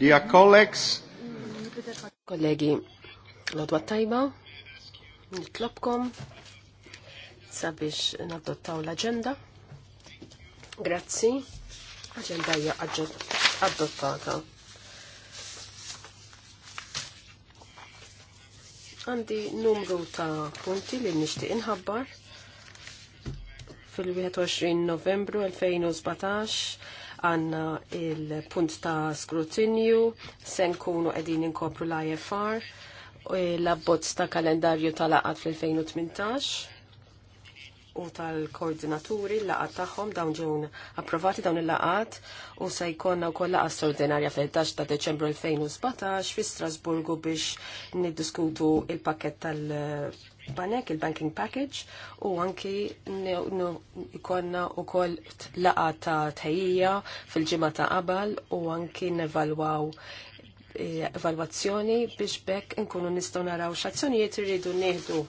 Dear colleagues, kollegi, l-odwa tajba, nitlobkom sabiex nadottaw l-agenda. Grazzi, agenda hija adottata. Għandi numru ta' punti li nixtieq inħabbar fil-21 novembru 2017 għanna il-punt ta' skrutinju, sen kunu għedin inkopru l-IFR, l-abbozz ta' kalendarju tal-laqat fil 2018 u tal-koordinaturi l-laqat tagħhom dawn ġew approvati dawn il-laqat u se jkollna wkoll laqgħa straordinarja fil-11 ta' Deċembru 2017 fi Strasburgu biex niddiskutu il-pakket banek, il-banking package, u anki ikonna u kol laqa ta' tajija fil-ġimma ta' qabal u anki nevalwaw e, evalwazzjoni biex bekk nkunu nistgħu naraw x'azzjonijiet irridu nieħdu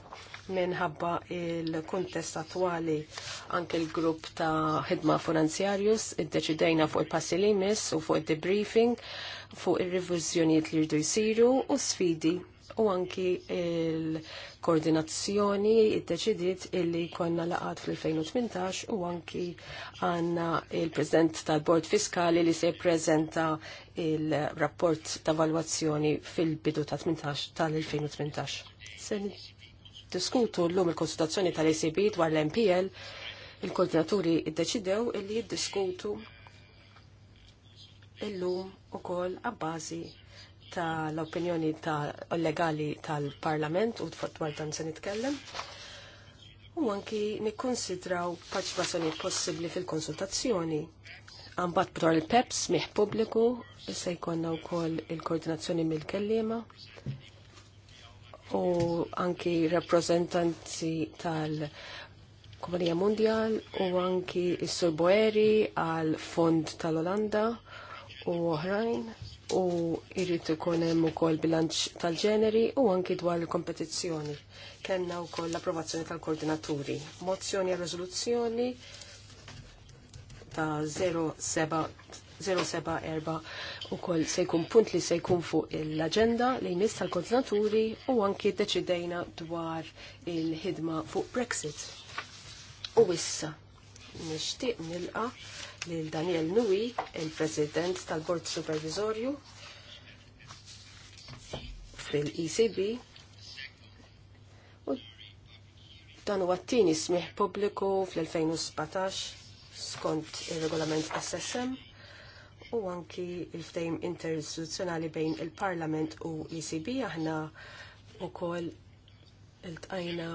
minħabba il-kuntest attwali anke l-grupp ta' ħidma finanzjarjus iddeċidejna fuq il-passi li jmiss u fuq il-debriefing fuq ir-riviżjonijiet li jridu jsiru u sfidi u anki il-koordinazzjoni id-deċidiet illi konna laqad fl-2018 u anki għanna il-President tal-Bord Fiskali li se prezenta il-rapport ta' valwazzjoni fil-bidu ta' 18 tal-2018. Se diskutu l-lum il-konsultazzjoni tal-ECB dwar l-MPL, il-koordinaturi id-deċidew illi jiddiskutu il-lum u kol għabbażi tal-opinjoni ta' legali tal-Parlament u dwar dan se nitkellem. U anki nikkonsidraw parċipazzjoni possibbli fil-konsultazzjoni. Ambat b'dor il-PEPS miħ pubbliku se jkollna wkoll il-koordinazzjoni mill-kellima u anki rappresentanti tal- Kumpanija Mundial u anki s Boeri għal Fond tal-Olanda u oħrajn u irrid ikun hemm ukoll bilanċ tal-ġeneri u anki dwar il-kompetizzjoni. Kenna wkoll l-approvazzjoni tal-koordinaturi. Mozzjoni e riżoluzzjoni ta' 074 u koll se jkun punt li se jkun fuq l-agenda li jmiss tal-koordinaturi u anki deċidejna dwar il-ħidma fuq Brexit. U issa nixtieq nilqa' lil Daniel Nui, il-President tal-Bord Supervisorju fil-ECB. dan huwa t-tieni smih pubbliku fl-2017 skont ir-regolament SSM u anki il-ftejm interistituzzjonali bejn il-Parlament u ECB aħna u koll Iltqajna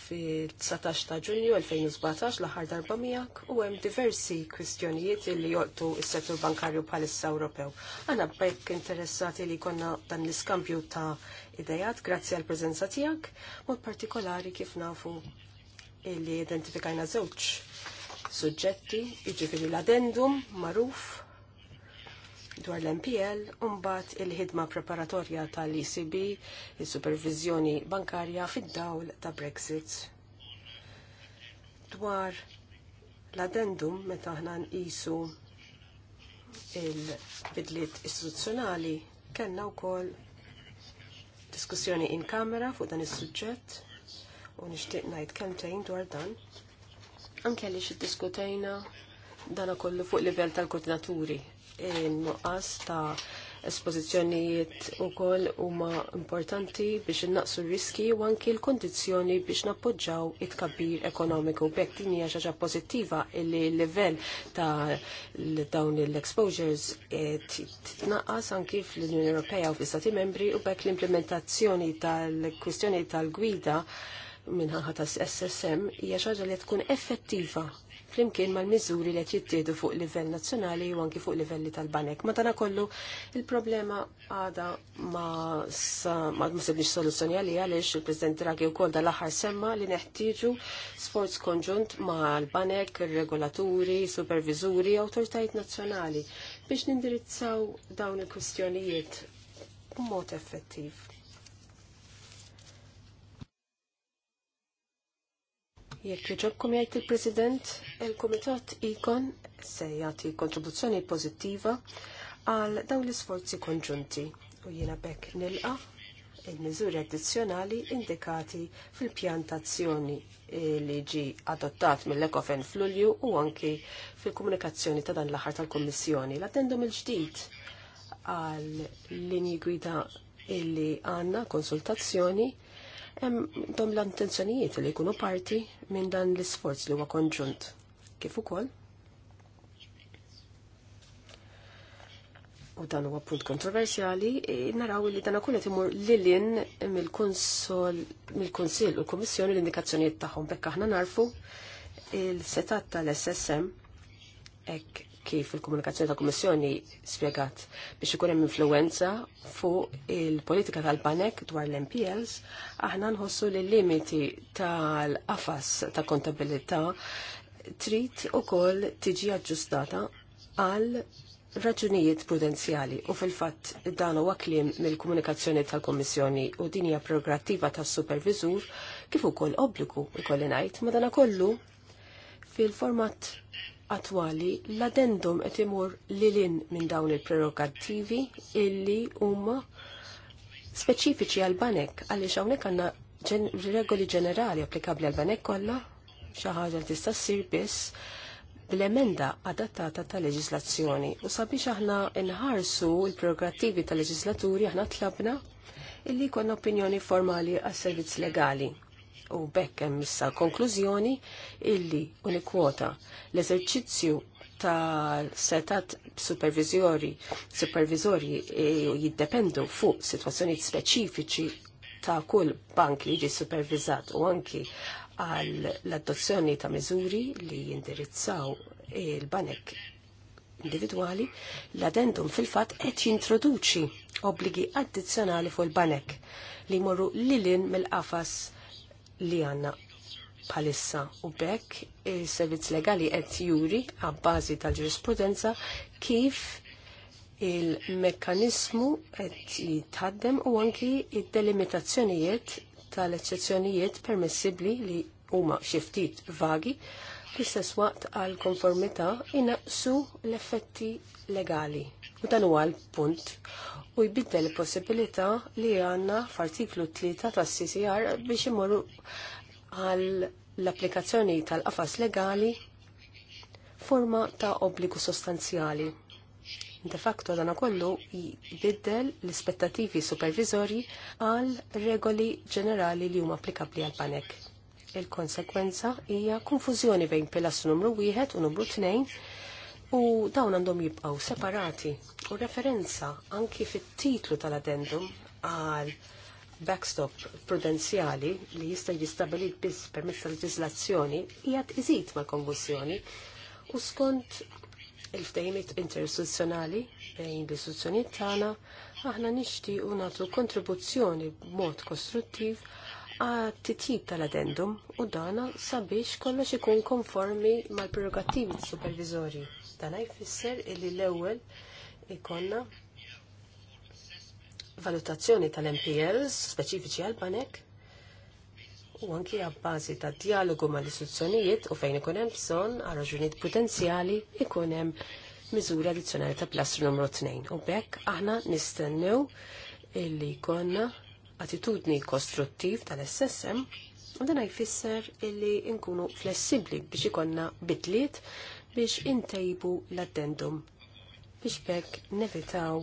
fi 19 ta' ġunju 2017 l-aħħar darba miak u hemm diversi kwistjonijiet li joqtu s-settur bankarju bħalissa Ewropew. Għana bekk interessati li konna dan l iskampju ta' idejat grazzi għal preżenza tiegħek, mod partikolari kif nafu li identifikajna żewġ suġġetti, jiġifieri l-addendum magħruf dwar l-MPL umbat il-ħidma preparatorja tal-ECB, il-supervizjoni bankarja fid-dawl ta' Brexit. Dwar l-addendum meta ħna nqisu il-bidliet istituzzjonali kellna wkoll diskussjoni in kamera fuq dan is-suġġett u nixtieq ngħid kemmtejn dwar dan. Anke li xiddiskutejna dana kollu fuq livell tal-koordinaturi in-nuqqas ta' espożizzjonijiet ukoll huma importanti biex innaqsu r-riski u anki l kondizjoni biex nappoġġaw it-kabbir ekonomiku. B'hekk din hija xi ħaġa pożittiva li l-livell ta' dawn l-exposures naqqas anki fl-Unjoni Ewropea u fl-Istati Membri u b'hekk l-implementazzjoni tal-kwistjoni tal-gwida minħaħa tas SSM hija xi ħaġa li tkun effettiva flimkien mal-miżuri li qed fuq livell nazzjonali u anki fuq livelli tal-banek. tana kollu il-problema għada ma s sibniex soluzzjoni għalli għaliex il-President Draghi wkoll dal-aħħar semma li neħtiġu sforz konġunt mal-banek, regolaturi, supervizuri, awtoritajiet nazzjonali biex nindirizzaw dawn il-kwistjonijiet b'mod effettiv. Jekk jġobkom jgħid il-President, il-Kumitat ikon se jagħti kontribuzzjoni pożittiva għal dawn l-isforzi konġunti u jiena bekk nilqa il-miżuri addizzjonali indikati fil-pjantazzjoni li ġi adottat mill-Ekofen fl-Ulju u anki fil-komunikazzjoni ta' dan l-aħħar tal-Kommissjoni. l attendum il-ġdid għal linji gwida illi għanna konsultazzjoni dom l-intenzjonijiet li jkunu parti minn dan l-isforz li huwa konġunt. Kif ukoll? U dan huwa punt kontroversjali, e, naraw li dan ukoll qed imur lilin mill-Kunsill u l-Kummissjoni l-indikazzjonijiet tagħhom bekk aħna narfu il-setat tal-SSM hekk kif il-komunikazzjoni ta' kummissjoni spjegat biex ikun hemm influenza fuq il-politika tal-banek dwar l-MPLs, aħna nħossu li limiti tal-qafas ta' kontabilità trid ukoll tiġi aġġustata għal raġunijiet prudenzjali u fil-fatt dan huwa kliem mill-komunikazzjoni tal-Kommissjoni u din hija tas-supervisur kif ukoll obbligu ikolli ngħid madanakollu fil-format attwali l-addendum qed imur lilin minn dawn il-prerogattivi illi huma speċifiċi għal banek għaliex hawnhekk għandna regoli ġenerali applikabbli għal banek kollha xi ħaġa li tista' ssir biss bl-emenda adattata ta' leġislazzjoni u sabiex aħna nħarsu l-prerogattivi tal leġislaturi aħna tlabna illi jkollna opinjoni formali għas servizz legali. U bekk hemm issa konklużjoni illi unikwota l-eżerċizzju tal-setat supervizjori supervizori e, jiddependu fuq situazzjoni speċifiċi ta' kull bank li jiġi supervizat u anki għal l-adozzjoni ta' miżuri li jindirizzaw il-banek individuali, l-addendum fil-fat qed jintroduċi obbligi addizzjonali fuq il-banek li morru lilin mill-qafas li għanna palissa u bekk il-servizz legali qed juri għabbazi tal-ġurisprudenza kif il-mekkanizmu qed jitħaddem u anki id-delimitazzjonijiet tal-eċċezzjonijiet permessibbli li huma xi ftit vagi fl-istess waqt għal konformità inaqsu l-effetti legali. U dan huwa l-punt u jbiddel il-possibilità li għanna f'artiklu 3 tas CCR biex imorru għal l-applikazzjoni tal-qafas legali forma ta' obbligu sostanzjali. De facto dana kollu jbiddel l-ispettativi supervizori għal regoli ġenerali li huma applikabli għal banek. Il-konsekwenza hija konfużjoni bejn pilastru numru 1 u numru 2 u dawn għandhom jibqaw separati u referenza anki fit-titlu tal-addendum għal backstop prudenzjali li jista' jistabilit biss permezz tal-leġislazzjoni hija iżid mal-konvulsjoni u skont il-ftehimiet interistituzzjonali bejn l-istituzzjonijiet tagħna aħna nixtiequ nagħtu kontribuzzjoni b'mod kostruttiv għat titjib tal-addendum u dana sabiex kollox ikun konformi mal-prerogattivi supervizorji. Tana jfisser illi l-ewwel ikonna valutazzjoni tal-MPLs speċifiċi għal banek u anki għabbażi ta' dialogu mal istituzzjonijiet u fejn ikun hemm bżonn għal raġunijiet potenzjali ikun hemm miżuri addizzjonali ta' plastru numru 2. U bekk aħna nistennew illi jkollna attitudni kostruttiv tal-SSM u dan jfisser illi nkunu flessibli biex ikonna bidliet biex intejbu l-addendum biex bekk nevitaw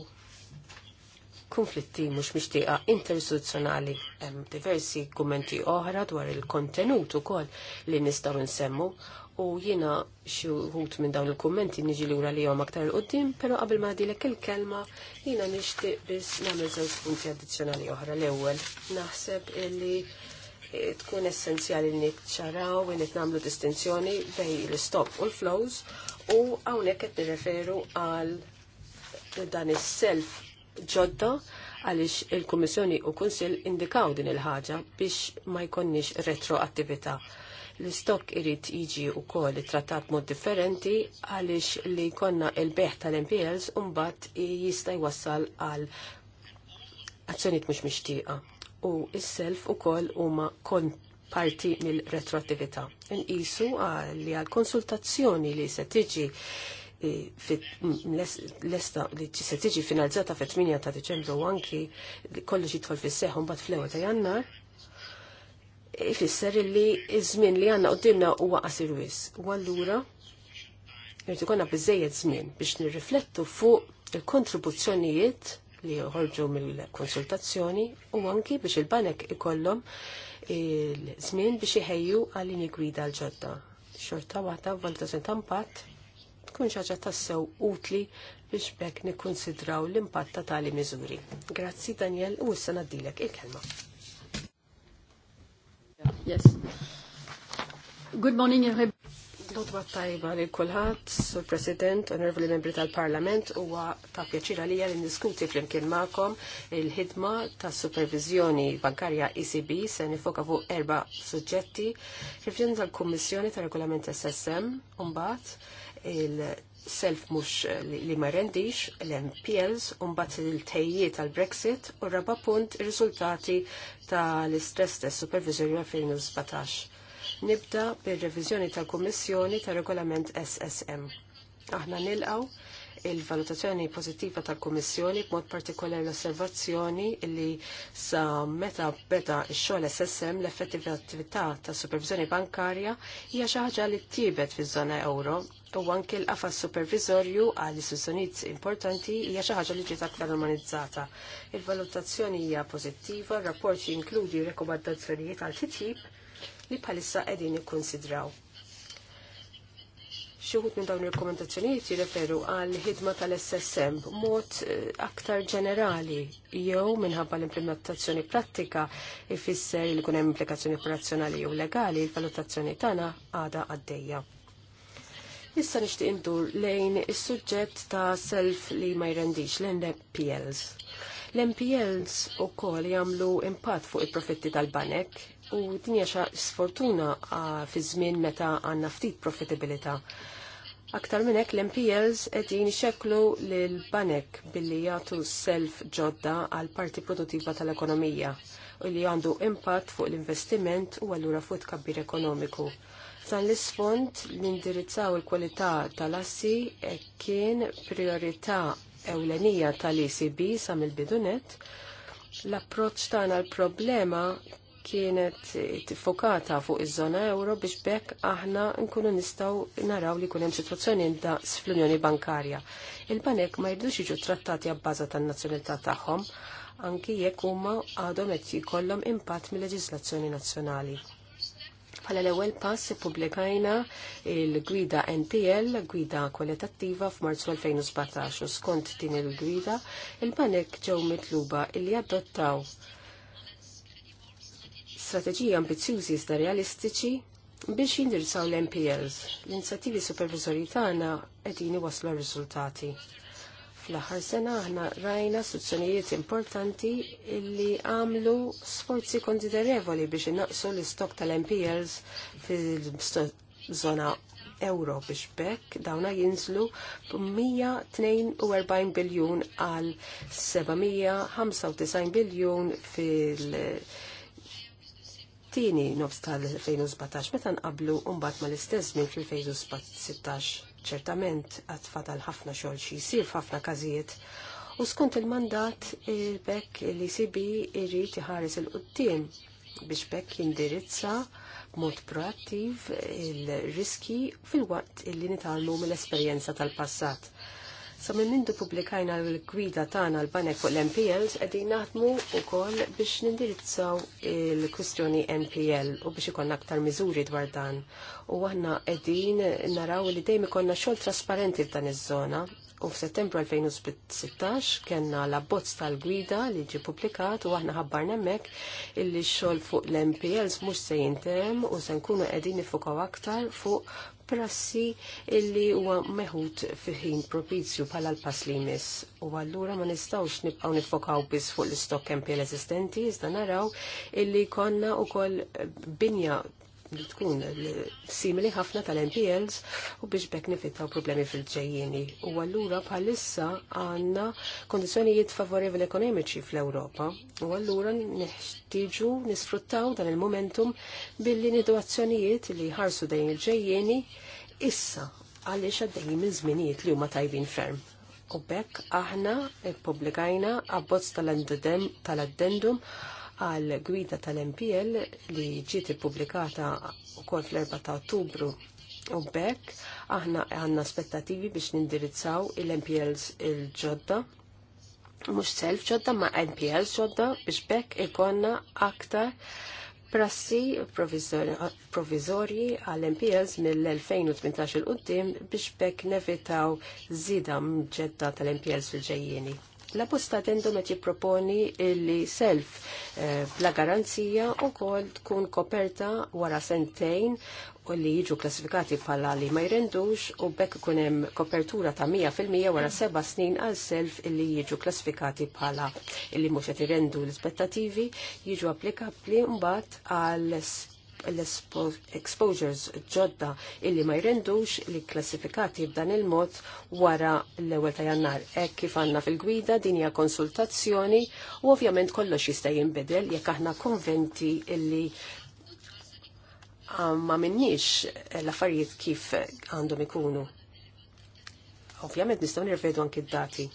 konflitti mhux mixtieqa interistituzzjonali hemm diversi kummenti oħra dwar il-kontenut ukoll li nistgħu nsemmu u jiena xi wħud minn dawn il-kummenti niġi lura li jom aktar qudiem, però qabel ma dilek il-kelma jiena nixtieq biss nagħmel żewġ punti addizzjonali oħra l-ewwel. Naħseb illi tkun essenzjali li nitċaraw u nitnamlu distinzjoni bej l-stop u l-flows u għawnek qed nireferu għal dan is-self ġodda għaliex il-Kummissjoni u Kunsil indikaw din il-ħaġa biex ma jkonniex retroattività. L-istok irrit jiġi u koll trattat mod differenti għaliex li konna il-beħ tal-MPLs un-bat jista jwassal għal azzjoniet mux mixtieqa u s-self ukoll huma parti mill-retroattività. Inqisu li għal konsultazzjoni li se tiġi e, l-esta li se tiġi finalizzata fit-8 ta' Deċembru u anki kollox jidħol fis-seħħ mbagħad fl ta' Jannar, e, ifisser li iż-żmien li għandna qudiemna huwa qasir wis. U allura irid ikun biżejjed żmien biex nirriflettu fuq il-kontribuzzjonijiet li joħorġu mill-konsultazzjoni u anki biex il-banek ikollhom il-żmien biex iħejju għal gwida l-ġodda. Xorta waħda valutazzjoni ta' impatt tkun xaġa tassew utli biex bekk nikkonsidraw l-impatt ta' tali miżuri. Grazzi Daniel u issa naddilek il-kelma. Yes. Good morning everybody. Lodwa tajba li kulħadd, Sur President, onorvoli membri tal-Parlament, huwa ta' pjaċira li li niskuti flimkien ma'kom il-ħidma tas supervizjoni bankarja ECB se nifoka fuq erba' suġġetti, rifjuni tal-Kummissjoni ta' regolament SSM, umbat il-self mhux li ma rendix, l-MPLs, mbagħad il tejji tal-Brexit u raba' punt ir-riżultati tal-istress test supervizjoni 2017 Nibda bir-reviżjoni tal-Kummissjoni tar-Regolament SSM. Aħna nilqaw il-valutazzjoni pożittiva tal-Kummissjoni b'mod partikolari l-osservazzjoni li sa meta beda x-xogħol SSM l-effettività ta' supervizjoni bankarja hija xi ħaġa li tibet fiż-żona euro u anke l-qafas supervizorju għal istituzzjonijiet importanti hija xi ħaġa li ġiet aktar normalizzata. Il-valutazzjoni hija pożittiva, r-rapport jinkludi rekomandazzjonijiet għal titjib li bħalissa qegħdin ikkonsidraw. Xuhut minn dawn il-rekomendazzjonijiet jirreferu għal ħidma tal-SSM mod eh, aktar ġenerali jew minħabba l-implementazzjoni prattika ifisser li kun hemm implikazzjoni operazzjonali jew legali l-valutazzjoni tagħna għadha għaddejja. Issa nixtieq indur lejn is-suġġett ta' self li ma jrendix l-NPLs. L-NPLs u jagħmlu jamlu impatt fuq il-profitti tal-banek, u dinja sfortuna fi żmien meta għandna ftit profitabilità. Aktar minn hekk l-MPLs qed ixekklu lil banek billi jagħtu self ġodda għal parti produttiva tal-ekonomija u li għandu impatt fuq l-investiment u allura fuq tkabbir ekonomiku. Dan l-isfond l-indirizzaw il-kwalità tal-assi e kien priorità ewlenija tal-ECB sa mill-bidunet l-approċ tagħna l-problema kienet tifokata fuq iż-żona euro biex bekk aħna nkunu nistgħu naraw li kunem situazzjoni indaqs fl-Unjoni Bankarja. Il-banek ma jirdux jiġu trattati għabbaża tan-nazzjonalità tagħhom anki jekk huma għadhom qed jkollhom impatt mill-leġiżlazzjoni nazzjonali. Pala l-ewwel pass ippubblikajna il-gwida NPL, gwida kwalitattiva f'Marzu 2017 u skont din il-gwida il-banek ġew mitluba li adottaw strateġiji ambizjużi iżda realistiċi biex jindirizzaw l-MPLs. L-inizjattivi supervisorji tagħna qegħdin waslu r-riżultati. Fl-aħħar sena aħna rajna suzzjonijiet importanti li għamlu sforzi konsiderevoli biex innaqsu l-istok tal-MPLs fil-żona euro biex bekk dawna jinżlu 142 biljun għal 795 biljun fil- tini tieni nofs tal-2017 meta nqablu mbagħad mal-istess minn fil-2016 ċertament għad fadal ħafna xogħol xi jsir f'ħafna każijiet u skont il-mandat il-bekk li sibi e irrid iħares il-qudiem biex bekk jindirizza mod proattiv il-riski fil-waqt li nitalmu mill-esperjenza tal-passat. Sa minn mindu publikajna l-gwida tagħna l-banek fuq l-MPLs qegħdin naħdmu wkoll biex nindirizzaw il-kwistjoni MPL u biex ikon aktar miżuri dwar dan. U aħna qegħdin naraw li dejjem konna xogħol trasparenti f'dan iż-żona u f'Settembru 2016 kellna l bozz tal-gwida li ġi publikat u aħna ħabbarna hemmhekk illi x-xogħol fuq l-MPLs mhux se jintem u se nkunu qegħdin nifukaw aktar fuq prassi illi huwa meħud fiħin propizju bħala l-pass li jmiss. U allura ma nistawx nibqaw nifokaw biss fuq l istokken pjel eżistenti, iżda naraw illi konna u kol binja li tkun simili ħafna tal-NPLs u biex bekk nifittaw problemi fil-ġejjini. U allura bħalissa għanna kondizjonijiet favorevoli ekonomiċi fl-Ewropa u allura neħtieġu nisfruttaw dan il-momentum billi nidu li ħarsu dejn il-ġejjini issa għaliex għaddejjin minn żminijiet li huma tajbin ferm. U bekk aħna publikajna abbozz tal-addendum tal addendum tal għal gwida tal-MPL li ġiet ippubblikata wkoll fl-4 ta' Ottubru u bekk aħna għandna aspettativi biex nindirizzaw il-MPLs il-ġodda mhux self ġodda ma' MPLs ġodda biex bekk ikonna aktar prassi provizorji għal MPLs mill-2018 il qudiem biex bekk nevitaw zida mġedda tal-MPLs fil-ġejjieni. L-apposta tendu qed jipproponi li self bla eh, garanzija wkoll tkun koperta wara sentejn u li jiġu klassifikati bħala li ma jrendux u bekk kunem hemm kopertura ta' 100% wara seba snin għal self li jiġu klassifikati bħala li mhux qed l-ispettativi jiġu applikabbli mbagħad għal l-exposures ġodda illi ma jrendux li klassifikati b'dan il-mod wara l-ewel ta' jannar. Ek kif għanna fil-gwida din hija konsultazzjoni u ovvjament kollox jista' jinbidel jekk aħna konventi illi ah, ma minnix l-affarijiet kif għandhom ikunu. Ovvjament nistgħu nirvedu anki d-dati.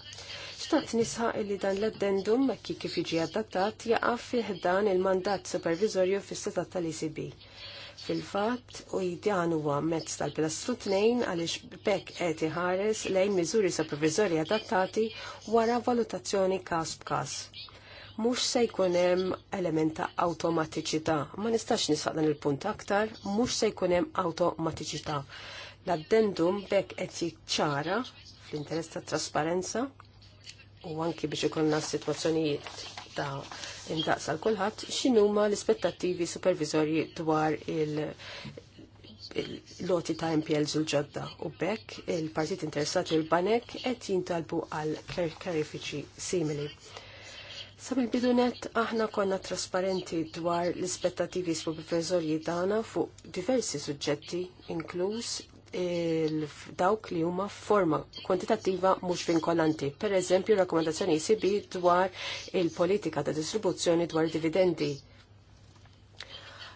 Xtaqt nisħaq li dan l-addendum mekki kif jiġi adattat jaqaf fiħdan il-mandat supervizorju fis-seta tal-ECB. Fil-fatt, u jidjan huwa mezz tal-pilastru tnejn għaliex bekk qed iħares lejn miżuri supervizorji adattati wara valutazzjoni każ b'każ. Mhux se jkun hemm element ta' awtomatiċità. Ma nistax nisaq dan il-punt aktar, mhux se jkun hemm awtomatiċità. L-addendum bekk qed jiċċara fl-interess tat trasparenza u anki biex ikonna situazzjonijiet ta' indaqs għal kulħadd x'inhuma l-ispettattivi supervizorji dwar il- l loti ta' MPLs u ġodda u bekk il-partit interessati u l-banek qed jintalbu għal karifiċi simili. Sab il-bidunet aħna konna trasparenti dwar l-ispettativi supervizorji tagħna fuq diversi suġġetti, inkluż dawk li huma forma kwantitattiva mhux vinkolanti. Per eżempju, rakkomandazzjoni ECB dwar il-politika ta' distribuzzjoni dwar dividendi.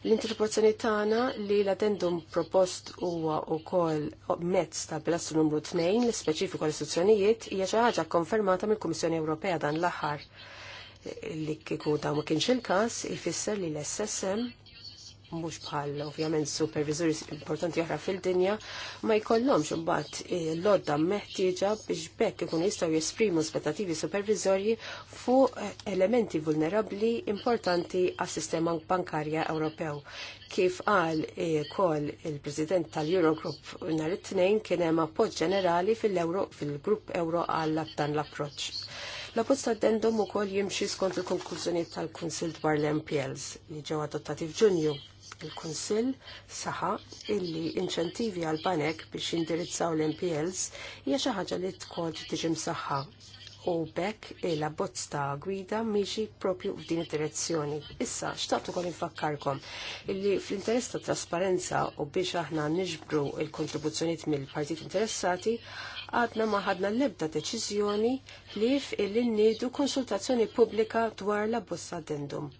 L-interpretazzjoni tagħna li l-addendum propost huwa wkoll mezz ta' bilastru numru 2 l speċifiku l-istituzzjonijiet hija xi ħaġa konfermata mill-Kummissjoni Ewropea dan l-aħħar li kieku dawn ma kienx il-każ ifisser li l-SSM mhux bħal ovvjament supervisors importanti oħra fil-dinja ma jkollhomx imbagħad eh, l-odda meħtieġa biex bekk ikun jistgħu jesprimu spettativi supervizorji fuq eh, elementi vulnerabbli importanti għas-sistema bankarja Ewropew. Kif qal eh, kol il-President tal-Eurogroup nhar it-tnejn kien hemm appoġġ ġenerali fil-Euro fil-Grupp Euro għal dan l-approċċ. L-appoġġ addendum u ukoll jimxi skont il-konklużjonijiet tal-Kunsil dwar l-MPLs li ġew adottati f'Ġunju Il-Kunsill saħa illi inċentivi għal banek biex jindirizzaw l-MPLs hija xi ħaġa li tkun tiġi msaħħa u bekk il-abbozz ta' gwida miexi propju f'din id-direzzjoni. Issa, xtaqt ukoll infakkarkom illi fl-interess ta' trasparenza u biex aħna niġbru il-kontribuzzjonijiet mill-partit interessati, għadna ma ħadna l-ebda deċiżjoni li f'illi nidu konsultazzjoni pubblika dwar l-abbozz addendum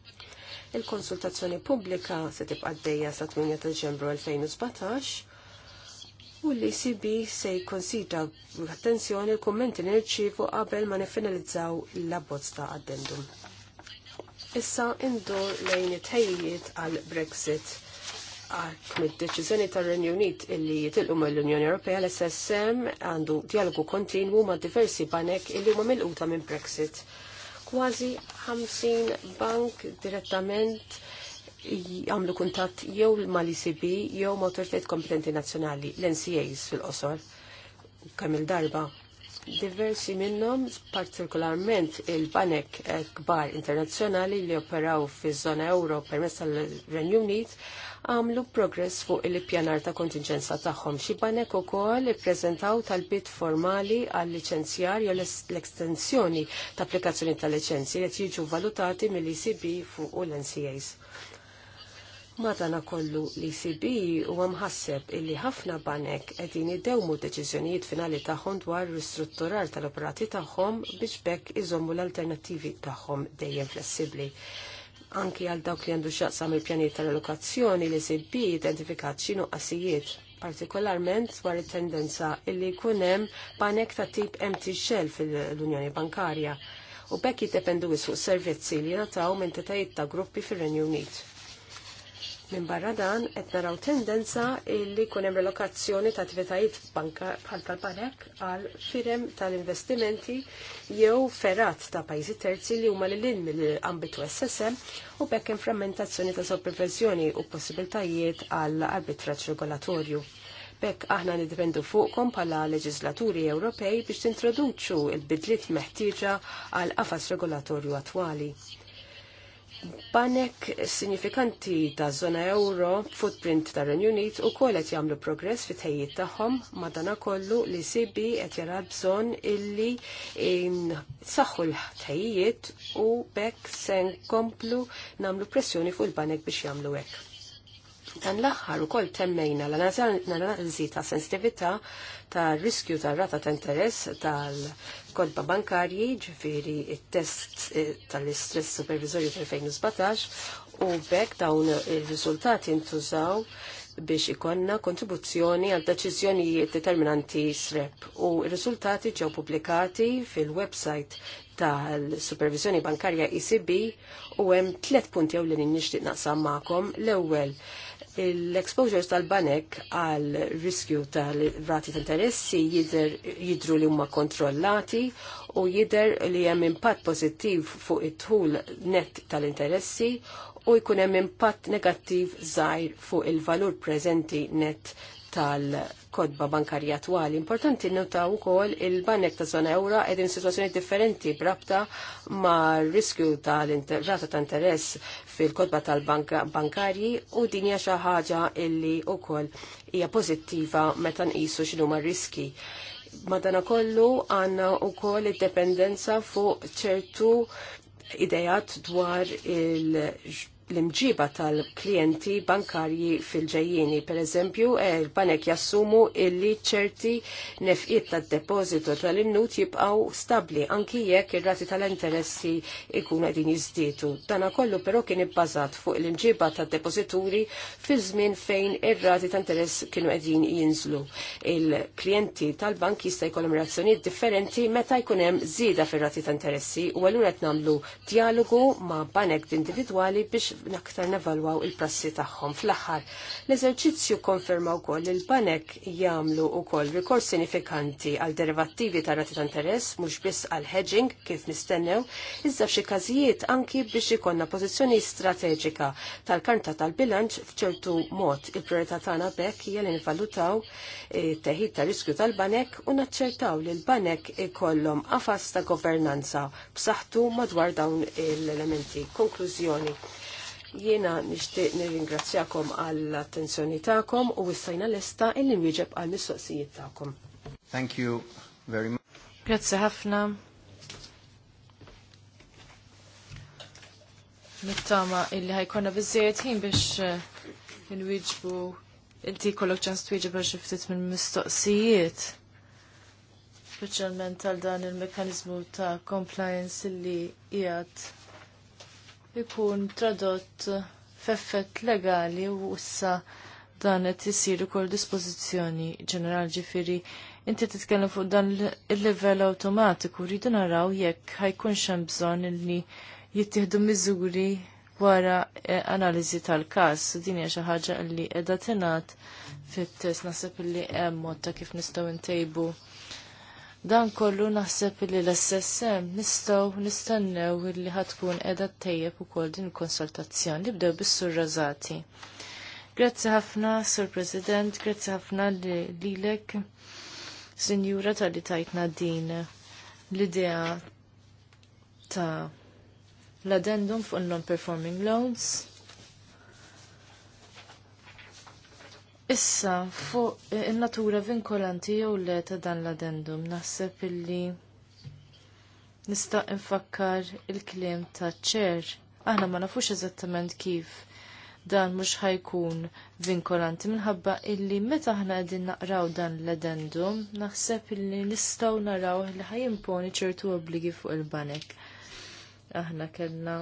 Il-konsultazzjoni pubblika se tibqa' għaddejja sa 8 ta' Ġembru 2017 u l-ECB se jkonsidra attenzjoni l-kummenti li nirċievu qabel ma nifinalizzaw l-abbozz ta' addendum. Issa indur lejn it-ħejjiet għal Brexit għak mid-deċizjoni tar renju Unit illi jitilqu mill-Unjoni Ewropea l-SSM għandu dialogu kontinwu ma' diversi banek illi huma milquta minn Brexit. Kważi 50 bank direttament għamlu kuntat jew mal-ICB jew mal autoritet kompetenti nazzjonali, l-NCAs fil-qosor, kemm il-darba Diversi minnhom, partikolarment il-banek eh, kbar internazzjonali li operaw fi żona euro permezz tal-Renju Unit, għamlu progress fuq il-pjanar ta' kontingenza tagħhom. Xi banek ukoll ippreżentaw tal-bit formali għal liċenzjar jew l estensjoni ta' applikazzjoni tal-liċenzji li jiġu valutati mill-ECB fuq u l-NCAs. Madana kollu l CB u għamħasseb illi ħafna banek edin id-dewmu deċizjonijiet finali taħħom dwar ristrutturar tal-operati taħħom biex bekk iżommu l-alternativi taħħom dejjem flessibli. Anki għal dawk li għandu xaqsa il pjanijiet tal-allokazzjoni li ECB identifikat xinu qasijiet partikolarment dwar it-tendenza illi kunem banek ta' tip empty shell fil-Unjoni Bankarja u bekk jiddependu fuq servizzi li nataw minn ta' gruppi fil-Renju Unit Minn barra dan qed naraw tendenza li jkun hemm relokazzjoni ta' attivitajiet banka bħal tal-banek għal firem tal-investimenti jew ferat ta' pajzi terzi li huma l-lin mill-ambitu SSM u bekken hemm frammentazzjoni ta' supervizjoni u possibiltajiet għal arbitraġġ regolatorju. Bekk aħna niddependu fuqkom bħala leġislaturi Ewropej biex tintroduċu il-bidliet meħtieġa għal qafas regolatorju attwali Banek sinifikanti ta' zona euro, footprint ta' Renju Unit u kol qed jagħmlu progress fit tejjid tagħhom madana kollu li sibi qed jara bżonn illi saħħu l-tejjiet u bekk se nkomplu nagħmlu pressjoni fuq il-banek biex jagħmlu hekk. Dan l-aħħar ukoll temmejna l analizi ta' sensitività ta' riskju ta' rata ta' interess tal-kodba bankarji ġifiri il-test eh, tal-istress supervisorju tal-2017 u bekk dawn il-riżultati intużaw biex ikonna kontribuzzjoni għal deċiżjonijiet determinanti SREP u r-riżultati ġew pubblikati fil-website tal supervisjoni Bankarja ECB u hemm tliet punti ewlenin nixtieq naqsam magħkom. L-ewwel L-exposures tal-banek għal riskju tal-rati ta' interessi jidru li huma kontrollati u jider li hemm impatt pożittiv fuq it-tul net tal-interessi u jkun hemm impatt negattiv żgħir fuq il-valur preżenti net tal-kodba bankarja twali. Importanti notaw ukoll il-banek ta' zona eura edin situazzjoni differenti brabta ma' riskju tal-rata ta' interess fil-kodba tal-bankarji u din hija xi ħaġa illi wkoll hija pożittiva meta nqisu x'inhuma riski. Madana kollu għanna u id-dependenza fuq ċertu idejat dwar il l-imġiba tal-klienti bankarji fil-ġejjini. Per eżempju, il-banek jassumu illi ċerti nefqiet tad-depożito tal-innut jibqaw stabli anki jekk ir-rati tal-interessi ikun qegħdin jizditu. Dana kollu però kien ibbażat fuq l-imġiba tad depozituri fi żmien fejn ir-rati ta' interess kienu qegħdin jinżlu. Il-klijenti tal-bank jista' jkollhom reazzjonijiet differenti meta jkun hemm żieda fir-rati ta' interessi u allura qed nagħmlu dialogu ma' banek individwali biex naktar nevalwaw il-prassi tagħhom. Fl-aħħar, l-eżerċizzju konfermaw wkoll li l-banek jagħmlu wkoll rikors sinifikanti għal derivattivi ta' rati ta' interess mhux biss għal hedging kif nistennew, iżda f'xi każijiet anki biex ikonna pożizzjoni strateġika tal-karta tal-bilanċ f'ċertu mod il-priorità tagħna bekk hija li nivalutaw eh, teħid ta' riskju tal-banek u naċċertaw li l-banek ikollhom qafas ta' governanza b'saħħtu madwar dawn l-elementi. Konklużjoni. Jiena nixtieq nirringrazzjakom għall-attenzjoni tagħkom u wissajna lesta illi nwieġeb għal mistoqsijiet tagħkom. Thank you very much. Grazzi ħafna. Nittama illi ħajkonna biżżejjed ħin biex eh, nwieġbu inti kollok ċans twieġeb għal xi ftit mill-mistoqsijiet speċjalment għal dan il-mekanizmu ta' compliance illi qiegħed ikun tradott f'effett legali u issa dan qed isir ukoll dispożizzjoni ġenerali ġifieri inti titkellem fuq dan il-livell awtomatiku rridu naraw jekk ħajkunx hemm bżonn li jittieħdu miżuri wara eh, analiżi tal-każ din hija xi ħaġa li qiegħda tingħad fit-test naħseb li hemm mod ta' kif nistgħu ntejbu Dan kollu naħseb li l-SSM nistgħu nistennew li ħatkun qiegħda u ukoll din il-konsultazzjoni li bdew bis-sur Razati. Grazzi ħafna, Sur President, grazzi ħafna lilek, Sinjura tal-li tajtna din l-idea ta' l-addendum fuq non-performing loans Issa, fuq eh, in-natura vinkolanti jew le ta' dan l-addendum, naħseb illi nista' infakkar il-kliem ta' ċer. Aħna ma nafux eżattament kif dan mhux ħajkun vinkolanti minħabba illi meta aħna qegħdin naqraw dan l-addendum, naħseb illi nistgħu naraw li ħajimponi ċertu obbligi fuq il-banek. Aħna kellna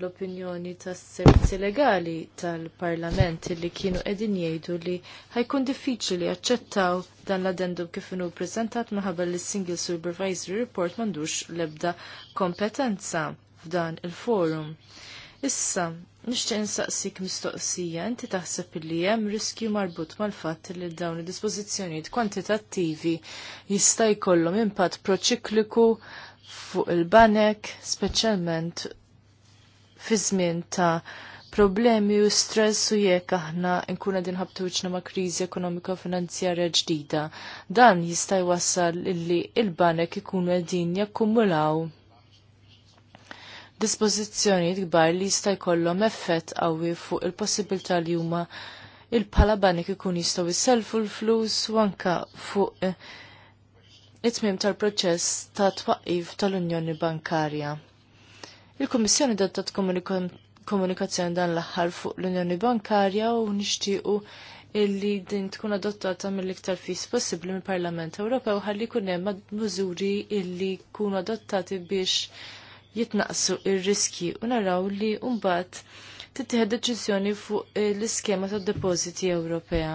l-opinjoni tas servizzi legali tal-Parlament li kienu qegħdin jgħidu li ħajkun diffiċli jaċċettaw dan l-addendum kif inhu ppreżentat minħabba li single Supervisory Report m'għandux l-ebda kompetenza f'dan il-forum. Issa, nixtieq insaqsik mistoqsija, inti taħseb li hemm riskju marbut mal-fatt li dawn id-dispożizzjonijiet kwantitattivi jista' jkollhom impatt proċikliku fuq il-banek, speċjalment fi żmien ta' problemi u stress u jekk aħna nkun qegħdin ħabtu wiċċna ma' kriżi ekonomika u finanzjarja ġdida. Dan jista' jwassal illi il-banek ikunu qegħdin jakkumulaw dispożizzjonijiet kbar li jista' jkollhom effett qawwi fuq il-possibilità li huma il-pala banek ikun jistgħu jisselfu l-flus u anka fuq eh, it-tmim tal-proċess ta' twaqqif tal-Unjoni Bankarja. Il-Kummissjoni dattat komunikazzjoni dan l-aħħar fuq l-Unjoni Bankarja u nixtiequ illi din tkun adottata mill-iktar fis possibbli mill-Parlament Ewropew ħalli jkun hemm mużuri illi jkunu adottati biex jitnaqsu ir-riski u naraw li mbagħad tittieħed deċiżjoni fuq eh, l-iskema tad depożiti Ewropea.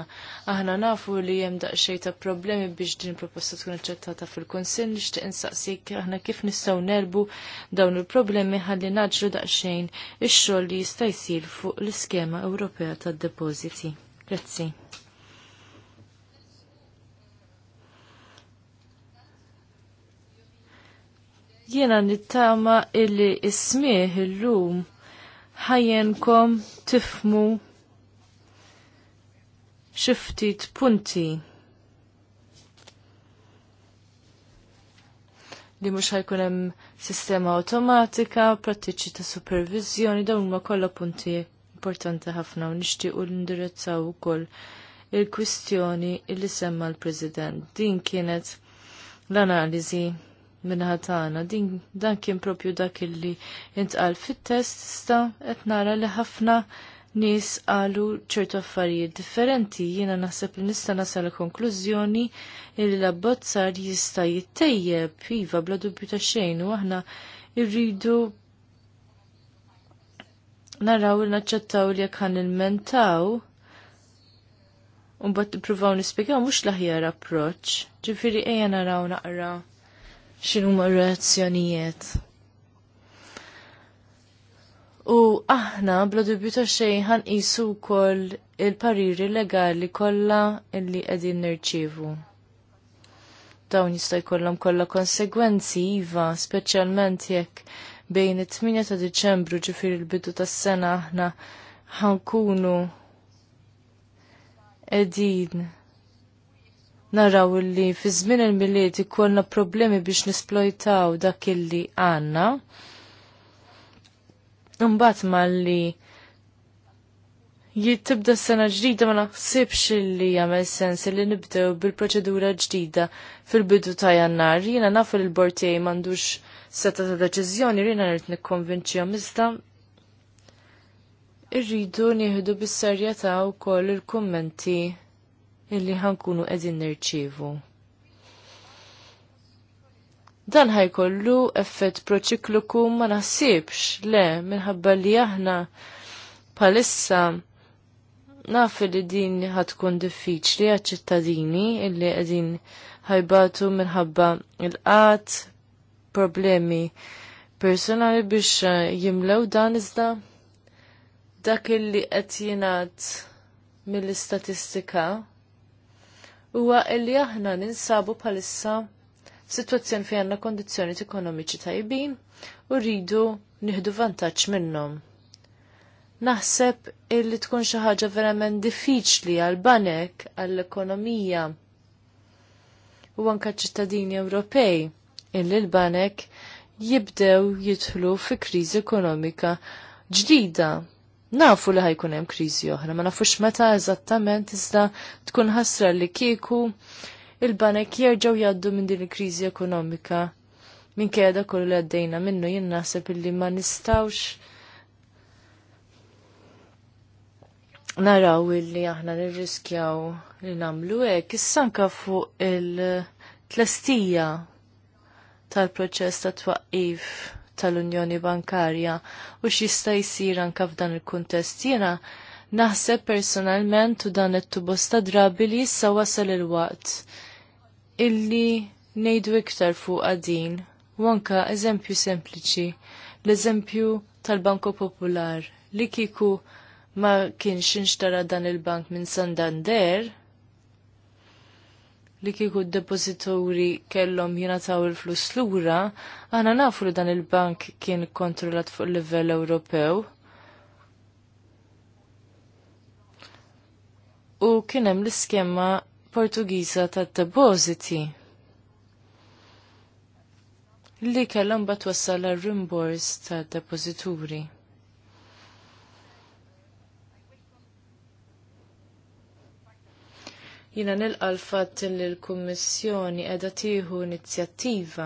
Aħna nafu li hemm daqsxejn ta' problemi biex din proposta tkun aċċettata fil-Kunsill nixtieq insaqsik aħna kif nistgħu nerbu dawn il-problemi ħalli naġru daqsxejn ix-xogħol li jista' jsir fuq l-iskema Ewropea tad depożiti. Grazzi. Jiena nittama illi ismieħ il-lum ħajjenkom tifmu xiftit punti li mhux ħajkun hemm sistema automatika, prattiċi ta' supervizjoni, dawn huma kollha punti importanti ħafna u nixtiequ l-indirizzaw ukoll il-kwistjoni li semma l-President. Din kienet l-analiżi minnaħatana. Din dan kien propju dak illi intqal fit-test sta qed nara li ħafna nis qalu ċertu affarijiet differenti. Jiena naħseb li nista' nasal konklużjoni li l-abbozzar jista' jittejjeb iva bla dubju ta' xejn u aħna irridu naraw li naċċettaw li jekk ħan il-mentaw un bat nispjegaw mhux l-aħjar approċċ. Ġifieri ejja naraw naqra x'inhuma r-reazzjonijiet. U aħna bla dubju ta' xejn ħanqisu wkoll il-pariri legali kollha illi qegħdin nirċievu dawn jista' jkollhom kollha konsegwenzi iva, speċjalment jekk bejn it-8 ta' Diċembru ġifir il-bidu tas-sena aħna ħankunu qegħdin naraw li fi żmien il-miliet ikollna problemi biex nisplojtaw dak illi għandna. Imbagħad malli jittibda s-sena ġdida ma naħsibx li jagħmel sens li nibdew bil-proċedura ġdida fil-bidu ta' jannar. Jiena naf il-bord tiegħi m'għandux seta ta' deċiżjoni rina rrid nikkonvinċihom iżda irridu nieħdu bis-serjetà wkoll il-kummenti illi ħankunu qegħdin nirċievu. Dan ħajkollu effett proċikluku ma naħsibx le minħabba li aħna palissa naf li din ħatkun diffiċli għad ċittadini illi għedin ħajbatu minħabba il-qat, problemi personali biex uh, jimlew dan iżda dak illi qed jingħad mill-istatistika huwa li aħna ninsabu bħalissa situazzjoni fejn għandna kondizzjoni ekonomiċi tajbin u rridu nieħdu vantaġġ minnhom. Naħseb illi tkun xi ħaġa verament diffiċli għal banek għall-ekonomija u anke ċittadini Ewropej illi l-banek jibdew jidħlu fi kriżi ekonomika ġdida Nafu li ħajkun hemm kriżi oħra, ma nafux meta eżattament iżda tkun ħasra li kieku il-banek jerġgħu jgħaddu minn din il-kriżi ekonomika. Minn kieda kollu li għaddejna minnu jien naħseb illi ma nistawx naraw illi aħna nirriskjaw li nagħmlu hekk issanka fuq il-tlestija tal-proċess ta' twaqqif tal-Unjoni Bankarja u xista jsir anke f'dan il-kuntest jiena naħseb personalment u dan it-tubosta drabi li issa wasal il-waqt illi ngħidu iktar fuq għadin u anke eżempju sempliċi l-eżempju tal-Banko Popolar li kiku ma kienx inxtara dan il-bank minn Santander li kieku d-depozitori kellhom jingħataw il-flus lura, aħna nafu li dan il-bank kien kontrolat fuq livell Ewropew. U kien hemm l-iskema Portugiża tad depositi li kellom bat wassal għal rimbors tad depozituri Jina nilqa l-fatt li l-Kummissjoni qiegħda tieħu inizjattiva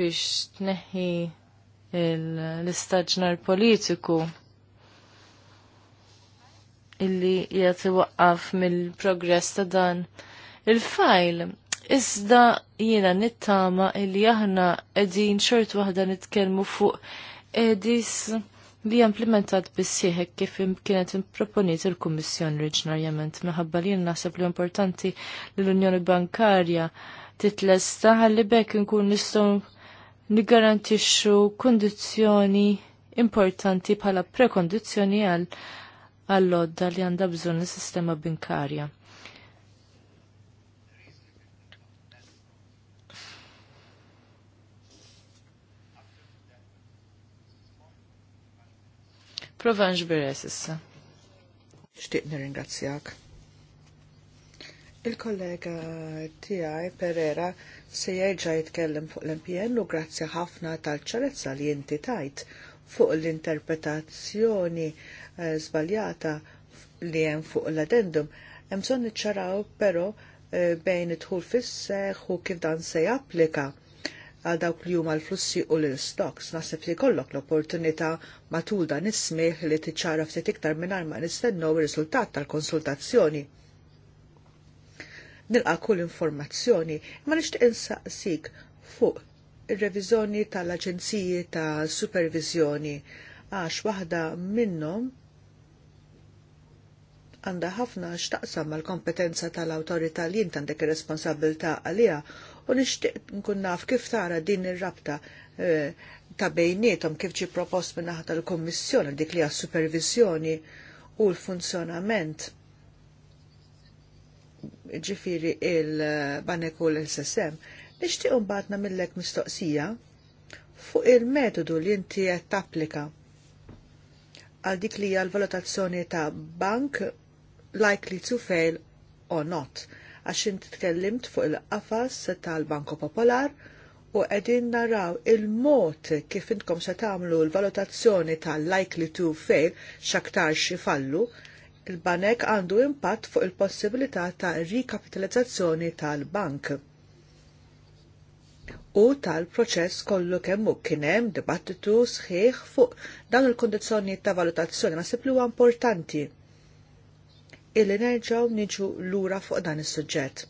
biex tneħħi l-istaġnar politiku illi jgħat waqqaf mill-progress ta' dan il-fajl. Iżda jiena nittama illi aħna qegħdin xort waħda nitkellmu fuq edis li implementat bissieħek kif kienet proponiet il-Kummissjoni oriġinarjament minħabba li naħseb li importanti li l-Unjoni Bankarja titlesta ħalli bekk nkun nistgħu niggarantixxu kondizzjoni importanti bħala prekondizzjoni għal għall-odda li għandha bżonn is-sistema bankarja. Provanġ Beres issa. Xtiq nirringrazzjak. Il-kollega tijaj Perera se jerġa' jitkellem fuq l-MPN u grazzja ħafna tal-ċarezza li inti tajt fuq l-interpretazzjoni eh, żbaljata li hemm fuq l-addendum. Hemm bżonn niċċaraw però eh, bejn it-ħul fisseħ u kif dan se japplika għal dawk li huma l-flussi u l-stocks. Naħseb li kollok l-opportunità matul dan is li tiċċara ftit iktar mingħajr ma nistennew ir-riżultat tal-konsultazzjoni. Nilqa' kull informazzjoni, ma nixtieq insaqsik fuq ir-reviżjoni tal-aġenziji ta' supervizjoni għax waħda minnhom għandha ħafna x'taqsam mal-kompetenza tal-awtorità li jint għandek ir-responsabilità għaliha u nixtieq nkun naf kif tara din ir-rabta eh, ta' bejnietom kif ġi propost minn naħa tal-Kommissjoni dik li għas-supervizjoni u l-funzjonament ġifiri il-banek u l-SSM, nishtiq unbatna millek mistoqsija fuq il-metodu li inti qed tapplika għal dik li hija l-valutazzjoni ta' bank likely to fail or not għax inti tkellimt fuq il-qafas tal-Banko Popolar u qegħdin naraw il-mod kif intkom se tagħmlu l-valutazzjoni tal-likely to fail x'aktar xi fallu, il-banek għandu impatt fuq il-possibilità ta' rikapitalizzazzjoni tal-bank u tal-proċess kollu kemmu kienem dibattitu sħiħ fuq dan il-kondizjoni ta' valutazzjoni ma' huwa importanti illi nerġaw niġu lura fuq dan is-suġġett.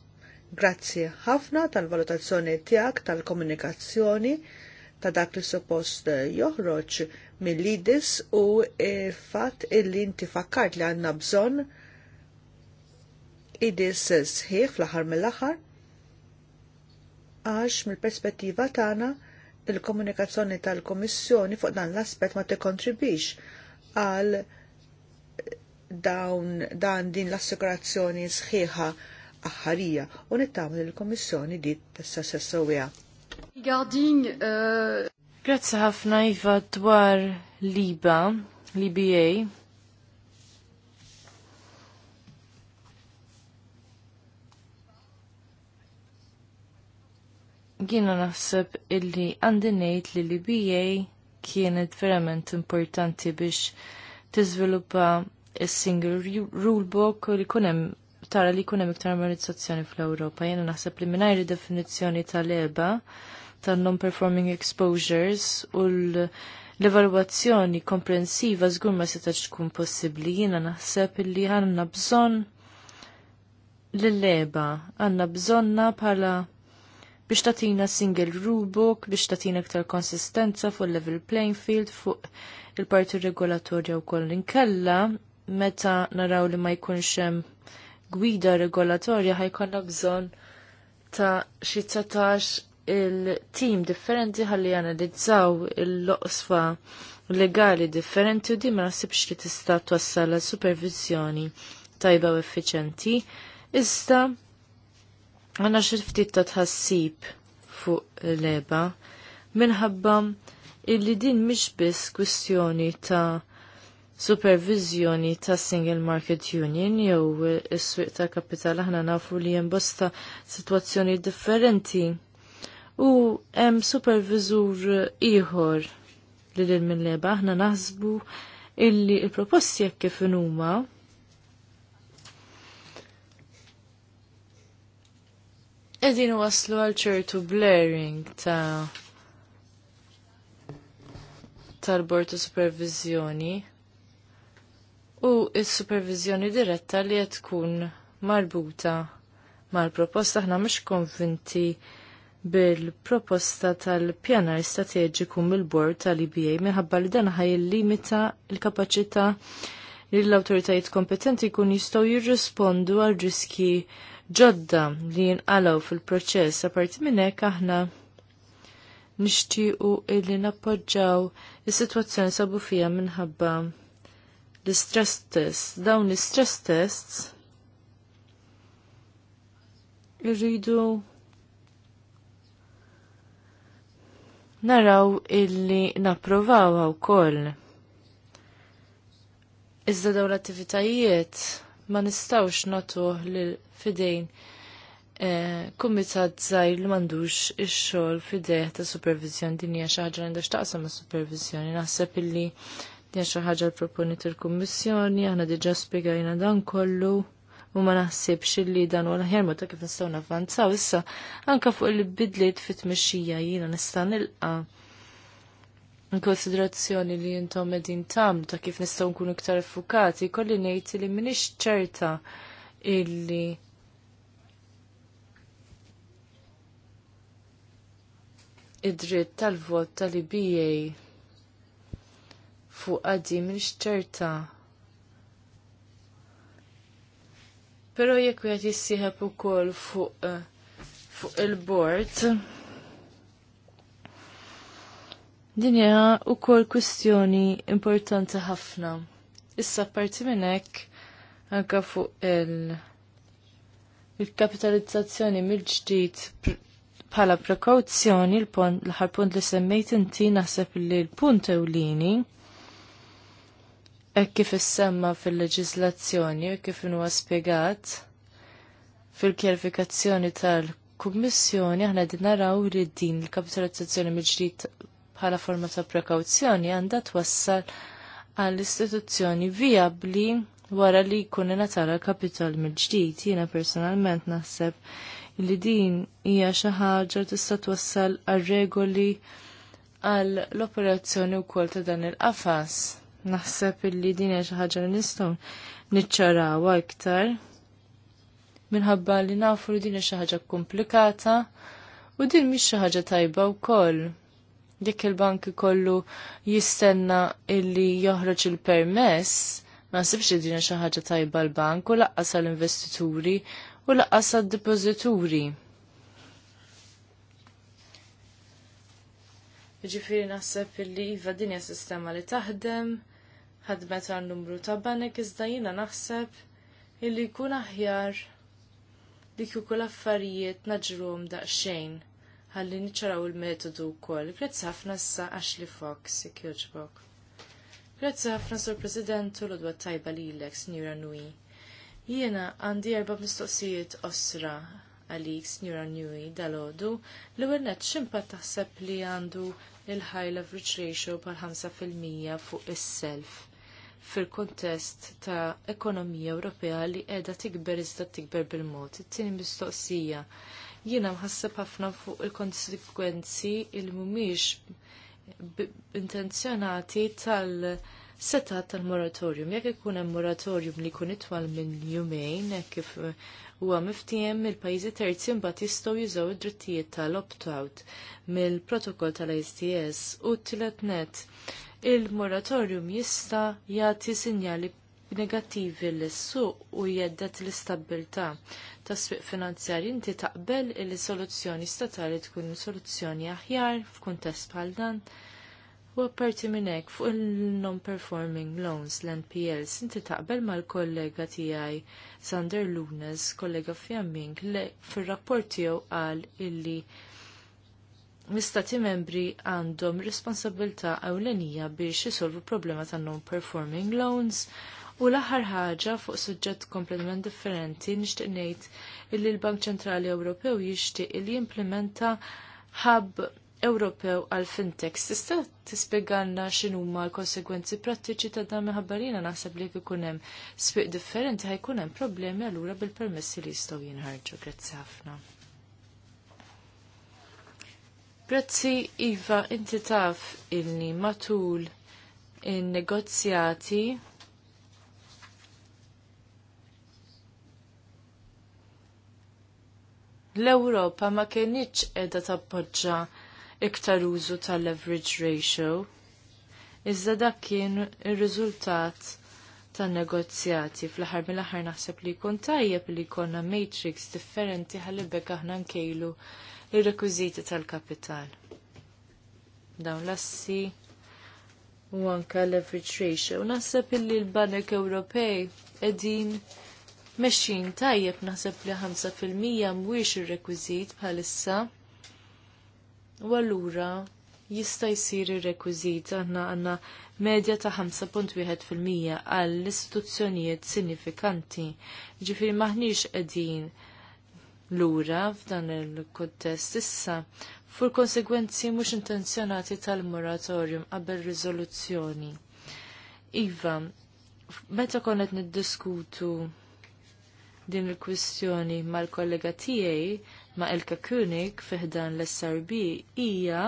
Grazzi ħafna tal-valutazzjoni tiegħek tal-komunikazzjoni ta' dak li suppost joħroġ mill-lidis u fatt illi inti fakkart li għandna bżonn idis sħiħ fl-aħħar mill-aħħar għax mill-perspettiva tagħna il-komunikazzjoni tal-Komissjoni fuq dan l-aspett ma tikkontribix għal dawn dan din l-assikurazzjoni sħiħa aħħarija u nittamu l-Komissjoni di tessa sessawija. Gardin, uh... grazzi ħafna Iva dwar Liba, LBA. Gina naħseb illi għandinejt li LBA kienet verament importanti biex tiżviluppa il-single rule book li kunem tara li kunem iktar armonizzazzjoni fl-Ewropa. Jena naħseb li minnajri definizzjoni tal-eba tal-non-performing exposures u l-evaluazzjoni komprensiva zgur ma setax tkun possibli. Jena naħseb li għanna bżon l-leba, għanna bżonna pala biex tatina single rulebook, biex tatina iktar konsistenza fuq level playing field fuq il-parti regolatorja u koll inkella meta naraw li ma jkunx hemm gwida regolatorja ħajkonna bżonn ta' xi setax il-tim differenti ħalli analizzaw il-loqsfa legali differenti u di ma nasibx li tista' twassal supervizjoni tajba u effiċenti. Iżda għanna xiftit ta' tħassib fuq l-eba minħabba illi din mhix biss kwistjoni ta' supervizjoni ta' Single Market Union jew is-swieq ta' kapital aħna nafu li hemm bosta sitwazzjoni differenti u hemm supervizur ieħor li lil minleba aħna naħsbu illi il-proposti jekk kif huma Edin waslu għal ċertu blaring ta' tal-bord ta' supervizjoni u s-supervizjoni diretta li qed tkun marbuta mal-proposta aħna mhux konvinti bil-proposta tal-pjanar strateġiku mill-bord tal-IBA minħabba li dan ħajillimita l-kapaċità li l-awtoritajiet kompetenti jkun jistgħu jirrispondu għal riski ġodda li jinqalgħu fil-proċess apparti minn hekk aħna nixtiequ illi nappoġġaw is-sitwazzjoni sabu fija minħabba l-stress test. Dawn l-stress tests irridu naraw illi għaw wkoll. Iżda dawn l-attivitajiet ma nistawx natu lil fidejn eh, kumitat zaħir li mandux il-xol fideħ ta' supervizjon dinja xaħġa għandax taqsam ma' supervizjoni. Naħseb illi Din xi ħaġa l-proponit il-Kummissjoni, aħna diġà spjegajna dan kollu u ma naħsibx li dan u l-ħjar ma ta' kif nistgħu navvanzaw issa anke fuq il-bidliet fit tmexxija jiena nista' nilqa' konsiderazzjoni li intom edin tam ta' kif nistaw nkunu iktar effukati, kolli nejt li minix ċerta illi id-dritt tal-vot tal-IBA fuq għaddi minn xċerta. Pero jekk wieħed jissieħeb ukoll fuq eh, fuq il-bord. Din hija ukoll kwistjoni importanti ħafna. Issa parti minn hekk anke fuq il- il-kapitalizzazzjoni mill-ġdid bħala prekawzjoni l-ħar punt li semmejt inti naħseb li l-punt ewlieni hekk kif semma fil leġislazzjoni u kif inhuwa spjegat fil-kjarifikazzjoni tal-Kummissjoni aħna din naraw li din il-kapitalizzazzjoni mill-ġdid bħala forma ta' prekawzjoni għandha twassal għall istituzzjoni viabli wara li jkun natara kapital mill-ġdid. Jiena personalment naħseb li din hija xi ħaġa tista' twassal għal regoli għall operazzjoni wkoll ta' dan il-qafas. Naħseb illi din hija xi ħaġa li nistgħu niċċarawha iktar minħabba li nafu li din hija xi ħaġa komplikata u din mhix xi ħaġa tajba wkoll. Jekk il-bank kollu jistenna illi joħroġ il-permess, ma nsibx li din xi ħaġa tajba l-bank u laqqas għall investituri u laqqas għad depożituri Ġifiri naħseb illi iva dinja sistema li taħdem ħadmet għal numru ta' banek iżda jina naħseb illi jkun aħjar li kieku l-affarijiet naġruhom daqsxejn ħalli niċċaraw il-metodu wkoll. Grazzi ħafna issa Ashley Fox ikjoġbok. Grazzi ħafna sur President u l-odwa tajba lilek, Sinjura Nui. Jiena għandi erba' mistoqsijiet osra għalik, Signora Newey, dal-ħodu, li għernet ximpa taħseb li għandu il-high leverage ratio pal-5% fuq is-self fil-kontest ta' ekonomija Ewropea li qiegħda tikber iżda tikber bil-mod. It-tieni mistoqsija. Jiena mħasseb ħafna fuq il-konsekwenzi il mhumiex intenzjonati tal- seta tal-moratorium, jekk ikun hemm moratorium li jkun itwal minn jumejn, hekk kif huwa miftiem il-pajjiżi terzi mbagħad jistgħu jużaw id-drittijiet tal-opt-out mill-protokoll tal-ISTS u t-tielet net il-moratorium jista jagħti sinjali negattivi l-suq u jeddet l-istabilta ta' swieq finanzjari inti taqbel li soluzzjoni statali tkun soluzzjoni aħjar f'kuntest bħal dan. U apparti minn hekk fuq il-non-performing loans l-NPLs inti taqbel mal-kollega tiegħi Sander Lunes, kollega fjamming, fir-rapport tiegħu qal illi l-istati membri għandhom responsabilta ewlenija biex jisolvu problema ta' non-performing loans u l-aħħar ħaġa fuq suġġett kompletament differenti nixtieq ngħid illi l-Bank Ċentrali Ewropew jixtieq li jimplementa hub Ewropew għal fintech. Tista' tispjegana x'inhuma l-konsegwenzi prattiċi ta' dan minħabbarina naħseb li ikun hemm spiq differenti ħajkun hemm problemi allura bil-permessi li jistgħu jinħarġu. Grazzi ħafna. Grazzi, Iva, inti taf illi matul il negozjati l-Ewropa ma kienx qiegħda tappoġġa iktar użu tal-leverage ratio. Iżda dak kien il riżultat tan negozjati fl-aħħar mill-aħħar naħseb li jkun tajjeb li jkollna matrix differenti ħalli aħna nkejlu ir-rekwiżiti tal-kapital. Dawn l-assi u anka leverage ratio. Naħseb illi l-Banek Ewropej edin meċin tajjeb naħseb li 5% mwix ir-rekwiżit bħalissa. U allura jista' jsir ir-rekwiżit aħna għandna medja ta' 5.1% għall istituzzjonijiet sinifikanti. Ġifieri maħniex qegħdin lura f'dan il-kontest issa fur konsegwenzi mhux intenzjonati tal-moratorium qabel riżoluzzjoni. Iva, meta konet niddiskutu din il-kwistjoni mal-kollega tiegħi ma' Elka Kunik fiħdan l-SRB hija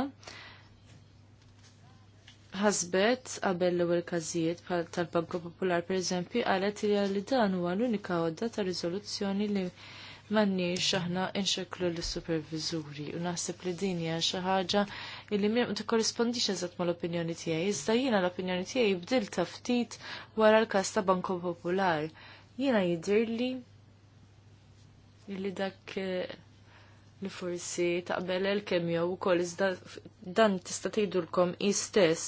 ħasbet qabel l-ewwel każijiet tal banku Popolar pereżempju qalet li dan huwa l-unika għodda ta' riżoluzzjoni li manni aħna inxeklu l-supervizuri u naħseb li din hija xi ħaġa illi ma tikkorrispondix eżatt mal-opinjoni tiegħi. Iżda jiena l-opinjoni tiegħi bdil ftit wara l-każ ta' Banko Popolar. Jiena jidhirli illi dak eh, li forsi taqbel il kemja u ukoll iżda dan tista' tgħidulkom istess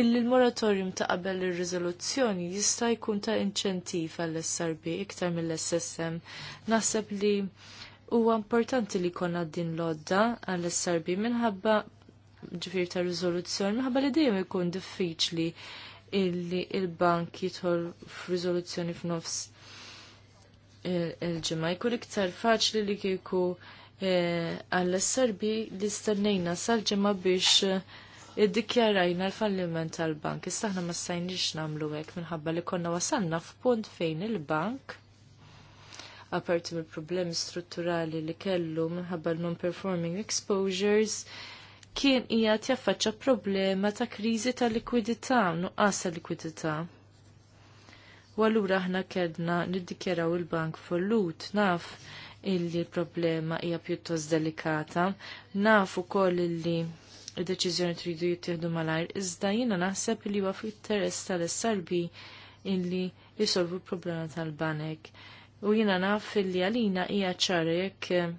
illi l-moratorium ta' qabel ir-riżoluzzjoni jista' jkun ta' inċentiv għall-SRB iktar mill-SSM. Naħseb li huwa importanti li jkollna din lodda għall-SRB minħabba ġifir ta' riżoluzzjoni minħabba li dejjem ikun diffiċli illi il-bank jidħol f'riżoluzzjoni f'nofs il-ġimgħa. Jkun iktar faċli li kieku E, għall-serbi li stennejna sal-ġemma biex e, iddikjarajna l-falliment tal-bank. Istaħna ma stajnix namlu għek minħabba li konna wasanna f'punt fejn il-bank aparti mill problemi strutturali li kellu minħabba non-performing exposures kien hija jaffaċċa problema ta' kriżi ta' likwidità, nuqqas ta' likwidità. U allura aħna kedna niddikjeraw il-bank fallut, naf illi problema hija pjuttost delikata. Nafu koll illi il deċiżjoni tridu jittieħdu malajr, iżda jiena naħseb li huwa fl-interess tal-SRB illi jisolvu problema tal-banek. U jiena naf illi għalina hija ċarek jekk eh,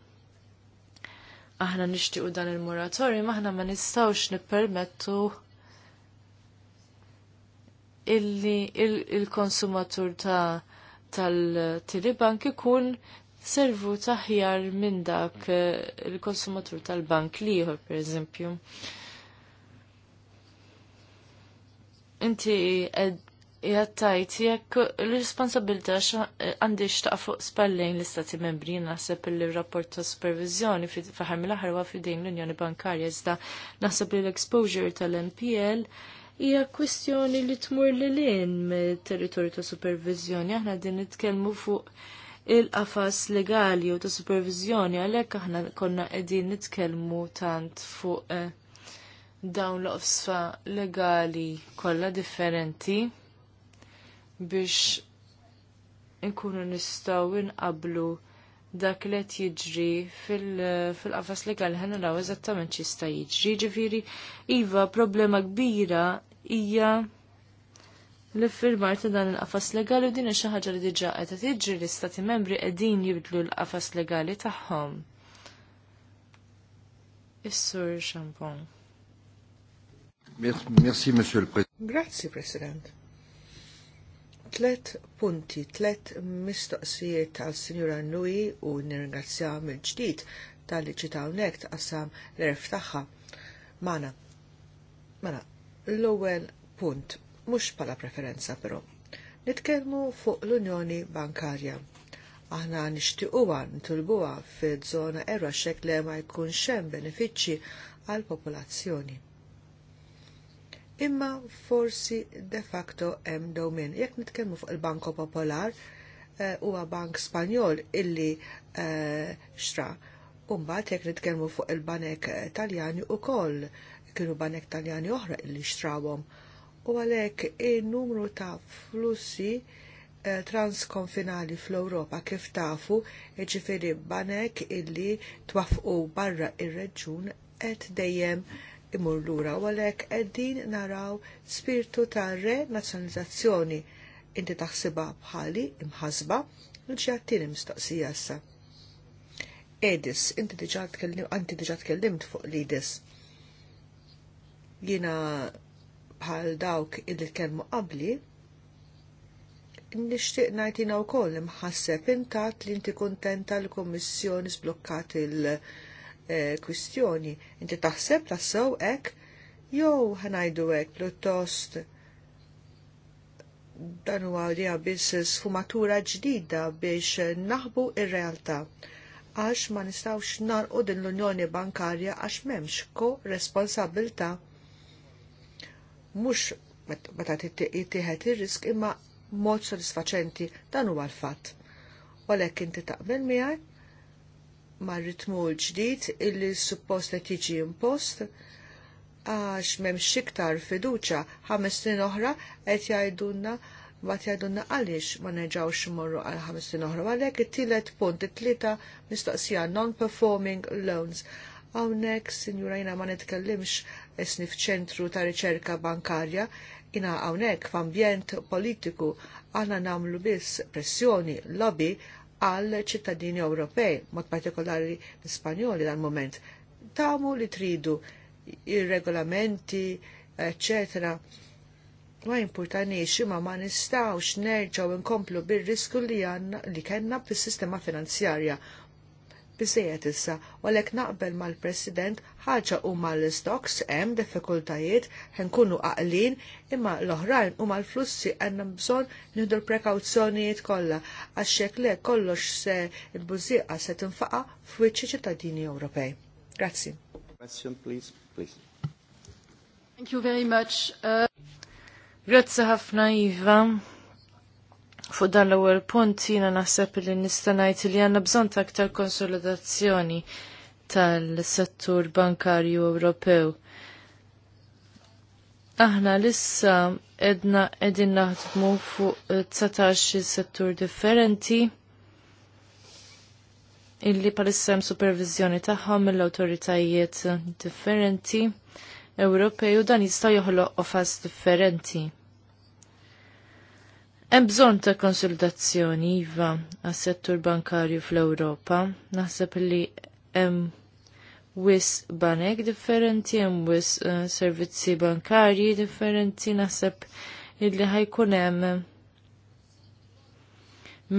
aħna nixtiequ dan il-moratorium, aħna ma nistgħux nippermettu illi il-konsumatur ta' tal-tilibank ikun servu taħjar minn dak eh, il-konsumatur tal-bank liħor, per eżempju. Inti jattajt jekk l-responsabilta għandi xtaq fuq spallejn l-istati membri naħseb il-rapport ta' supervizjoni faħar mill-aħħar wa fidejn l-Unjoni Bankarja iżda naħseb l-exposure tal-NPL hija kwestjoni li tmur li lin territorju ta' supervizjoni. Aħna din nitkellmu fuq il-qafas legali u ta' supervizjoni għalhekk aħna konna qegħdin nitkellmu tant fuq eh, dawn l-qofsfa legali kollha differenti biex inkunu nistgħu inqablu dak li qed jiġri fil-qafas legali ħana naraw eżattament x'jista' jiġri. Ġifieri iva problema kbira hija l firmar ta' dan il-qafas legali u din xi ħaġa li diġà qed tiġri l-istati membri qegħdin jibdlu l-qafas legali tagħhom. Is-sur Champon. Merci, Monsieur le Président. Grazie, President. Tlet punti, tlet mistoqsijiet tal-Sinjura Annui u nirringrazzja mill-ġdid tal-li ċitawnek tqassam l-erf tagħha. Mana, mana, l-ewwel punt mhux bħala preferenza però. Nitkellmu fuq l-Unjoni Bankarja. Aħna nixtiequ nitulbuha fiż-żona erwa li ma jkunx hemm benefiċċji għall popolazzjoni. Imma forsi de facto hemm dawmin. Jekk nitkellmu fuq il-Banko Popolar, eh, huwa uh, bank Spanjol illi uh, xtra. mbagħad jekk nitkellmu fuq il-banek Taljani ukoll kienu banek Taljani oħra illi xtrawhom u għalhekk il numru ta' flussi eh, transkonfinali fl-Europa kif tafu ġifiri banek illi twafqu barra il reġun qed dejjem imur lura u għalhekk qegħdin naraw spirtu ta' renazzjonalizzazzjoni inti taħsiba bħali imħasba l ġjattin mistoqsija issa. Edis, inti diġa tkellimt, anti diġa tkellimt fuq l-Edis. Jina bħal dawk illi kelmu qabli, nixtieq ngħidina wkoll imħasseb intat li inti kuntenta l-Kummissjoni sblokkat il-kwistjoni. Inti taħseb tassew hekk jew ħanajdu hekk pjuttost dan huwa li biss sfumatura ġdida biex naħbu ir-realtà għax ma nistawx narqu din l-Unjoni Bankarja għax m'hemmx ko responsabilta' mhux meta jittieħed ir-risk imma mod sodisfaċenti dan huwa l-fatt. Għalhekk inti taqbel miegħi mar-ritmu l-ġdid illi suppost li tiġi impost għax m'hemmx xiktar fiduċa ħames snin oħra qed jgħidulna mbagħad jgħidulna għaliex ma neġaw ximurru għal ħames uħra. oħra. Għalhekk it-tielet punt, it-tlieta mistoqsija non-performing loans. Hawnhekk, sinjura jina ma nitkellimx snif ċentru ta' riċerka bankarja ina hawnhekk f'ambjent politiku għana namlu biss pressjoni lobby għal ċittadini Ewropej, mod partikolari l-Spanjoli dal moment Tamu li tridu ir-regolamenti, eccetera. Ma importanix imma ma nistawx nerġaw inkomplu bir-risku li għanna li kenna fis-sistema finanzjarja bisejet issa, u għalek naqbel mal-President ħaġa huma l-istoks hemm diffikultajiet nkunu aqlin imma l-oħrajn u mal flussi għanna bżon nħidu l-prekawzjonijiet kollha għax le kollox se il bużieqa se tinfaqa f'wiċċi ċittadini Ewropej. Grazzi. Question, please, please. Thank you very much. Uh... Grazzi ħafna Iva. Fuq dan l-ewwel punt jiena naħseb li nista' ngħid li għandna bżonn ta' aktar konsolidazzjoni tal-settur bankarju Ewropew. Aħna lissa edna edin naħdmu fuq 19 settur differenti illi palissa hemm supervizjoni tagħhom mill-awtoritajiet differenti Ewropej u dan jista' joħloq qofas differenti. Hemm bżonn ta' konsultazzjoni iva għas-settur bankarju fl-Ewropa. Naħseb li hemm wis banek differenti, hemm wis uh, servizzi bankarji differenti, naħseb illi ħajkun hemm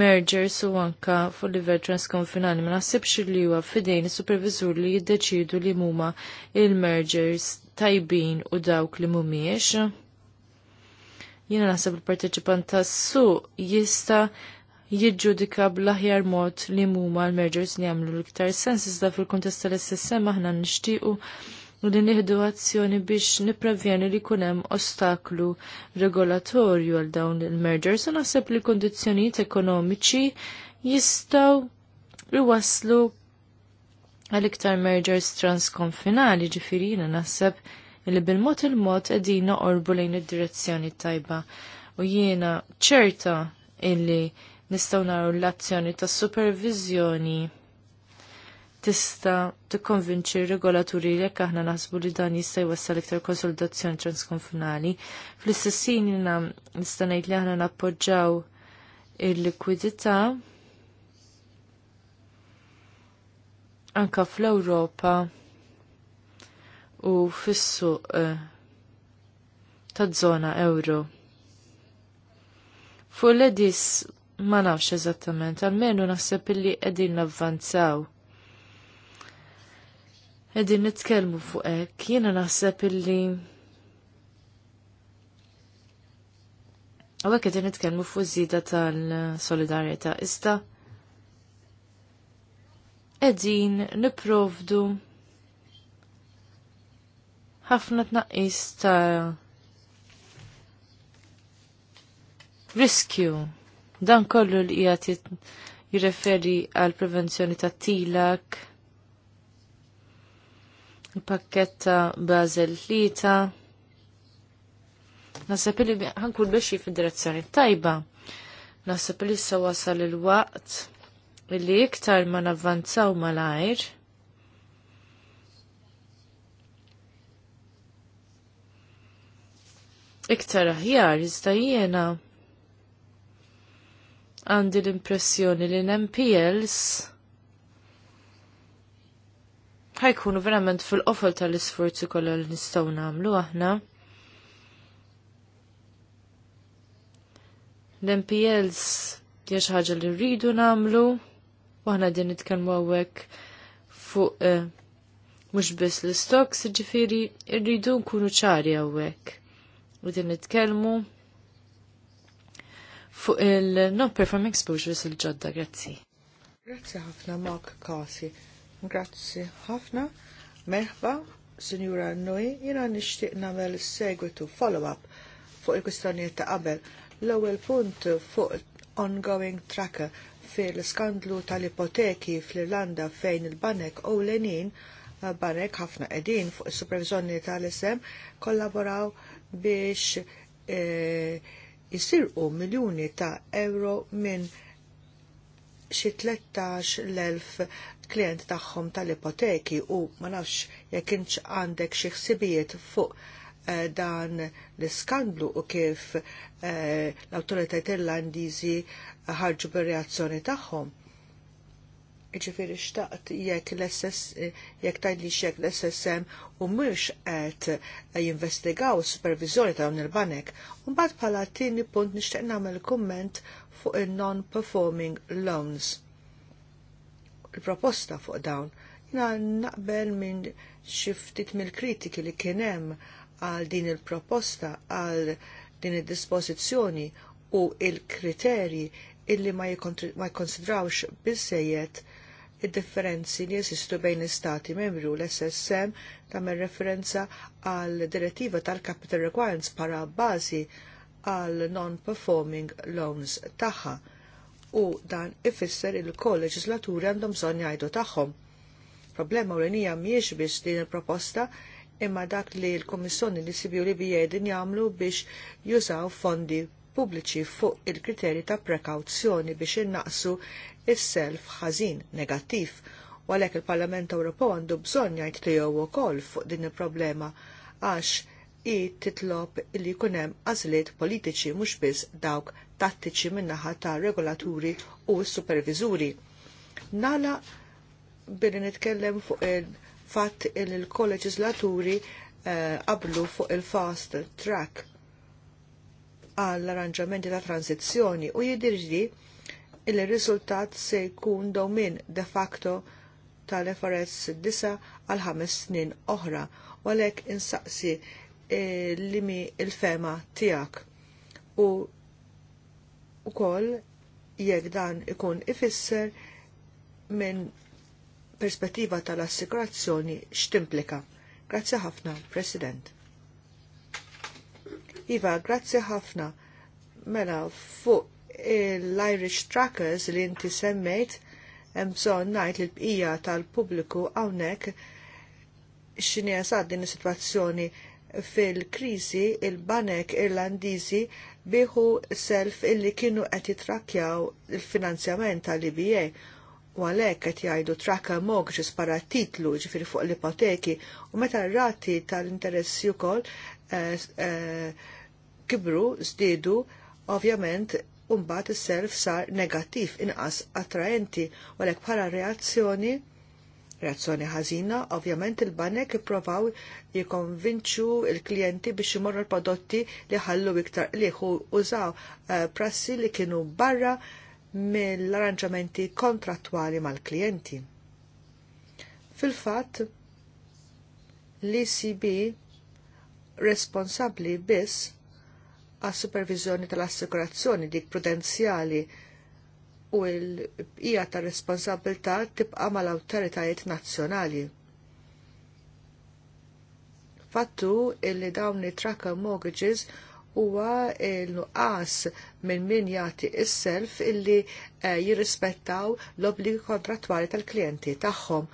mergers u anka fuq livell transkonfinali. Ma naħsibx li huwa fidejn is-supervisur li jiddeċidu li huma il-mergers tajbin u dawk li mhumiex. Jiena naħseb il-parteċipant tas-suq jista' jiġġudika bl-aħjar mod li huma l-mergers li jagħmlu l-iktar sens iżda fil-kuntest tal-SSM aħna nixtiequ li nieħdu azzjoni biex nipprevjeni li jkun hemm ostaklu regolatorju għal dawn il-mergers u naħseb li kondizzjonijiet ekonomiċi jistgħu iwasslu għal iktar mergers transkonfinali ġifirina naħseb Illi bil-mod il-mod qegħdin orbu lejn id-direzzjoni tajba. U jiena ċerta illi nistgħu naraw l-azzjoni ta' supervizjoni tista' tikkonvinċi r-regolaturi li jekk aħna naħsbu li dan jista' jwassal iktar konsultazzjoni transkonfinali. Fl-istessin jiena nista' ngħid li aħna nappoġġaw il-likwidità anka fl-Ewropa u fis-suq eh, taż-żona euro. Fu l-edis ma nafx eżattament, għalmenu naħseb illi qegħdin navvanzaw. Qegħdin nitkellmu fuq hekk, jiena naħseb illi Għawek edin nitkellmu fuq żida tal-solidarjetà ista. qegħdin nipprovdu ħafna tnaqqis ta' riskju. Dan kollu li qiegħed jirreferi għal prevenzjoni ta' tilak, il-pakkett pakketta Basel Lita. Nasab li ħankun biex fid-direzzjoni tajba. Nasab li issa wasal il-waqt li iktar ma navvanzaw malajr. iktar aħjar iżda jiena għandi l-impressjoni li l-MPLs ħajkunu verament fil-qofol tal-isforzi kollha li nistgħu nagħmlu aħna. L-MPLs hija ħaġa li rridu nagħmlu u aħna din nitkellmu hawnhekk fuq eh, mhux biss l-istoks, ġifieri rridu nkunu ċari hawnhekk u din nitkellmu fuq il-non-perform exposures il-ġodda, grazzi. Grazzi ħafna, Mark Kasi. Grazzi ħafna, merħba, Signora Nui, jina nishtiq namel segwitu follow-up fuq il-kustjonijiet ta' qabel. L-ewwel punt fuq ongoing tracker fil-skandlu tal-ipoteki fl-Irlanda fejn il-banek u l-enin banek ħafna edin fuq il-supervizjoni tal-isem kollaboraw biex e, jisirqu miljoni ta' euro minn xi 13,000 klient tagħhom tal-ipoteki u ma nafx jekk inx għandek xi ħsibijiet fuq e, dan l-iskandlu u kif e, l-autoritajiet irlandiżi ħarġu bir-reazzjoni tagħhom. Ġifiri xtaqt jekk l-SS, jek tajli xek l-SSM u mux għet eh, jinvestigaw supervizjoni ta' il-banek. bad pala tini punt nishtaq namel komment fuq il-non-performing loans. Il-proposta fuq dawn. Jina naqbel minn xiftit mill-kritiki li kienem għal din il-proposta, għal din il-dispozizjoni u il-kriterji illi ma jikonsidrawx bizzejiet id-differenzi li jesistu bejn l-Stati membri u l-SSM tamer referenza għal direttiva tal-Capital Requirements para bazi għal non-performing loans tagħha u dan ifisser il-kolleġislaturi għandhom bżonn jgħidu tagħhom. Problema ewlenija mhijiex biex din il-proposta imma dak li l komissjoni li sibju li bijedin jagħmlu biex jużaw fondi pubbliċi fuq il-kriterji ta' prekawzjoni biex innaqsu is-self ħażin negattiv. U għalhekk il-Parlament Ewropew għandu bżonn jgħid tiegħu wkoll fuq din il-problema għax i titlob li jkun hemm għażliet politiċi mhux biss dawk tattiċi min-naħa ta' regolaturi u s-superviżuri. Nala billi nitkellem fuq il-fatt il-kolleġislaturi eh, qablu fuq il-fast track għall-arranġamenti ta' tranzizzjoni u li il-riżultat se jkun domin de facto tal-FRS 9 għal ħames snin oħra u għalhekk insaqsi eh, limi il-fema tiegħek u wkoll jekk dan ikun ifisser minn perspettiva tal-assikurazzjoni x'timplika. Grazzi ħafna, President. Iva, grazzi ħafna. Mela, fuq l-Irish Trackers li inti semmejt, bżon najt li l-bqija tal-publiku għawnek xini għasad din situazzjoni fil-krizi il-banek irlandizi biħu self illi kienu qed jitrakjaw il-finanzjament tal-IBA u għalek qed jgħidu trakka mortgages para titlu ġifiri fuq l-ipoteki u meta r-rati tal-interessi wkoll eh, eh, kibru, zdidu, ovvjament umbat is-self sar negattiv inqas attraenti u għalhekk bħala reazzjoni reazzjoni ħażina, ovvjament il-banek ippruvaw jikonvinċu il-klijenti biex imorru l-prodotti li ħallu iktar liħu użaw eh, prassi li kienu barra mill-arranġamenti kontrattwali mal-klijenti. Fil-fatt, l-ECB responsabli biss għas supervizjoni tal-assikurazzjoni dik prudenzjali u l ija ta' responsabilità tibqa' mal-awtoritajiet nazzjonali. Fattu illi dawn it-tracker mortgages huwa l-nuqqas minn min jagħti is-self illi eh, jirrispettaw l-obbligi kontrattwali tal-klijenti tagħhom.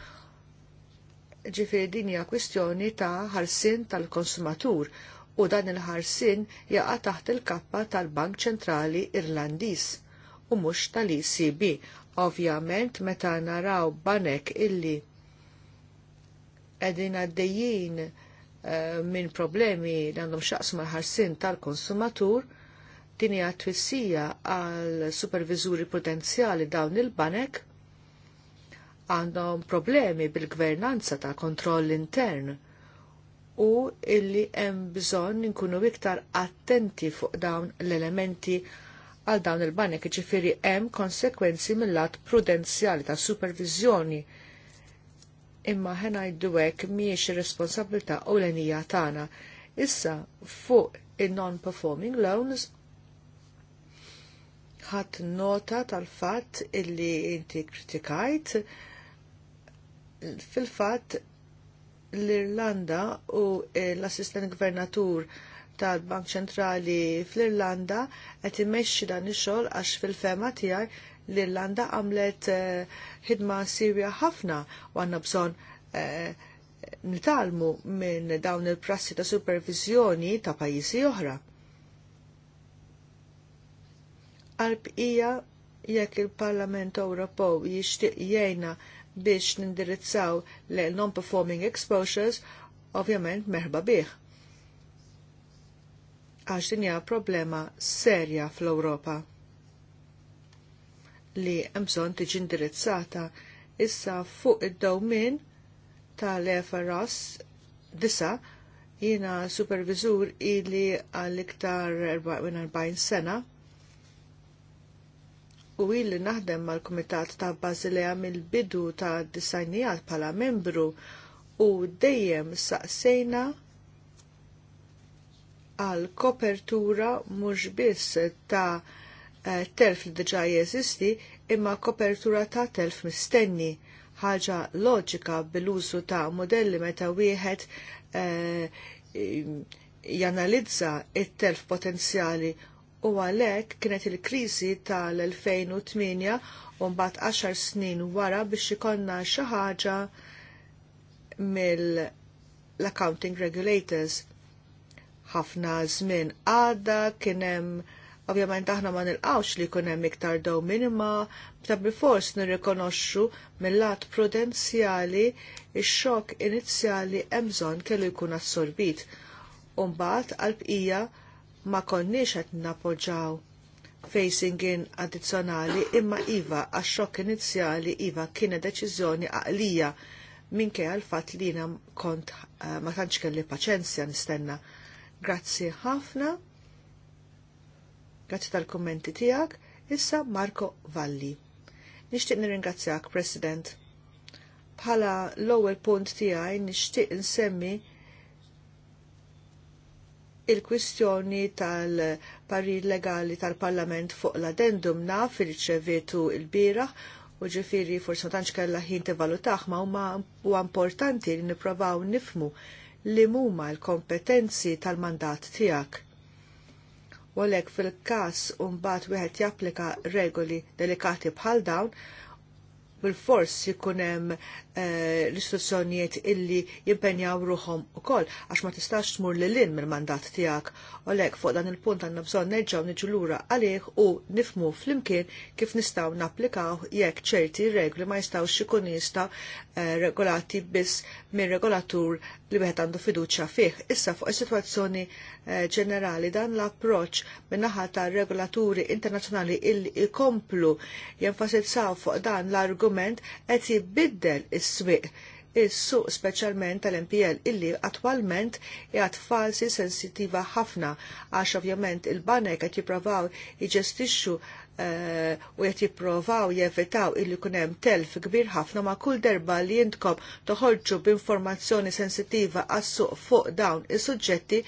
Ġifieri din hija kwistjoni ta' ħarsin tal-konsumatur u dan il-ħarsin jaqa' taħt il-kappa tal-Bank Ċentrali Irlandiż u mhux tal-ECB. Ovvjament meta naraw banek illi qegħdin għaddejjin uh, minn problemi li għandhom xaqs mal-ħarsin tal-konsumatur, din hija twissija għal superviżuri potenzjali dawn il-banek għandhom problemi bil-gvernanza tal kontroll intern u illi hemm bżonn inkunu iktar attenti fuq dawn l-elementi għal dawn il-banek ġifiri hemm konsekwenzi mill-lat prudenzjali ta' supervizjoni imma ħena jidduwek miex responsabilta u l-enija tagħna. Issa fuq in-non-performing loans ħadd nota tal-fatt illi inti kritikajt fil-fatt l-Irlanda u eh, l-assistent gvernatur tal-Bank Ċentrali fl-Irlanda qed imexxi dan ix-xogħol għax fil-fema tiegħi l-Irlanda għamlet eh, ħidma sirja ħafna u għandna bżonn eh, nitalmu minn dawn il-prassi ta' supervizjoni ta' pajjiżi oħra. hija jekk il-Parlament Ewropew jixtieq jgħinna biex nindirizzaw le non-performing exposures, ovvjament merħba bih. Għax din hija problema serja fl-Ewropa li hemm tiġi indirizzata issa fuq id-dawmin tal-FRS disa jiena supervizur ili għal-iktar 40 sena u illi naħdem mal-Kumitat ta' Basilea mill-bidu ta' disajnijat pala membru u dejjem saqsejna għal kopertura mhux biss ta' eh, telf li diġà jeżisti imma kopertura ta' telf mistenni ħaġa loġika bil-użu ta' modelli meta wieħed eh, janalizza it-telf potenzjali u għalhekk kienet il-kriżi tal-2008 u mbagħad 10 snin wara biex ikonna xi ħaġa mill-accounting regulators. Ħafna żmien għadda kien hemm Ovvjament aħna ma nilqgħux li jkun hemm iktar dew minima, ta' bifors nirrikonoxxu mill-lat prudenzjali ix-xokk inizjali hemm bżonn kellu jkun assorbit. Umbagħad għall-bqija ma konniex qed napoġġaw facing in addizzjonali imma iva għax xokk inizjali iva kienet deċiżjoni għaqlija minke għal fatt li jiena kont eh, ma tantx kelli paċenzja nistenna. Grazzi ħafna. Grazzi tal-kommenti tiegħek. Issa Marco Valli. Nixtieq nirringrazzjak, President. Bħala l-ewwel punt tiegħi nixtieq insemmi il-kwistjoni tal-parir legali tal-Parlament fuq l-addendum naf il-ċevetu il-biraħ u ġifiri forse tanċ kella ħin valutaħ ma huma u importanti li niprovaw nifmu li muma l-kompetenzi tal-mandat tijak. Walek fil-kas un-bat wieħed japplika regoli delikati bħal dawn, bil-fors jikunem Eh, l-istituzzjonijiet illi jimpenjaw ruħom u koll, għax ma tistax tmur li l-in mill-mandat tijak. Olek, fuq dan il-punt għanna bżon nerġaw lura għalih u nifmu fl-imkien kif nistaw naplikaw jekk ċerti regli ma jistaw xikun jista' eh, regolati biss minn regolatur li bħet għandu fiduċa fih. Issa fuq is-situazzjoni eh, ġenerali dan l-approċ minnaħa ta' regolaturi internazzjonali illi ikomplu jenfasizzaw fuq dan l-argument qed jibiddel is-swieq is-suq speċjalment tal-MPL illi attwalment jgħat falsi sensittiva ħafna għax ovvjament il-banek qed jipprovaw jġestixxu eh, u qed jipprovaw jevitaw illi kun hemm telf kbir ħafna ma' kull derba li jintkom toħorġu b'informazzjoni sensittiva għas-suq fuq dawn is-suġġetti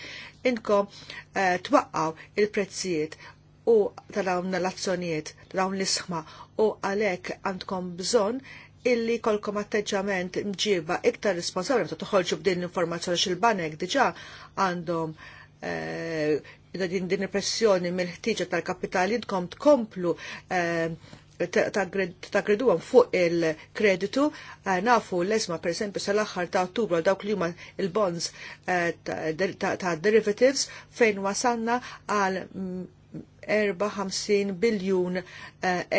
inkom eh, twaqqaw il-prezzijiet u tal-dawn l-azzjonijiet, tal-dawn l-isħma u għalek għandkom bżon illi kolkom atteġġament mġiba iktar responsabli meta toħolġu b'din l-informazzjoni x'il-banek diġà għandhom eh, din din pressjoni mill-ħtiġa tal-kapitali jidkom tkomplu eh, ta' għan fuq il-kreditu, eh, nafu l-esma per esempio sal-axħar ta' ottubru dawk li huma il-bonds ta' derivatives fejn wasanna għal 54 mm, biljun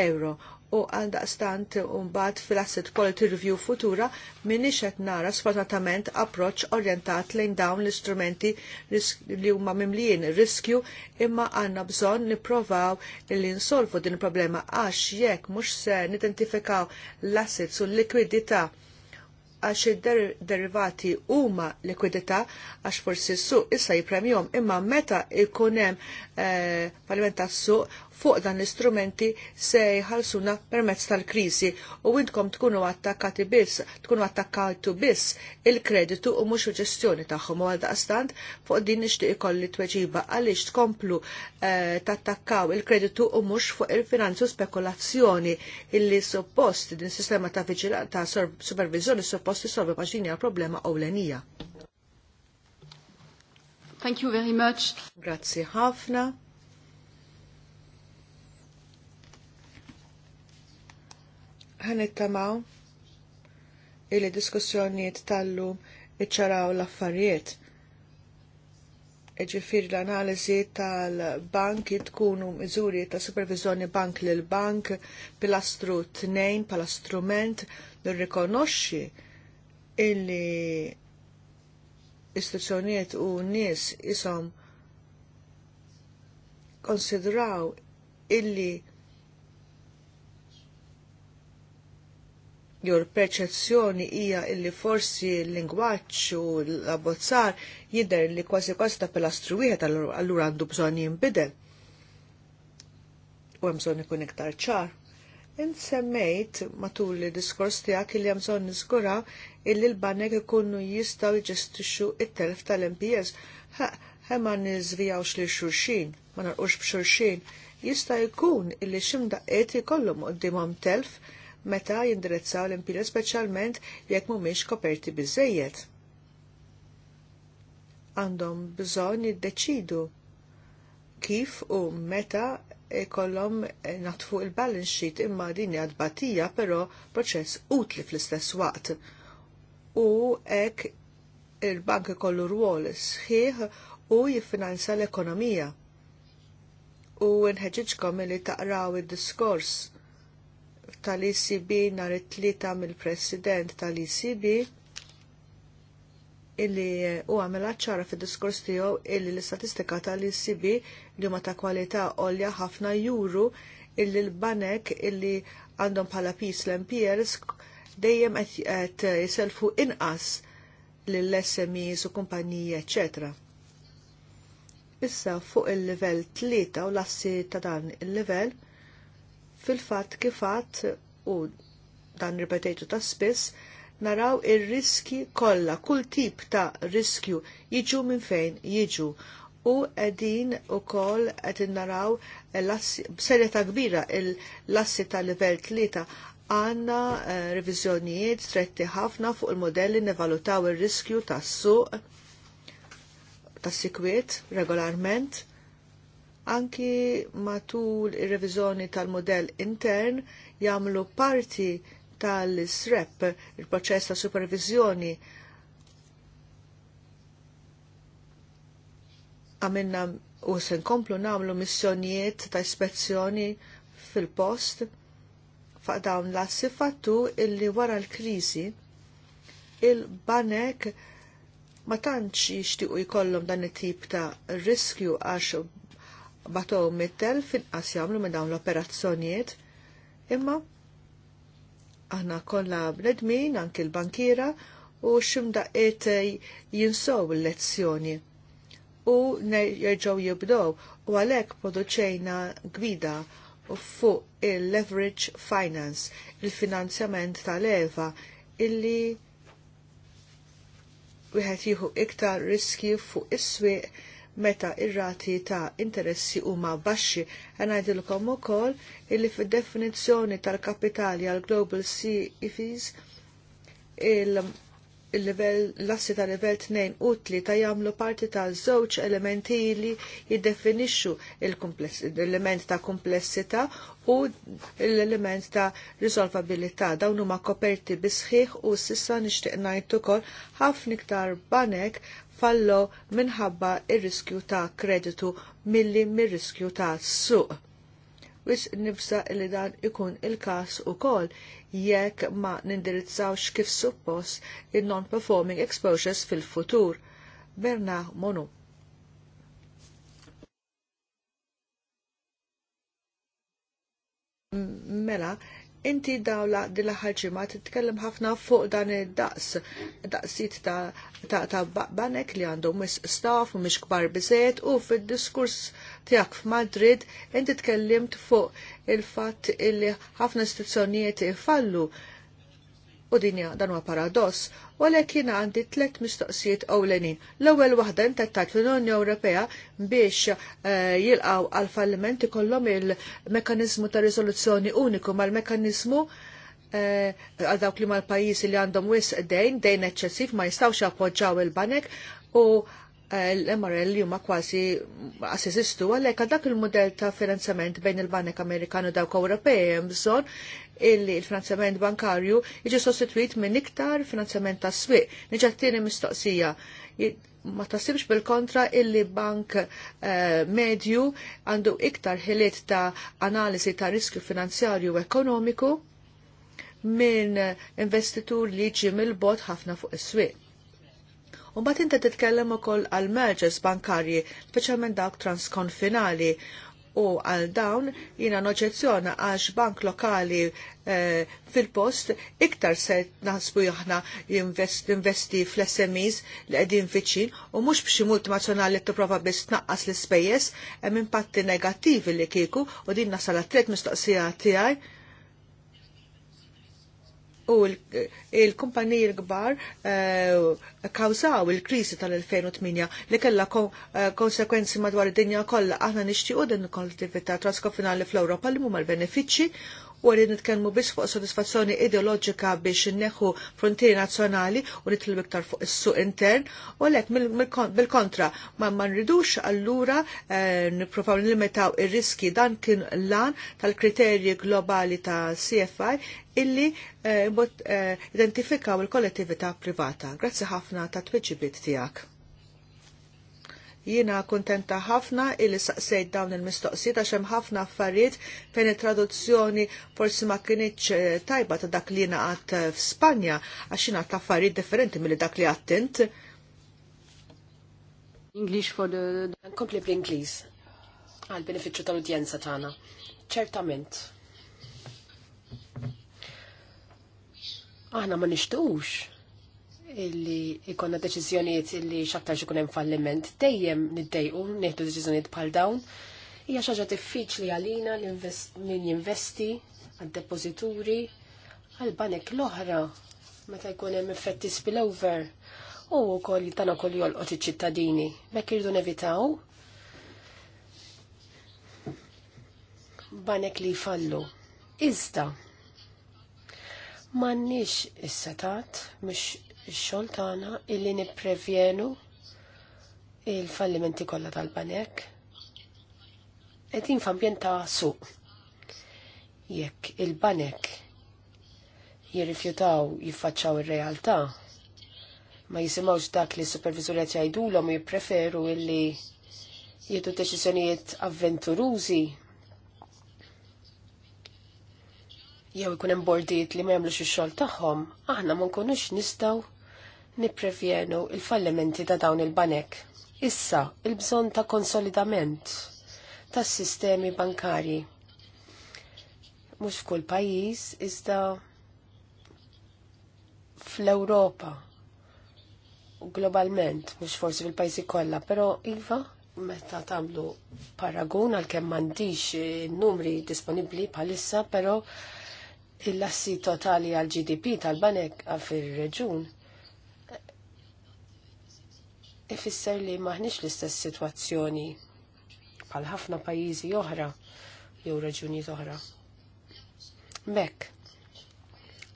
euro u għaldaqstant mbagħad fil-asset quality review futura min qed nara sfortunatament approċ orientat lejn dawn l-istrumenti li huma mimlijin riskju imma għanna bżon niprovaw li nsolvu din il-problema għax jekk mux se nidentifikaw l asset u l-likwidità għax id-derivati huma likwidità għax forsi s-suq issa jipremjom imma meta ikunem eh, palimenta s-suq fuq dan l-istrumenti se jħalsuna permezz tal-krisi u intkom tkunu attakkati biss, tkunu attakkatu biss il-kreditu u mhux il-ġestjoni tagħhom u għal daqstant fuq din nixtieq ikolli tweġiba għaliex tkomplu eh, tattakkaw il-kreditu u mhux fuq il finanzu spekulazzjoni illi suppost din sistema ta' viġilanza ta' supervizjoni suppost jisolvi paġinja problema ewlenija. Thank you very much. Grazie ħafna. ħanittamaw illi diskussjonijiet tal-lum iċċaraw l-affarijiet. Iġifiri l-analizi tal-banki tkunu miżuri ta' supervizjoni bank lil bank pilastru tnejn pala strument nirrikonoxxi illi istituzzjonijiet u nies isom konsidraw illi jew perċezzjoni hija illi forsi l lingwaċ u l-abbozzar jidher li kważi kważi ta' pilastru wieħed allura għandu bżonn jinbidel. U hemm bżonn ikun iktar ċar. Insemmejt matul id-diskors tiegħek li hemm bżonn niżgura illi l-banek ikunu jistgħu jġestixxu it-telf tal-MPS. Hemm ma niżvijawx li xurxin, ma narqux b'xurxin jista' jkun illi ximdaqqiet ikollhom qudiemhom telf meta jindirezzaw l-impjiri speċjalment jekk mhumiex koperti biżejjed. Għandhom bżonn jiddeċidu kif u meta ikollhom natfu il-balance sheet imma din hija tbatija però proċess utli fl-istess waqt. U hekk il-bank ikollu rwol sħiħ u jiffinanza l-ekonomija. U nħeġġkom li taqraw id-diskors tal-ECB nhar it-tlieta mill-President tal-ECB illi eh, u għamela ċara fid diskors tiegħu illi l-istatistika tal-ECB li ma ta' kwalità għolja ħafna juru illi l-banek illi għandhom bħala pis l mprs dejjem qed eh, jiselfu inqas lill-SMEs u kumpaniji eċetera. Issa fuq il-level 3 u lassi ta' dan il-level, fil-fatt kifat u dan ripetejtu ta' spiss naraw ir-riski kollha, kull tip ta' riskju jiġu minn fejn jiġu u edin u kol edin naraw b'serjeta kbira l-assi ta' livell tlieta għanna eh, revizjonijiet stretti ħafna fuq il-modelli nevalutaw il-riskju tas suq tas sikwiet regolarment anki matul ir-reviżjoni tal-modell intern jagħmlu parti tal-SREP, il-proċess ta' supervizjoni għamilna u se nkomplu nagħmlu missjonijiet ta' ispezzjoni fil-post faq dawn l-assi fattu illi wara l-kriżi il-banek ma tantx jixtiequ jkollhom dan it-tip ta' riskju għax batow mittel fil-qas jagħmlu minn dawn l-operazzjonijiet imma aħna kollha bnedmin anki l-bankira u ximdaqiet jinsow l-lezzjoni u jerġgħu jibdow u għalhekk poduċejna gwida fuq il-leverage finance, il-finanzjament tal-EVA, illi wieħed jieħu iktar riski fuq is-swieq meta ir-rati ta' interessi huma baxxi. E ngħidilkom ukoll illi fid-definizzjoni tal-kapitali għal Global CFIs e il-level l-assi ta' level 2 utli ta' jagħmlu parti ta' żewġ elementi li jiddefinixxu l-element ta' komplessità u l-element ta' risolvabilità. Dawn huma koperti bisħiħ u sissa nixtieq ngħid ukoll ħafna iktar banek fallo minħabba ir-riskju ta' kreditu milli mir-riskju ta' suq. Wis nibsa li dan ikun il-kas u kol jekk ma nindirizzawx kif suppos il-non-performing exposures fil-futur. Berna Monu. Mela, Inti dawla dil aħħar ġimgħa titkellem ħafna fuq dan id-daqs, daqsit ta', ta, ta banek li għandhom mis staff u mhix kbar biżejt u fid-diskurs tiegħek f'Madrid inti tkellimt fuq il-fatt illi ħafna istituzzjonijiet ifallu U dinja dan huwa paradoss, u għalhekk jiena għandi tliet mistoqsijiet ewlenin. L-ewwel waħda intettat l-Unjoni Ewropea biex eh, jilqgħu għal falliment ikollhom il-mekkaniżmu ta' riżoluzzjoni uniku mal-mekkaniżmu eh, għal dawk li mal-pajjiżi li għandhom wis dejn, dejn eċċessiv ma jistgħux appoġġaw il-banek u eh, l-MRL li huma kważi assesistu għalhekk għal dak il mudell ta' finanzjament bejn il-Banek Amerikanu dawk Ewropej hemm bżonn illi il-finanzjament bankarju jiġi sostituit minn iktar finanzjament ta' swiq. Nġattini mistoqsija ma tasibx bil-kontra illi bank eh, medju għandu iktar ħiliet ta' analisi ta' riskju finanzjarju ekonomiku minn investitur li ġi mill-bot ħafna fuq is-swieq. U mbagħad inta titkellem ukoll għal mergers bankarji, speċjalment dawk transkonfinali u għal dawn jina noċezzjona għax bank lokali eh, fil-post iktar se naħsbu jħna jinvesti fl-SMEs li għedin viċin u mux bxi multinazzjonali t-prova biex tnaqqas l-spejjes hemm impatti negattivi li kiku u din nasal tret mistoqsija tiegħi u il-kumpaniji l-kbar eh, kawzaw il-krisi tal-2008 li kellha eh, konsekwenzi madwar id-dinja kollha aħna nixtiequ din il-kollettività finali fl-Ewropa li huma l-benefiċċji u għalli nitkellmu biex fuq sodisfazzjoni ideoloġika biex neħu frontieri nazzjonali u nitlu iktar fuq is-suq intern u għalhekk bil-kontra ma ma nridux allura eh, nippruvaw nilimitaw ir-riski dan kien lan tal-kriterji globali ta' CFI illi eh, eh, identifikaw il-kollettività privata. Grazzi ħafna ta' tweġibit tiegħek. Jiena kuntenta ħafna illi saqsejt dawn il mistoqsi għax hemm ħafna affarijiet fejn it-traduzzjoni forsi ma kienieċ eh, tajba ta' dak li jina għat eh, f'Spanja għax jiena ta' affarijiet differenti milli dak li għattint. English for the... Kompli bl-Inglis għal beneficju tal-udjenza tagħna. Ċertament. Aħna ma nixtuqux illi ikonna deċizjoniet illi xaktar ikun hemm falliment dejjem niddejqu nieħdu deċiżjonijiet bħal dawn. Hija xi ħaġa diffiċli għalina min jinvesti għad-depożituri għal banek l-oħra meta jkun hemm effetti spillover u wkoll tagħna wkoll jolqot iċ-ċittadini. Mekk irdu nevitaw banek li jfallu. Iżda, mannix is-setat, mux x-xogħol tagħna illi niprevjenu il-fallimenti kollha tal-banek. Qegħdin f'ambjent ta' suq. Jekk il-banek jirrifjutaw jiffaċċaw ir-realtà, ma jisimawx dak li s-supervisur qed jgħidulhom jippreferu illi jieħdu deċiżjonijiet avventurużi jew ikun hemm bordijiet li ma jagħmlux ix-xogħol tagħhom, aħna ma nkunux nistgħu niprevjenu il-fallimenti ta' dawn il-banek. Issa, il-bżon ta' konsolidament tas sistemi bankari. Mux f'kull pajis, iżda fl-Europa u globalment, mux forsi fil-pajsi kolla, pero Iva, meta tamlu paragun għal kem mandiċ eh, numri disponibli palissa, pero il-lassi totali għal GDP tal-banek fil-reġun ifisser li maħniex l-istess situazzjoni bħal ħafna pajjiżi oħra jew raġunijiet oħra. Mek,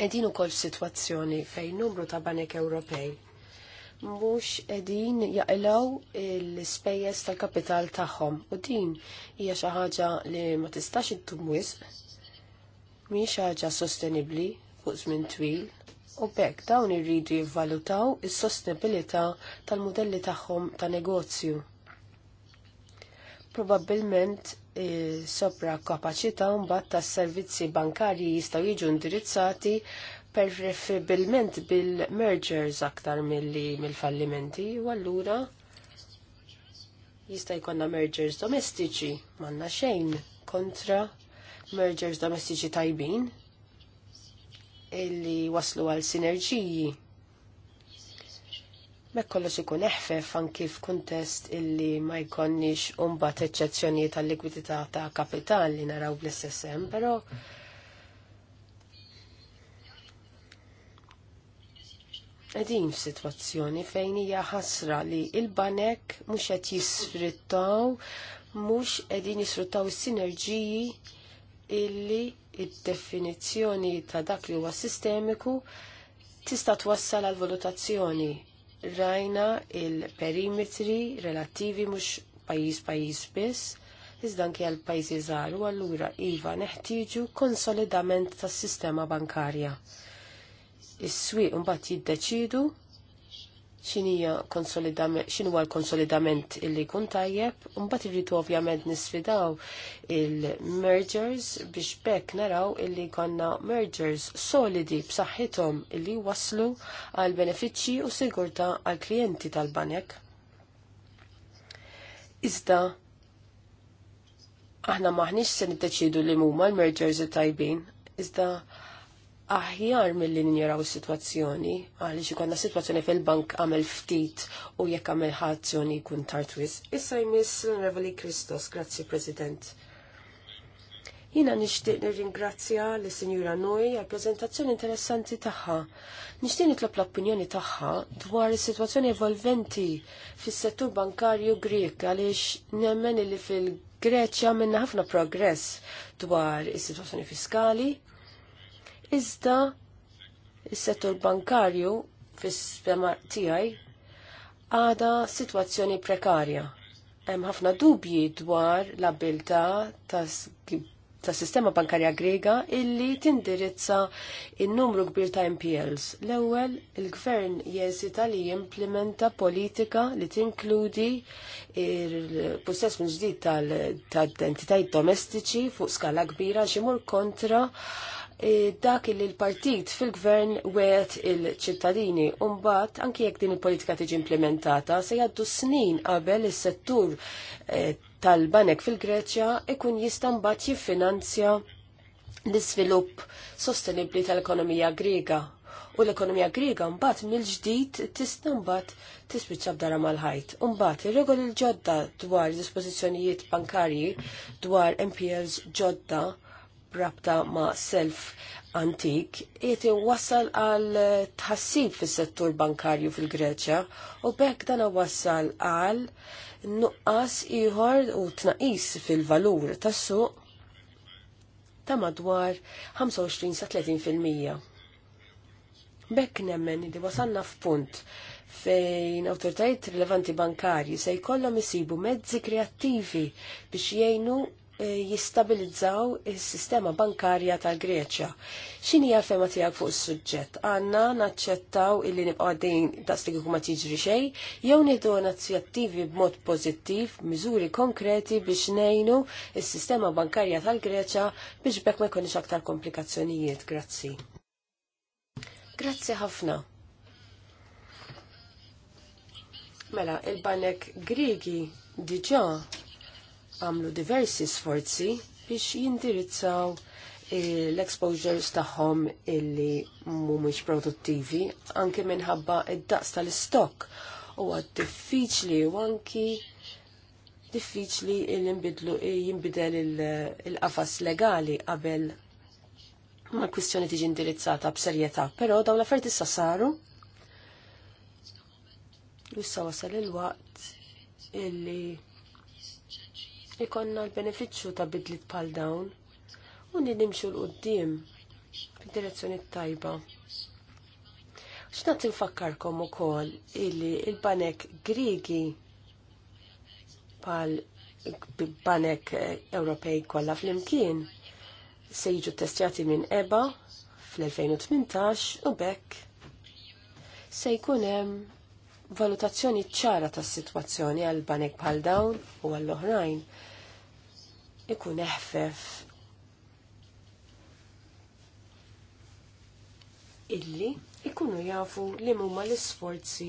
edin ukoll situazzjoni fejn numru ta' banek Ewropej mhux edin jaqilaw l-ispejjeż tal-kapital tagħhom u din hija xi ħaġa li ma tistax iddum wisq mhijiex ħaġa sostenibbli fuq żmien twil u bekk dawn irridu jivvalutaw is-sostenibilità tal-modelli tagħhom ta' negozju. Probabbilment eh, sopra kapaċità mbagħad tas-servizzi bankarji jistgħu jiġu indirizzati preferibilment bil-mergers aktar milli mill-fallimenti u allura jista' jkollna mergers domestiċi m'għandna xejn kontra mergers domestiċi tajbin illi waslu għal sinerġiji. Mek kollox ikun eħfef anki f'kuntest illi ma jkonniex umbat eċċezzjoni tal-likwidità ta' kapital li naraw bl-SSM, pero Edin f'sitwazzjoni fejn hija ħasra li il-banek mhux qed jisfruttaw mhux qegħdin jisfruttaw is-sinerġiji illi id-definizzjoni ta' dak li huwa sistemiku tista' twassal għal valutazzjoni. Rajna il-perimetri relattivi mhux pajjiż pajjiż biss, iżda anke għal pajjiżi żgħar u allura iva neħtieġu konsolidament tas-sistema bankarja. Is-swieq mbagħad jiddeċidu xinija konsolidament, xinu għal konsolidament illi kun tajjeb, unbat irritu ovvjament nisfidaw il-mergers biex bekk naraw illi konna mergers solidi b'saħħithom illi waslu għal benefiċċji u sigurta għal klijenti tal-banek. Iżda, aħna m'aħniex se niddeċidu li mumma l-mergers tajbin, iżda aħjar mill-li ninjaraw is-sitwazzjoni għaliex ikonna sitwazzjoni fil-bank għamel ftit u jekk għamel ħazzjoni jkun tartwis. Issa jmiss l-Reveli Kristos, grazzi President. Jina nixtieq nirringrazzja l sinjura Nui għal prezentazzjoni interessanti tagħha. Nixtieq nitlop l-opinjoni tagħha dwar is-sitwazzjoni evolventi fis-settur bankarju Grek għaliex nemmen li fil-Greċja minna ħafna progress dwar is-sitwazzjoni fiskali, Iżda is-settur bankarju fis-sistema tiegħi għada sitwazzjoni prekarja. Hemm ħafna dubji dwar l-abilità tas-sistema bankarja Grega illi tindirizza in-numru kbir ta' MPLs. L-ewwel il-gvern jeżita li jimplementa politika li tinkludi il-possess minn ġdid tal-identitajiet domestiċi fuq skala kbira ximur kontra Eh, dak li l-partit fil-gvern wet il-ċittadini. Umbat, anki jekk din il-politika tiġi implementata, se jaddu snin qabel is-settur eh, tal-banek fil-Greċja ikun jista' mbagħad jiffinanzja l-iżvilupp sostenibbli tal-ekonomija Griega. U l-ekonomija Griega mbagħad mill-ġdid tista' mbagħad tispiċċa b'dara mal-ħajt. Mbagħad ir-regoli l-ġodda dwar dispożizzjonijiet bankarji dwar MPLs ġodda brabta ma' self antik jiet wassal għal tħassib fis settur bankarju fil-Greċja u bekk dana wassal għal nuqqas ieħor u tnaqis fil-valur tas-suq ta' madwar 25 30%. Bekk nemmen li wasalna f'punt fejn awtoritajiet rilevanti bankarji se jkollhom isibu mezzi kreattivi biex jgħinu Eh, jistabilizzaw il-sistema bankarja tal-Greċja. X'inhi hija tijak tiegħek fuq is-suġġett? Għanna naċċettaw illi nibqgħu għaddejn daqslik ma tiġri xejn, jew nieħdu inizjattivi b'mod pożittiv, miżuri konkreti biex ngħinu il sistema bankarja tal-Greċja biex bekk ma jkunix aktar komplikazzjonijiet. Grazzi. Grazzi ħafna. Mela, il-banek Grigi diġa għamlu diversi sforzi biex jindirizzaw l-exposures tagħhom illi mhumiex produttivi anke minħabba id-daqs tal u huwa diffiċli u anki diffiċli il jinbidel il-qafas legali qabel ma l-kwistjoni tiġi indirizzata b'serjetà, però dawn l-affarijiet issa saru. Issa wasal il-waqt illi ikonna l-beneficju ta' bidlit pal dawn u li nimxu l-qoddim fid-direzzjoni tajba. X'nat infakkarkom ukoll illi il-banek Grigi pal banek Ewropej kollha flimkien se jiġu testjati minn EBA fl-2018 u bekk se jkun hemm valutazzjoni ċara tas-sitwazzjoni għal banek bħal dawn u għall oħrajn ikun eħfef illi ikunu jafu li mumma l-isforzi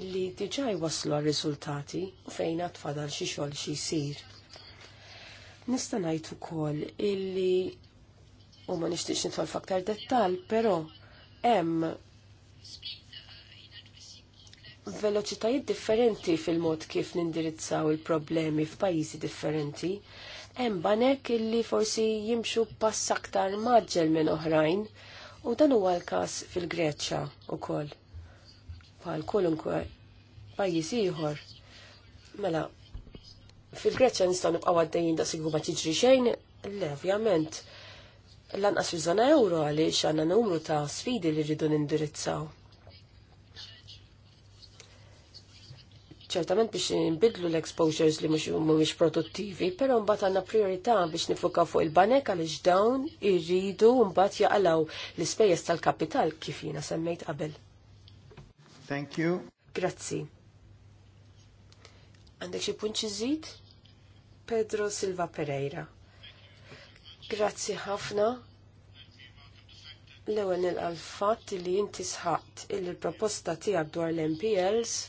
illi diġaj waslu għal riżultati u fejn tfadal xi xogħol xi jsir. Nista' ngħid ukoll illi u ma nixtieqx nidħol f'aktar dettall, però hemm veloċitajiet differenti fil-mod kif nindirizzaw il-problemi f'pajjiżi differenti hemm banek illi forsi jimxu pass aktar maġġel minn oħrajn u dan huwa l-każ fil-Greċċa wkoll bħal kolunkwe pajjiż ieħor. Mela, fil-Greċċa nistgħu nibqgħu għaddejjin daqsigbu ma tiġri xejn, le ovvjament. Lanqas fiż-żona euro għaliex għandna numru ta' sfidi li rridu nindirizzaw ċertament biex nbidlu l-exposures li mhumiex produttivi, però mbagħad għandna priorità biex nifuka fuq il-banek għaliex dawn irridu mbagħad jaqalaw l-ispejjeż tal-kapital kif jina semmejt qabel. Thank you. Grazzi. Għandek xi punċi zid? Pedro Silva Pereira. Grazzi ħafna l-ewwel nilqa' fatt li inti sħat il-proposta tiegħek dwar l-MPLs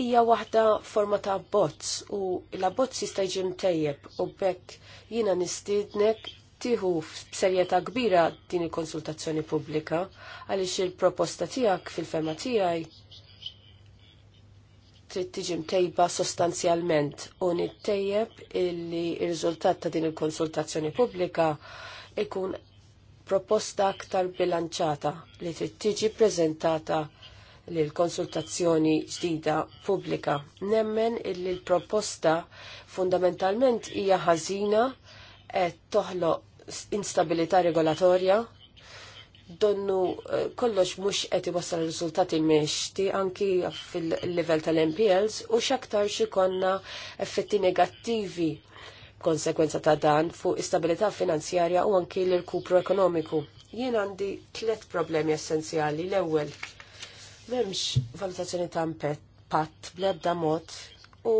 hija waħda forma ta' bozz u l bots jista' jiġi mtejjeb u bekk jiena nistiednek tieħu f'serjetà kbira din il-konsultazzjoni pubblika għaliex il-proposta tiegħek fil-fema tiegħi trid tiġi mtejba sostanzjalment u nittejjeb illi r-riżultat ta' din il-konsultazzjoni pubblika ikun proposta aktar bilanċata li trid tiġi preżentata l-konsultazzjoni ġdida pubblika. Nemmen li l-proposta fundamentalment hija ħażina qed toħloq instabilità regolatorja donnu eh, kollox mhux qed iwassal riżultati mexti anki fil-livell tal-MPLs u x'aktar xikonna effetti negattivi konsekwenza ta' dan fuq istabilità finanzjarja u anki l-kupru ekonomiku. Jien għandi tliet problemi essenzjali. L-ewwel, M'hemmx valutazzjoni ta' impatt bl-ebda mod u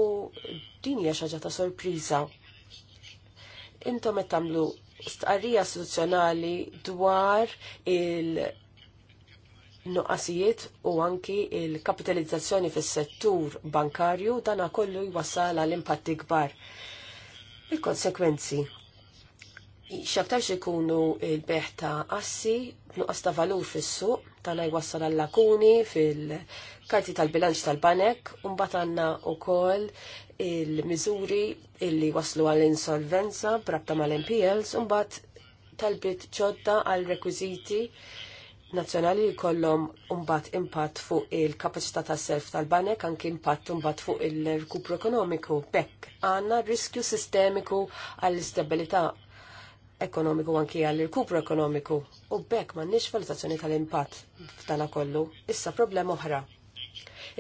din hija xi ħaġa ta' sorpriża. Intom qed tagħmlu stqarrija istituzzjonali dwar il- Nuqqasijiet u anki il-kapitalizzazzjoni fis-settur bankarju dana kollu jwassal għal impatt ikbar Il-konsekwenzi xaktarx ikunu il-beħ ta' assi, nuqqas ta' valur fis-suq, tana jwassal għall lakuni fil-karti tal-bilanċ tal-banek, unbat għanna u koll il-mizuri illi waslu għall insolvenza brabta mal npls unbat talbit ċodda għal rekwiziti nazzjonali li kollom unbat impatt fuq il-kapacità ta' self tal-banek, anki impatt unbat fuq il-rekupru ekonomiku, bekk għanna riskju sistemiku għall-istabilità ekonomiku anki għall kupru ekonomiku u bekk ma nix valutazzjoni tal-impatt f'dana kollu. Issa problema oħra.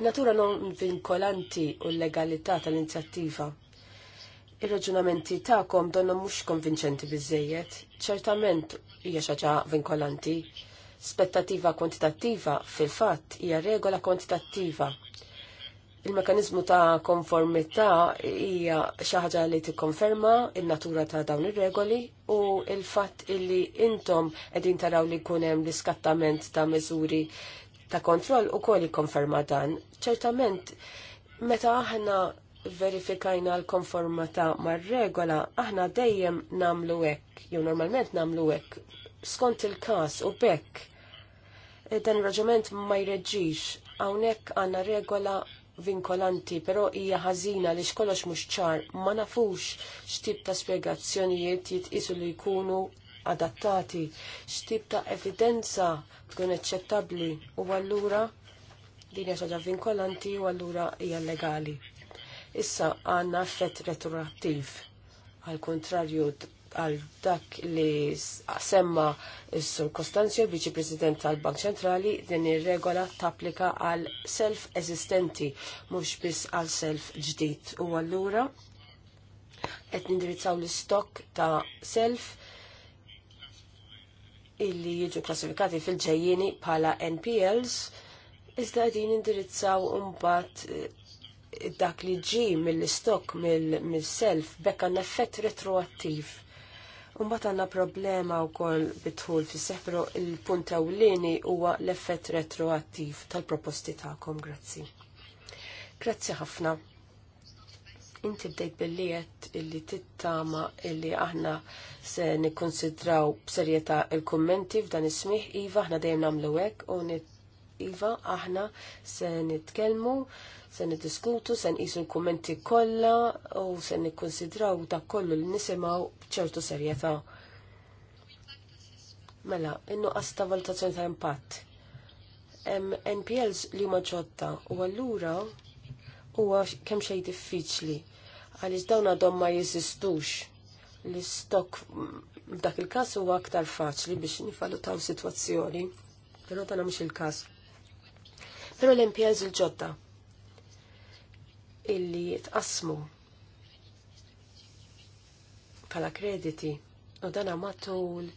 In-natura non vinkolanti u l-legalità tal-inizjattiva Ir-raġunamenti ta'kom donna mhux konvinċenti bizzejiet, ċertament hija xaġa vinkolanti. Spettativa kwantitattiva fil-fatt hija regola kwantitattiva Il-mekanizmu ta' konformità hija xi ħaġa li tikkonferma in-natura ta' dawn ir-regoli u l-fatt illi intom qegħdin taraw li jkun hemm l-iskattament ta' miżuri ta' kontroll ukoll ikkonferma dan. Ċertament meta aħna verifikajna l-konformità mar-regola, aħna dejjem nagħmlu hekk, jew normalment nagħmlu hekk skont il-każ u bekk e dan ir raġument ma jreġġix hawnhekk għandna regola vinkolanti, però hija ħażina li x'kollox mhux ċar, ma nafux x'tip ta' spjegazzjonijiet jitqisu li jkunu adattati, x'tip ta' evidenza tkun eċċettabbli u allura din hija ħaġa vinkolanti u allura hija legali. Issa għandna effett retroattiv għal kontrarju għal dak li semma s-Sur Kostanzio, viċi President tal-Bank Ċentrali, din ir-regola tapplika għal self eżistenti, mhux biss għal self ġdid. U allura qed nindirizzaw l-istok ta' self illi jiġu klassifikati fil ġejjini bħala NPLs, iżda din indirizzaw mbagħad eh, dak li ġi mill-istok mill-self bekk għandna effett retroattiv Umbat għanna problema u koll bitħul fi seħbro il-punt ewlieni huwa l-effett retroattiv tal-proposti ta'kom, grazzi. Grazzi ħafna. Inti bdejt billiet illi tittama illi aħna se nikkonsidraw b'serjetà il-kummenti f'dan is-smih, iva aħna dejjem nagħmlu hekk u Iva aħna se nitkellmu se niddiskutu, se nqisu l-kummenti kollha u se nikkonsidraw dak kollu li nisimgħu b'ċertu serjetà. Mela, in-nuqqas ta' valutazzjoni ta' impatt. NPLs li huma ġodda u allura huwa kemm xej diffiċli għaliex dawn għadhom ma jeżistux. L-istok f'dak il-każ huwa aktar faċli biex nifalutaw sitwazzjoni, però dan mhux il-każ. Però l-NPLs il-ġodda illi jitqasmu pala krediti u dana matul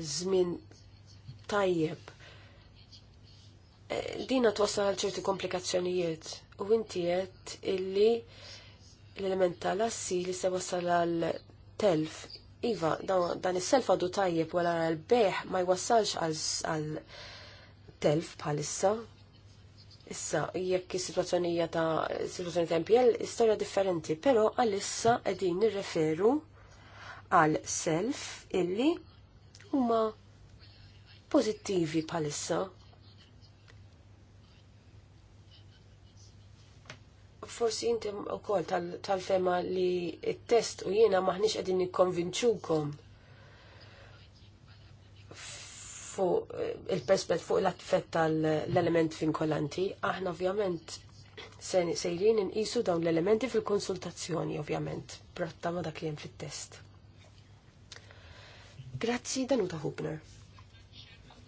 żmien eh, tajjeb. Eh, dina twassal għal ċerti komplikazzjonijiet u inti qed illi l-element tal-assi li se wasal għal telf. Iva, dan is-self għadu tajjeb wara l-beħ ma jwassalx għal telf bħalissa, Issa, jekk is-sitwazzjonija ta' situazzjoni ta' MPL istorja differenti, però għalissa qegħdin nirreferu għal self illi huma pożittivi bħalissa. Forsi inti wkoll tal-fema li t-test u jiena maħniex qegħdin nikkonvinċukom fuq eh, il-perspet fuq l-atfett tal-element vinkolanti, aħna ovvjament sejrin inqisu dawn l-elementi fil-konsultazzjoni, ovvjament, pratta ma dak li hemm fit-test. Grazzi Danuta Hubner.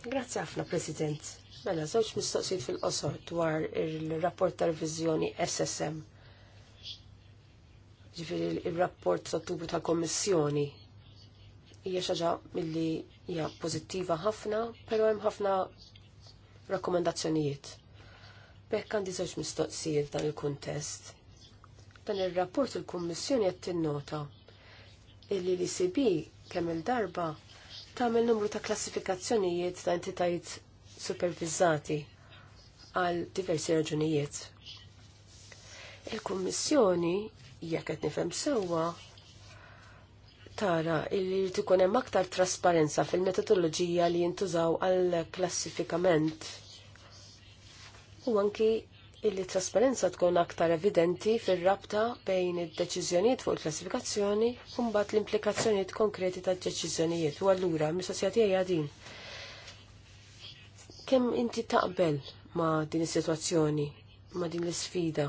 Grazzi ħafna, President. Mela, żewġ mistoqsijiet fil-qosor dwar il-rapport ta' revizjoni SSM. Ġifieri il-rapport ta' tubu ta' kommissjoni hija xaġa milli hija pożittiva ħafna, però hemm ħafna rakkomandazzjonijiet. Bekk għandi żewġ mistoqsijiet dan il-kuntest. Dan ir-rapport il kuntest dan ir rapport il kummissjoni qed tinnota illi l-ICB kemm il-darba tagħmel numru ta' klassifikazzjonijiet ta' entitajiet supervizzati għal diversi raġunijiet. Il-Kummissjoni jekk qed nifhem sewwa tara illi jrid ikun hemm aktar trasparenza fil-metodoloġija li jintużaw għal klassifikament. U anki illi trasparenza tkun aktar evidenti fir-rabta bejn id-deċiżjonijiet fuq il-klassifikazzjoni u mbagħad l-implikazzjonijiet konkreti tad-deċiżjonijiet. U allura mis-sosjati hija din. Kemm inti taqbel ma' din is-sitwazzjoni, ma' din l-isfida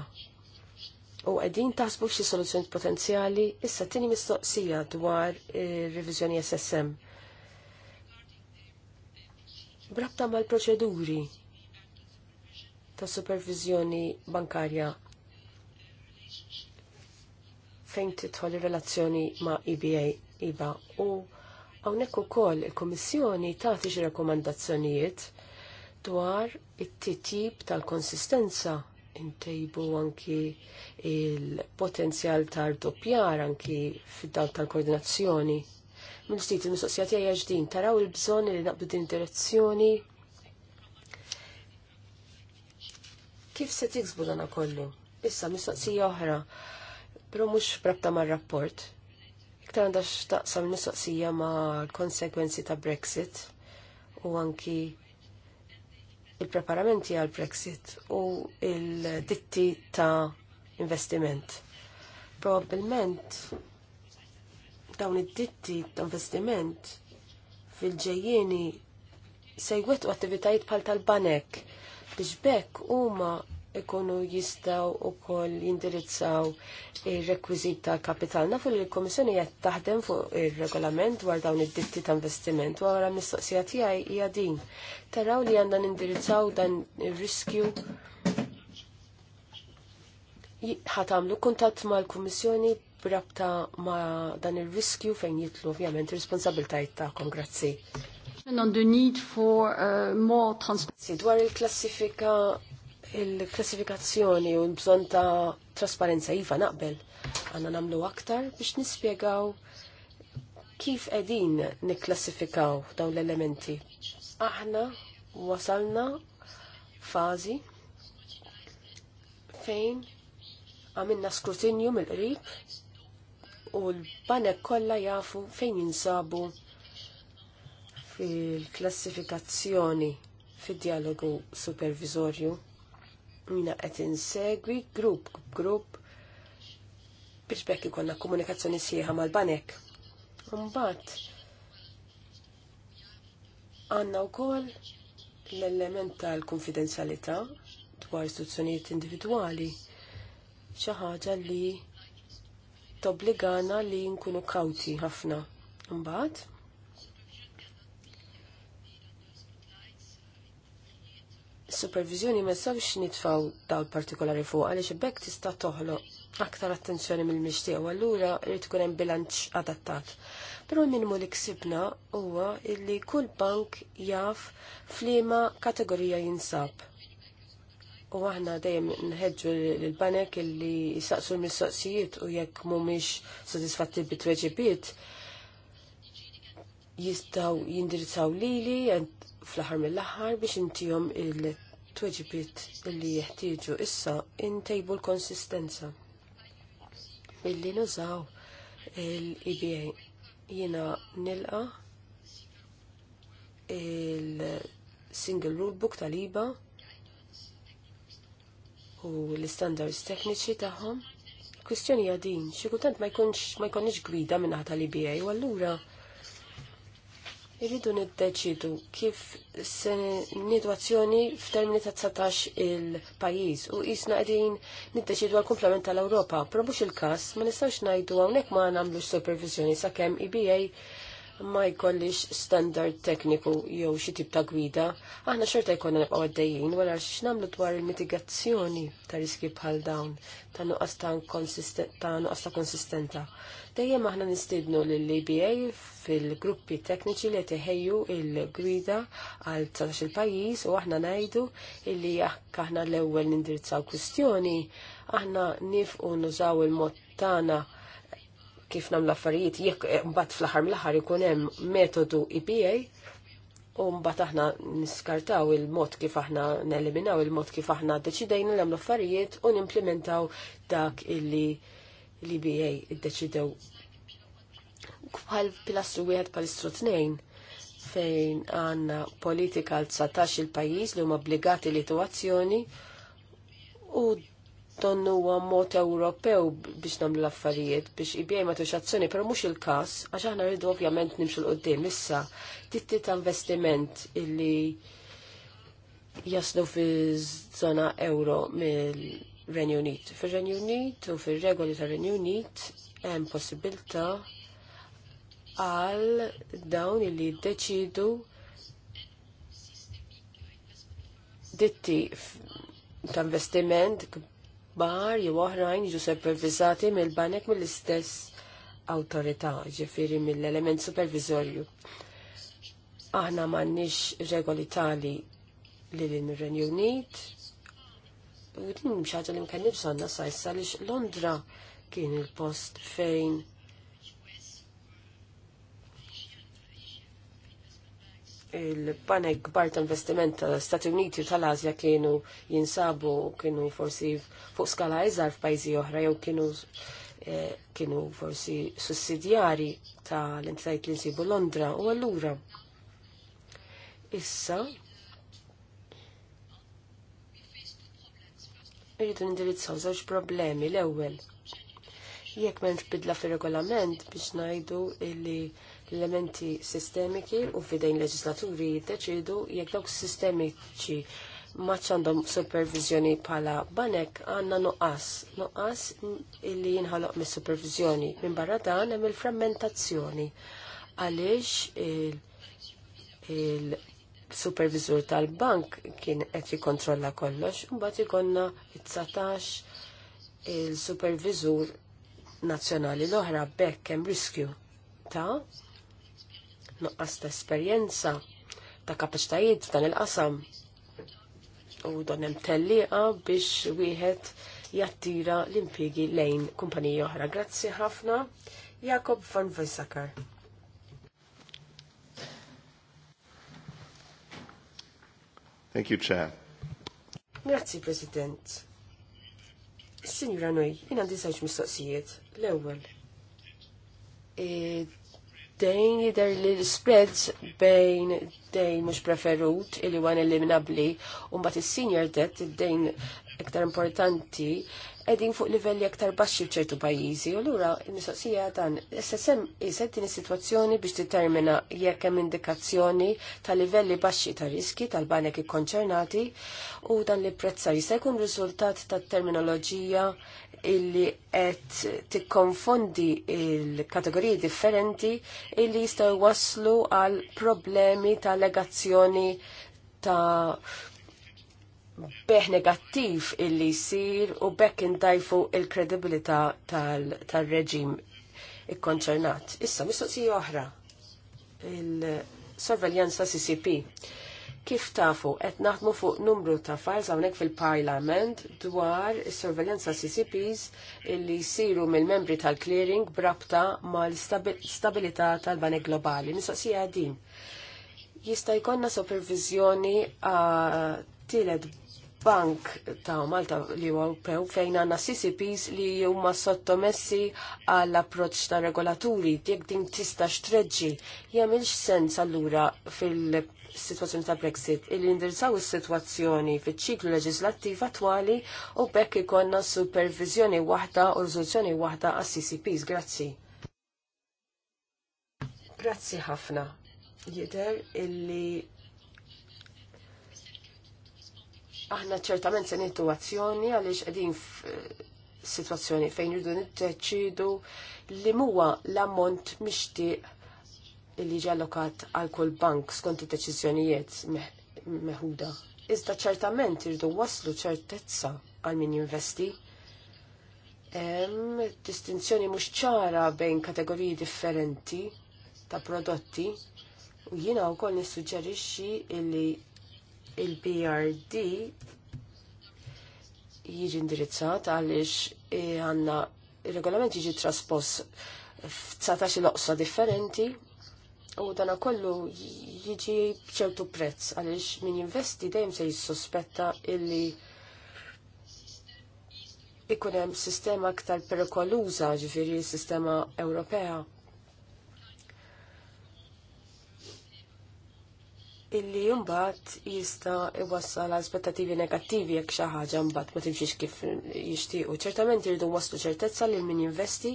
u għedin taħsbu xi soluzjoni potenzjali issa tini mistoqsija dwar revizjoni SSM. Brabta mal-proċeduri ta' supervizjoni bankarja fejn titħol ir-relazzjoni ma' EBA IBA e u hawnhekk ukoll il-Kummissjoni tagħti xi rekomandazzjonijiet dwar it-titjib tal-konsistenza intejbu anki il-potenzjal ta' doppjar anki fid-dawl tal-koordinazzjoni. Mill-ġdid il-mistoqsijat hija ġdin taraw il-bżonn li naqbdu din direzzjoni Kif se tiksbu dana kollu? Issa, mistoqsija oħra, pero mux brabta ma' rapport. Iktar għandax taqsam mistoqsija ma' konsekwenzi ta' Brexit u anki il-preparamenti għal Brexit u il-ditti ta' investiment. Probabilment dawn id-ditti ta' investiment fil-ġejjeni sejwet u attivitajiet bħal tal-banek biex bekk huma ikunu jistaw u koll jindirizzaw il-rekwizit tal-kapital. Nafu li l-Komissjoni jgħat taħdem fuq il-regolament dwar dawn id-ditti ta' investiment u għara mistoqsija tiegħi hija din. Taraw li għandan indirizzaw dan il-riskju ħatamlu kuntat mal-Komissjoni brabta ma' dan il-riskju fejn jitlu ovvjament responsabiltajt ta'kom. Grazzi. On the need for uh, more transparency. Dwar il-klassifika il-klassifikazzjoni u l-bżon ta' trasparenza jifa naqbel għanna namlu aktar biex nispiegaw kif edin niklassifikaw dawn l-elementi. Aħna wasalna fazi fejn għamilna skrutinju mill-qrib u l-banek kollha jafu fejn jinsabu fil-klassifikazzjoni fid-dialogu supervizorju Mina qed insegwi grupp grupp biex bekk ikonna komunikazzjoni sieħa mal-banek. għanna għandna wkoll l-element tal konfidenzialita dwar istituzzjonijiet individwali xi ħaġa li tobbligana li nkunu kauti ħafna. Mbatt, supervizjoni ma sabx nitfaw dawl partikolari fuq għaliex bekk tista' toħloq aktar attenzjoni mill-mixtieq u allura irid tkun hemm bilanċ adattat. Però l-minimu li ksibna huwa illi kull bank jaf f'liema kategorija jinsab. U aħna dejjem nħeġġu l-banek illi jisaqsu l-mistoqsijiet u jekk mhumiex sodisfatti bit-tweġibiet jistaw jindirizzaw lili, fl-aħħar mill-aħħar biex intihom il-tweġibiet li jeħtieġu issa intejbu l-konsistenza illi nużaw il-EBA jiena nilqa il-single rulebook tal-IBA u l-standards tekniċi tagħhom. Kwistjoni għadin, xi kultant ma jkunx ma jkunx gwida minna tal iba u allura Irridu niddeċidu kif se nidwazzjoni f'termini ta' 19 il-pajjiż u jisna qegħdin niddeċidu għal kumplament tal-Ewropa. probux il-każ ma nistgħux ngħidu hawnhekk ma nagħmlux supervizjoni sakemm IBA e ma jkollix standard tekniku jew xi tip ta' gwida. Aħna xorta jkollna nibqgħu għaddejjin wara namlu dwar il-mitigazzjoni ta' riski bħal dawn ta' nuqqas ta' konsistenta. Dejjem aħna nistidnu l lba fil-gruppi tekniċi li teħeju il-gwida għal 19 il-pajis u aħna najdu illi jekk aħna l-ewwel nindirizzaw kwistjoni, aħna nifqu nużaw il-mod tagħna kif nam l-affarijiet jekk mbagħad fl-aħħar mill-aħħar ikun hemm metodu EBA U mbagħad aħna niskartaw il-mod kif aħna neliminaw il-mod kif aħna deċidejna l-għamlu affarijiet u nimplementaw dak illi l-IBA id-deċidew bħal pilastru wieħed palistru tnejn fejn għanna politika l 19 il-pajjiż li huma obbligati li tuazzjoni u donnu huwa mod Ewropew biex nagħmlu l-affarijiet biex ibjej ma tux azzjoni, però mhux il-każ għax aħna rridu ovvjament nimxu l qoddim issa titti ta' investiment illi jaslu fi żona euro mill Renju Unit. Fir-Renju Unit u fir-regoli tar-Renju Unit hemm possibilità għal dawn li deċidu ditti ta' investiment kbar jew oħrajn jiġu supervizati mill-banek mill-istess awtorità, ġifiri mill-element supervizorju. Aħna m'għandniex regoli tali li l-Renju Unit, U din mxħaġa li mkan bżonna sa' issa Londra kien il-post fejn il panek Bar ta' investiment tal stati Uniti u tal-Azja kienu jinsabu kienu forsi fuq skala iżgħar f'pajjiżi oħra jew kienu eh, kienu forsi sussidjari tal-entitajt li nsibu Londra u allura issa irridu nindirizzaw żewġ problemi. L-ewwel, jekk m'hemmx bidla fir-regolament biex ngħidu li l-elementi sistemiki u fidejn leġislaturi jiddeċidu jekk dawk sistemiċi maċ għandhom supervizjoni bħala banek għandna nuqqas, nuqqas illi jinħaloq mis supervizjoni minn barra dan hemm il-frammentazzjoni għaliex il supervisur tal-bank kien qed jikkontrolla kollox, mbagħad ikonna it-19 il-supervisur nazzjonali l-oħra bekk hemm riskju ta' nuqqas ta' esperjenza ta' kapaċitajiet dan il-qasam u don hemm tellieqa biex wieħed jattira l-impjiegi lejn kumpaniji oħra. Grazzi ħafna. Jakob van Weizsacker. Thank you, Chair. Grazzi, President. Signora Noj, jina għandi sajċ mistoqsijiet. L-ewel. E, dejn jider li l-spreads bejn dejn mux preferut il-li għan eliminabli un bat il-senior debt, dejn iktar importanti edin fuq livelli aktar baxxi f'ċertu pajjiżi u lura n-nisoqsija dan s-sem din is-sitwazzjoni biex determina jekk hemm indikazzjoni ta' livelli baxxi ta' riski tal-banek ikkonċernati u dan li prezza jista' jkun riżultat ta' terminoloġija illi qed tikkonfondi il-kategoriji differenti illi jistgħu waslu għal problemi ta' legazzjoni ta' beħ negattiv illi jisir u bekk indajfu il-kredibilità tal-reġim konċernat Issa, mistoqsija oħra, il-sorveljanza CCP. Kif tafu, qed naħdmu fuq numru ta' files hawnhekk fil-Parlament dwar is-sorveljanza CCPs illi jsiru mill-membri tal-clearing brabta mal-stabilità tal-banek globali. Mistoqsija din. Jista' jkollna supervizjoni tielet bank ta' Malta li huwa Ewropew fejn għandna CCPs li huma sottomessi għall approċċ ta' regolaturi jekk din tista' xtreġġi jagħmilx sens allura fil-sitwazzjoni ta' Brexit illi indirizzaw is-sitwazzjoni fiċ-ċiklu leġislattiv attwali u bekk ikonna supervizjoni waħda u riżoluzzjoni waħda għas-CCPs. Grazzi. Grazzi ħafna. Jider illi Aħna ċertament se nittu azzjoni għaliex qegħdin situazzjoni fejn irridu niddeċidu li huwa l-ammont mixtieq li ġi allokat għal kull bank skont id-deċiżjonijiet meħuda. Iżda ċertament irdu waslu ċertezza għal min jinvesti. distinzjoni mhux ċara bejn kategoriji differenti ta' prodotti u jiena wkoll nissuġġerixxi li il-BRD jiġi indirizzat għaliex eh, għanna il-regolament jiġi traspost f-19 loqsa differenti u dana kollu jiġi bċertu prezz għaliex min jinvesti dejjem se jissospetta illi ikun hemm sistema aktar perikoluża ġifiri sistema Ewropea illi jumbat jista iwassal aspettativi negattivi jekk xi ħaġa mbagħad ma timxiex kif jixtiequ. Ċertament irridu waslu ċertezza li min jinvesti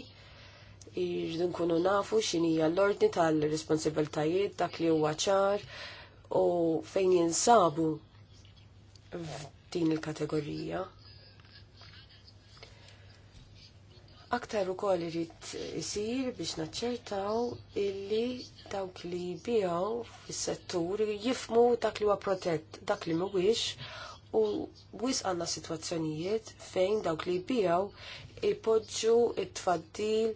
irridu nkunu nafu x'inhija l-ordni tal-responsibiltajiet dak li huwa ċar u fejn jinsabu f'din il-kategorija. Aktar u koll irrit isir biex naċċertaw illi dawk li bijaw fis-settur jifmu dak li huwa protett, dak li mhuwiex u wis għanna sitwazzjonijiet fejn dawk li bijaw ipoġġu it-tfaddil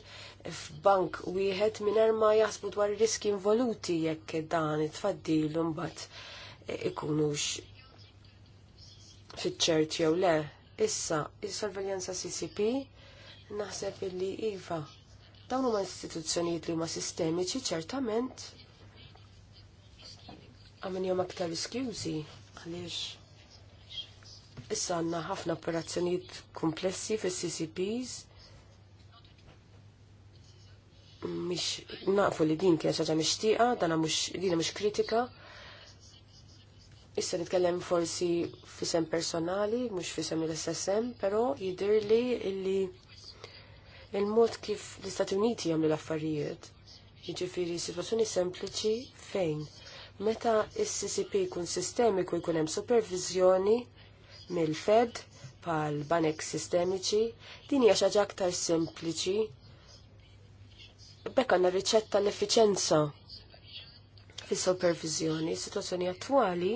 f'bank wieħed mingħajr ma jaħsbu dwar riski involuti jekk dan it-tfaddil mbagħad ikunux fiċ-ċert jew le. Issa, is-sorveljanza CCP Naħseb illi iva, dawn huma istituzzjonijiet li huma sistemiċi ċertament għamen jom aktar iskjużi għaliex issa għanna ħafna operazzjonijiet komplessi fis ccps Mhix naqfu li din kienet ħaġa mixtieqa, dana mhux dina mhux kritika. Issa nitkellem forsi fisem personali, mhux fisem l-SSM, però jidhirli illi il-mod kif l-Istati Uniti jagħmlu l-affarijiet. Jiġifieri situazzjoni sempliċi fejn meta s-CCP jkun sistemiku jkun hemm supervizjoni mill-Fed pal banek sistemiċi, din hija xi ħaġa aktar sempliċi. Bekk għandna riċetta l-effiċenza fis supervizjoni situazzjoni attwali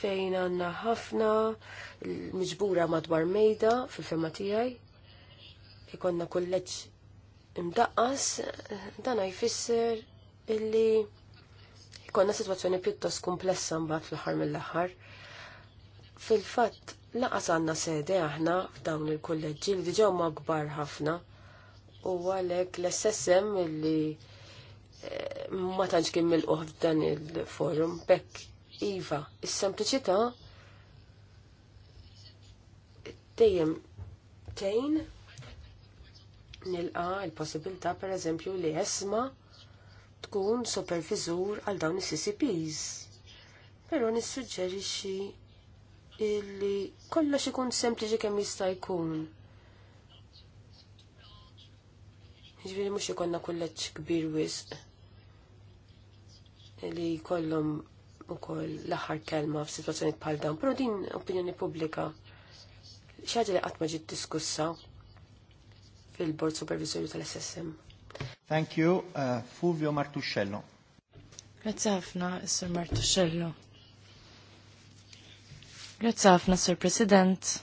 fejn għandna ħafna miġbura madwar mejda fil-fema tiegħi ikonna kulleġġ imdaqqas, dan jfisser illi ikonna situazzjoni pjuttost komplessa mbagħad fl-aħħar mill-aħħar. Fil-fatt laqas għandna sede aħna f'dawn il-kulleġġi li diġà ma' gbar ħafna u għalhekk l-SSM illi eh, ma tantx kien milquh f'dan il-forum bekk iva, is-sempliċità dejjem tejn nilqa il-possibilità per eżempju li esma tkun superviżur għal dawn is-CCPs. Però nissuġġerixxi illi kollox ikun sempliċi kemm jista' jkun. Ġifieri mhux ikollna kulleġġ kbir wisq li jkollhom ukoll l-aħħar kelma f'sitwazzjonijiet bħal dawn, però din opinjoni pubblika xaġa li qatt ma ġiet diskussa fil-Bord Supervisorju tal-SSM. Thank you, uh, Fulvio Martuscello. Grazie ħafna, Sir Martuscello. Grazie ħafna, Sir President.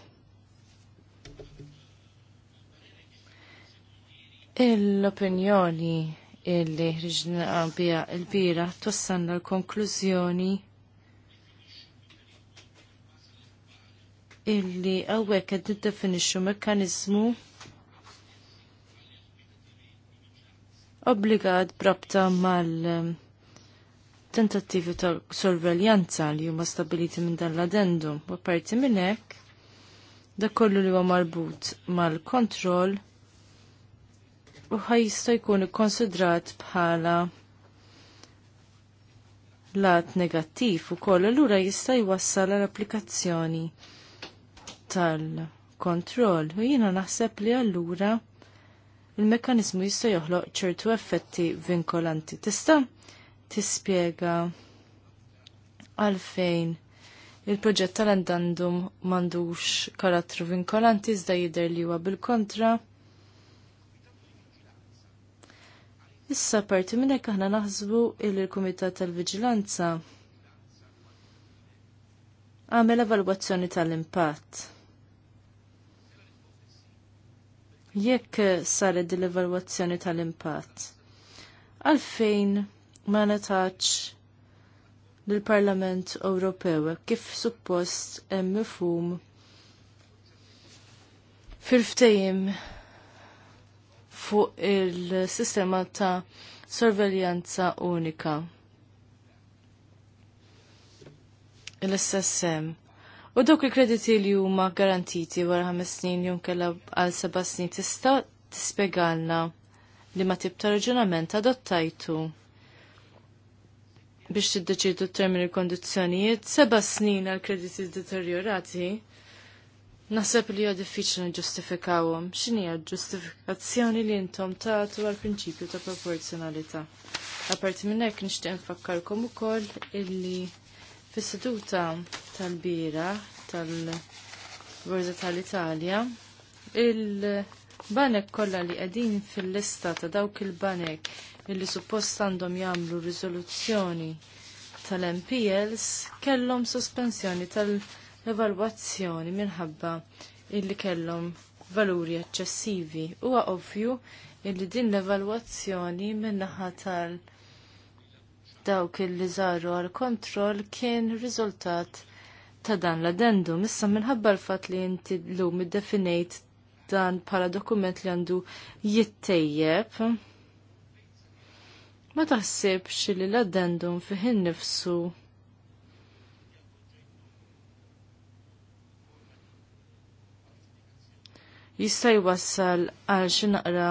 Il-opinjoni illi ħriġna bija il-bira twassanna l-konklużjoni illi għawek għed definixu mekkanizmu obbligat brabta mal ehm, tentattivi ta' sorveljanza li huma stabiliti minn dan l-addendum. U parti minn hekk, dak kollu li huwa marbut mal-kontroll u ħaj jista' jkun ikkonsidrat bħala lat negattiv u koll allura jista' jwassal l-applikazzjoni tal-kontroll. U jiena naħseb li allura il-mekkanizmu jista' joħloq ċertu effetti vinkolanti. Tista' tispjega għalfejn il-proġett tal-endandum mandux karattru vinkolanti iżda jidher li huwa bil-kontra. Issa parti minn hekk aħna naħsbu il l-Kumitat tal-Viġilanza għamel evalwazzjoni tal-impatt. jekk saret din l-evalwazzjoni tal-impatt. Għalfejn ma ngħatax lill-Parlament Ewropew kif suppost hemm mifhum fil-ftejim fuq il-sistema ta' sorveljanza unika. Il-SSM. U dawk il-krediti li huma garantiti wara ħames snin jew kellha għal seba' snin tista' tispjegalna li ma tib ta' raġunament adottajtu biex tiddeċidu termini kondizzjonijiet seba' snin għal krediti deterjorati. Nasab li għad diffiċli nġustifikawhom x'inhi ġustifikazzjoni li intom tagħtu għal prinċipju ta' proporzjonalità. Apparti minn hekk nixtieq nfakkarkom ukoll illi Fis-seduta tal-bira tal-Borza tal-Italja, il-banek kollha li qegħdin fil-lista ta' dawk il-banek illi suppost għandhom jagħmlu riżoluzzjoni tal-MPLs kellhom sospensjoni tal-evalwazzjoni minħabba illi kellhom valuri eċċessivi. Huwa ovvju illi din l-evalwazzjoni min-naħa tal- -evaluazzjoni dawk li żaru għal kontroll kien riżultat ta' dan l-addendum. Issa minħabba l-fatt li inti llum iddefinejt dan bħala dokument li għandu jittejjeb. Ma taħsibx li l-addendum fih innifsu jista' jwassal għal xi naqra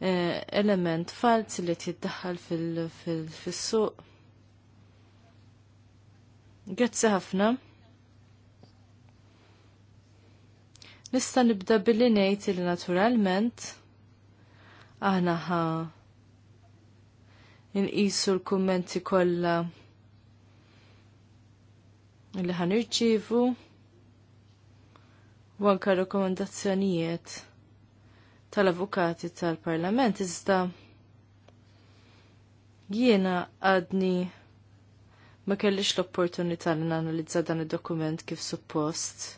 Eh, element falz li tiddaħħal fil-suq. Grazzi ħafna. Nista' nibda billi ngħid li naturalment aħna ħa nqisu l-kummenti kollha li ħanirċievu u anka rakkomandazzjonijiet tal-avukati tal-parlament, iżda jiena għadni ma kellix l-opportunità li nanalizza dan id-dokument kif suppost.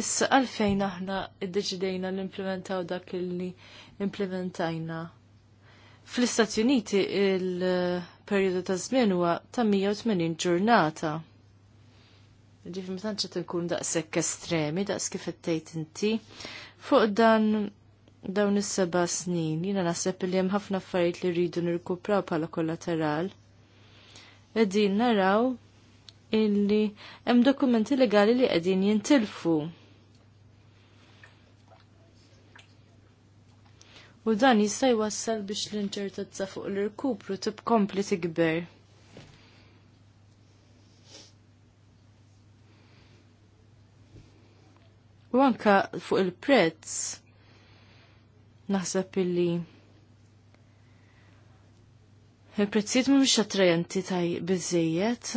Issa għalfejn aħna id deġidejna l-implementaw dak li implementajna. Fl-Istati Uniti il-periodu ta' żmien huwa ta' 180 ġurnata. Ġifri ma tantx qed inkun daqshekk estremi, daqs kif ettejt inti. Fuq dan dawn is-seba' snin, jiena naħseb li hemm ħafna affarijiet li rridu nirkupraw bħala kollateral. Qegħdin naraw illi hemm dokumenti legali li qegħdin jintilfu. U dan jista' jwassal biex l-inċertezza fuq l-irkupru tibkompli tikber. U anka fuq il-prezz naħseb illi il-prezzijiet mhumiex attrajenti taj biżejjed.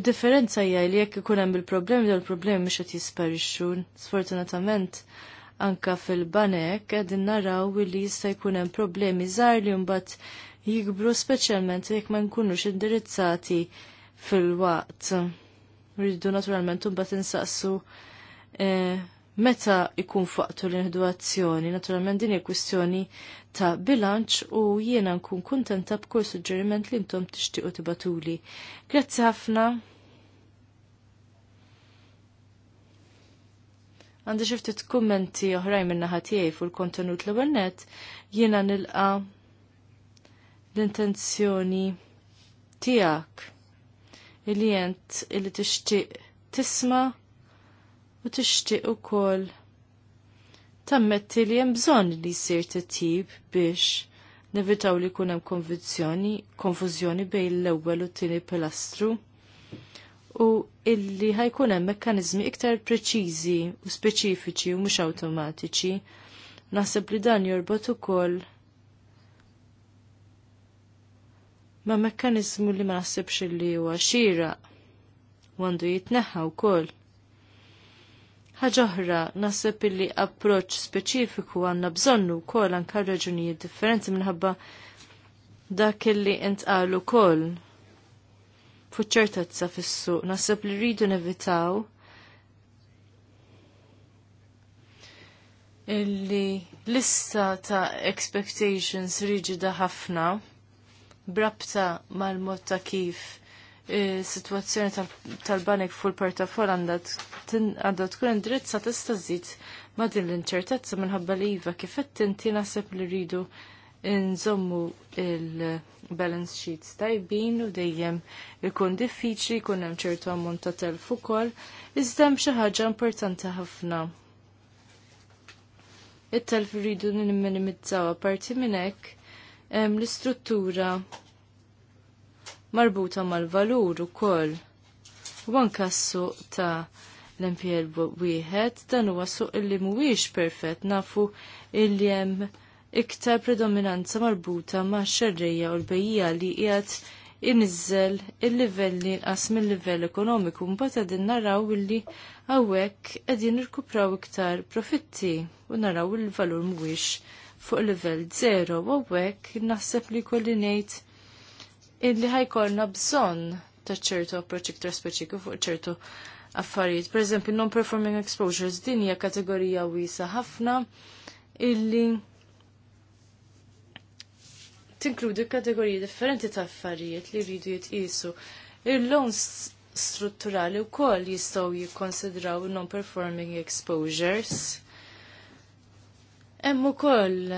Id-differenza hija li jekk ikun hemm il-problemi il problemi mhux qed jisparixxu. Sfortunatament anka fil-banek qegħdin naraw li jista' jkun hemm problemi żgħar li mbagħad jikbru speċjalment jekk ma nkunux indirizzati fil-waqt rridu naturalment un bat insaqsu eh, meta ikun faqtu l-inħdu azzjoni. Naturalment din kwistjoni ta' bilanċ u jiena nkun kontenta b'kull suġġeriment li intom tixtiequ tibatuli. Grazzi ħafna. Għandi xiftit kummenti oħrajn minna ħatijaj fuq il-kontenut l għannet jiena nilqa l-intenzjoni tijak illi jent illi tixtieq tisma u tixtieq ukoll tammetti li hemm bżonn li jsir tittib biex nevitaw li jkun hemm konvizzjoni, konfużjoni bejn l-ewwel u t-tieni pilastru u illi ħajkun hemm mekkaniżmi iktar preċiżi u speċifiċi u mhux awtomatiċi. Naħseb li dan jorbot ukoll ma mekkanizmu li ma naħsibx li huwa xira għandu jitneħħa wkoll. Ħaġa oħra naħseb li approċċ speċifiku għandna bżonnu wkoll anke raġunijiet differenti minħabba dak li intqalu wkoll fuq ċertezza fis-suq naħseb li rridu nevitaw illi lista ta' expectations rigida ħafna brabta mal-mod ta' kif e, situazzjoni tal-banek fuq il-portafol għandha tkun indirizza tista' żid ma' din l-inċertezza minħabba li iva kif qed inti naħseb li rridu nżommu il-balance sheets tajbin u dejjem ikun diffiċli jkun hemm ċertu ammont ta' telf ukoll, iżda hemm xi ħaġa importanti ħafna. It-telf rridu nimminimizzaw parti minn hekk hemm l-istruttura marbuta mal-valur ukoll. U s-suq ta' l-MPL wieħed dan huwa suq illi mhuwiex perfett nafu illi hemm iktar predominanza marbuta ma' xerrija u l-bejja li qiegħed inizzel il-livelli inqas mill-livell ekonomiku mbagħad qegħdin naraw illi hawnhekk qegħdin irkupraw iktar profitti u naraw il-valur mhuwiex fuq level 0 u għek naħseb li kolli nejt illi ħajkolna bżon ta' ċertu approċ iktar speċiku fuq ċertu affarijiet. Per eżempju, non-performing exposures din hija kategorija wiesa ħafna illi tinkludi kategoriji differenti ta' affarijiet li rridu jitqisu. Il-loans strutturali u koll jistaw jikkonsidraw non-performing exposures. Hemm ukoll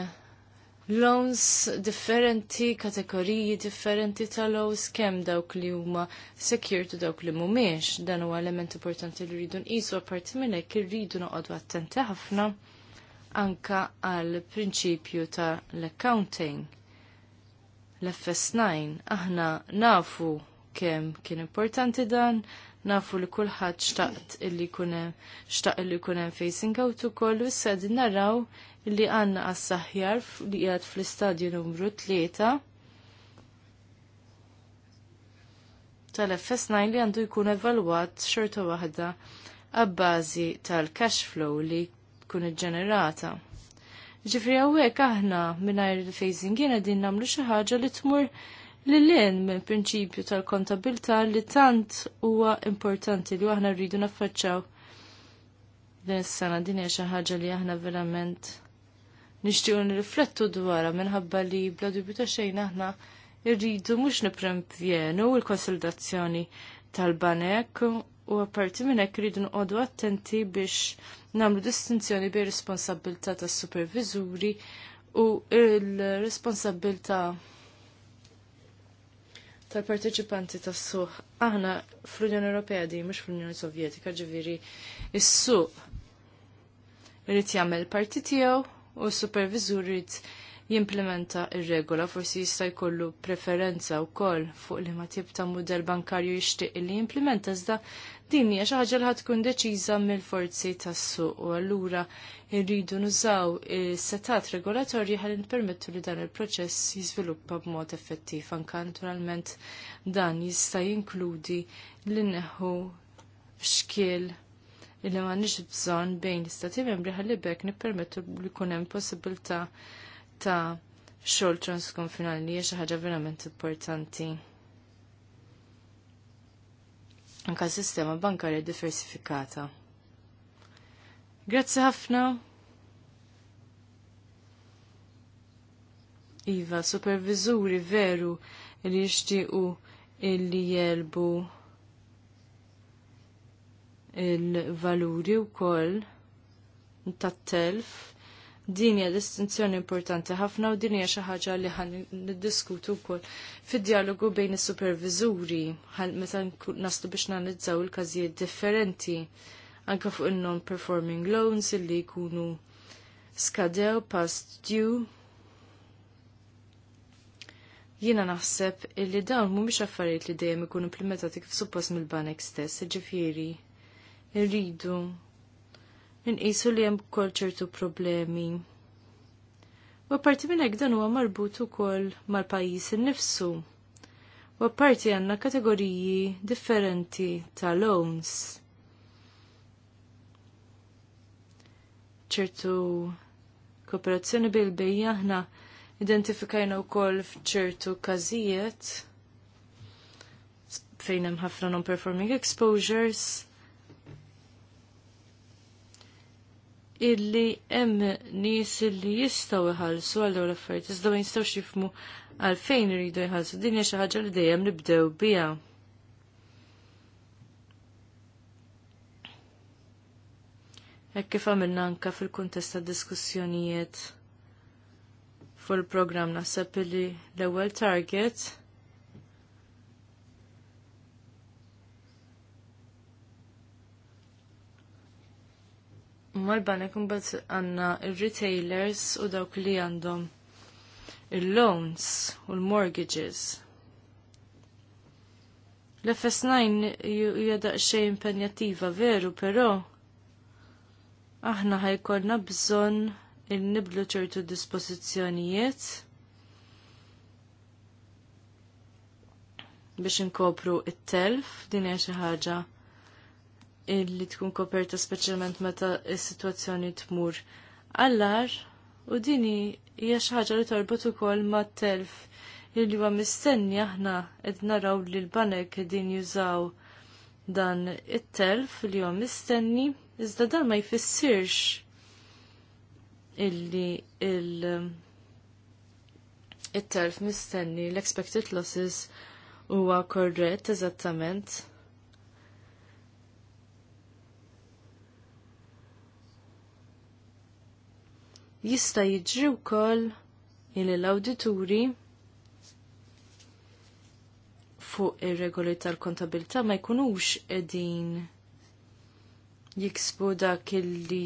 loans differenti, kategoriji differenti ta' loans kemm dawk li huma secure dawk li mhumiex. Dan huwa element importanti li rridu nqisu apparti minn hekk irridu noqogħdu attenti ħafna anka għal prinċipju ta' l-accounting l-FS9 aħna nafu kem kien importanti dan, nafu li kulħadd xtaqt illi kunem xtaqt illi kunem facing out ukoll u issa din naraw li għandna għas-saħjar li qiegħed fl-istadju numru tlieta. tal-FS9 li għandu jkun evalwat xorta wahda għabbażi tal-cash flow li tkun iġġenerata. Ġifri għawek aħna minna il-phasing jena din namlu xaħġa li tmur li l-len minn prinċipju tal-kontabilta li tant huwa importanti li aħna rridu naffaċċaw din is-sena din hija xi ħaġa li aħna verament nixtiequ nirriflettu dwarha minħabba li bla dubju ta' xejn aħna rridu mhux nipprevjenu l-konsultazzjoni tal-banek u apparti minn hekk rridu nqogħdu attenti biex nagħmlu distinzjoni bejn responsabilità tas-superviżuri u l-responsabilità tal-parteċipanti tas-suq. Aħna fl-Unjoni Ewropea di mhux fl-Unjoni Sovjetika, ġifieri is-suq irid jagħmel parti tiegħu u s-supervisur irid jimplementa ir-regola forsi jista' jkollu preferenza wkoll fuq li ma tip ta' mudell bankarju jixtieq li jimplementa iżda din hija xi ħaġa li tkun deċiża mill-forzi tas-suq u allura rridu nużaw is-setat regolatorji ħalli nippermettu li dan il-proċess jiżviluppa b'mod effettiv anke naturalment dan jista' jinkludi li neħu xkiel illi ma nix bżon bejn l-istati membri ħalli bekk nippermettu li jkun hemm possibbilità ta' xogħol transkonfinali li hija xi ħaġa verament importanti. Anka sistema bankarja diversifikata. Grazzi ħafna. Iva, supervizuri veru li jixtiequ illi jelbu il-valuri u koll tat-telf din hija distinzjoni importanti ħafna u din hija xi ħaġa li ħan niddiskutu wkoll fid-dialogu bejn is-superviżuri meta naslu biex nanizzaw il-każijiet differenti anke fuq in-non-performing loans illi jkunu skadew past due. Jiena naħseb illi dawn mhumiex affarijiet li dejjem ikunu implementati kif suppost mill-banek stess, ġifieri irridu inqisu li hemm ukoll ċertu problemi. U apparti minn hekk dan huwa marbut ukoll mal-pajjiż innifsu. U apparti għandna kategoriji differenti ta' loans. ċertu kooperazzjoni bil-bejja aħna identifikajna wkoll f'ċertu każijiet fejn hemm ħafna non-performing exposures illi hemm nies illi jistgħu jħallsu għal dawn l-affarijiet iżda ma jistgħux jifmu għalfejn iridu jħallsu. Din hija xi ħaġa li dejjem nibdew biha. Hekk kif għamilna anke fil-kuntest tad diskussjonijiet fuq il-programm naħseb li l-ewwel target mal-banek bat għandna il retailers u dawk li għandhom il-loans u l-mortgages. L-FS9 jadaq xej impenjattiva veru, però aħna ħajkolna bżonn il-niblu ċertu dispożizzjonijiet. biex inkopru it-telf din hija xi ħaġa illi tkun koperta speċjalment meta s-sitwazzjoni tmur għallar u dini hija xi ħaġa li torbot ukoll mat-telf illi huwa mistenni aħna qed naraw li l-banek din jużaw dan it-telf li huwa mistenni iżda dan ma jfissirx illi il it-telf mistenni l-expected losses huwa korrett eżattament. jista' jiġri wkoll il l-awdituri fuq ir-regoli tal-kontabilità ma jkunux qegħdin jiksbu dak illi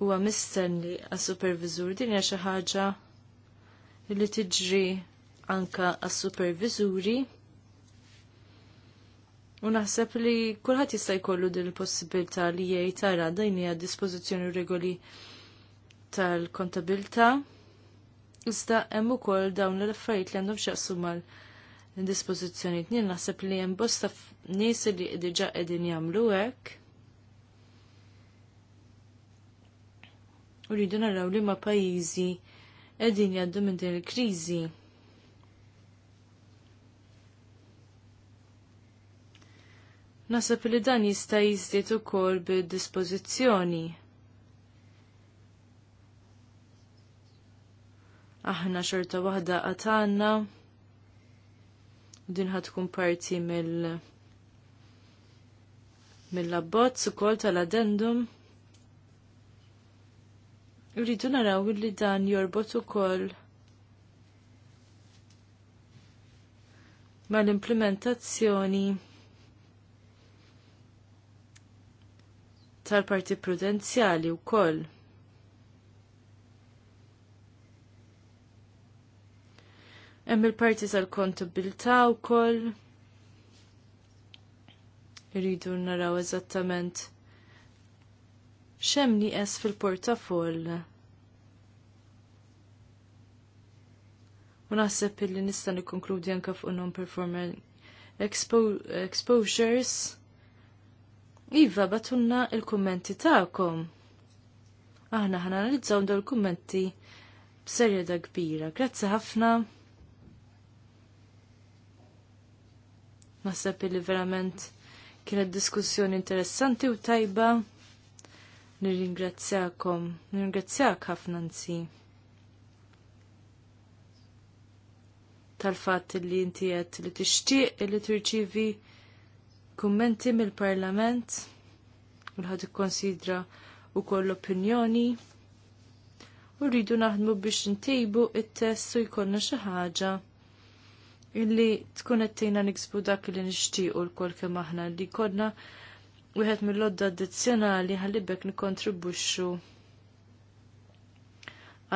huwa mistenni għas-supervizur din hija xi ħaġa li tiġri anka għas-supervizuri U naħseb li kulħadd jista' jkollu din il-possibilità li jgħid tara dajni għad dispożizzjoni regoli tal-kontabilta. Iżda hemm ukoll dawn l-affarijiet li għandhom x'jaqsu mal-dispożizzjonijiet. Nien naħseb li hemm bosta nies li diġà qegħdin jagħmlu hekk. U rridu naraw li ma' pajjiżi qegħdin jgħaddu minn din il-kriżi. Nasab li dan jista' jiżdied ukoll bid-dispożizzjoni. Aħna xorta waħda għatanna din ħatkun parti mill mill-abbozz ukoll tal-addendum. Rridu naraw li dan jorbot ukoll mal-implementazzjoni tal-parti prudenzjali u koll. Hemm il-parti tal-kontabilta u koll. Irridu naraw eżattament xem nieqes fil-portafoll. U naħseb illi nista' nikkonkludi anke fuq non-performing expo exposures Iva, batunna il-kommenti ta'kom. Aħna ħana analizzaw dawn il-kommenti b'serjeda kbira. Grazzi ħafna. Naħseb li verament kienet diskussjoni interessanti u tajba. Nirringrazzjakom, nirringrazzjak ħafna nsi. Tal-fatt li inti qed li tixtieq li tirċivi kummenti mill-Parlament u l konsidra ikkonsidra wkoll opinjoni u rridu naħdmu biex ntejbu it-test u jkollna xi ħaġa illi tkun qed tgħinna niksbu dak li nixtiequ lkoll kemm aħna li kodna wieħed mill-lodda addizzjonali ħallibek nikkontribwixxu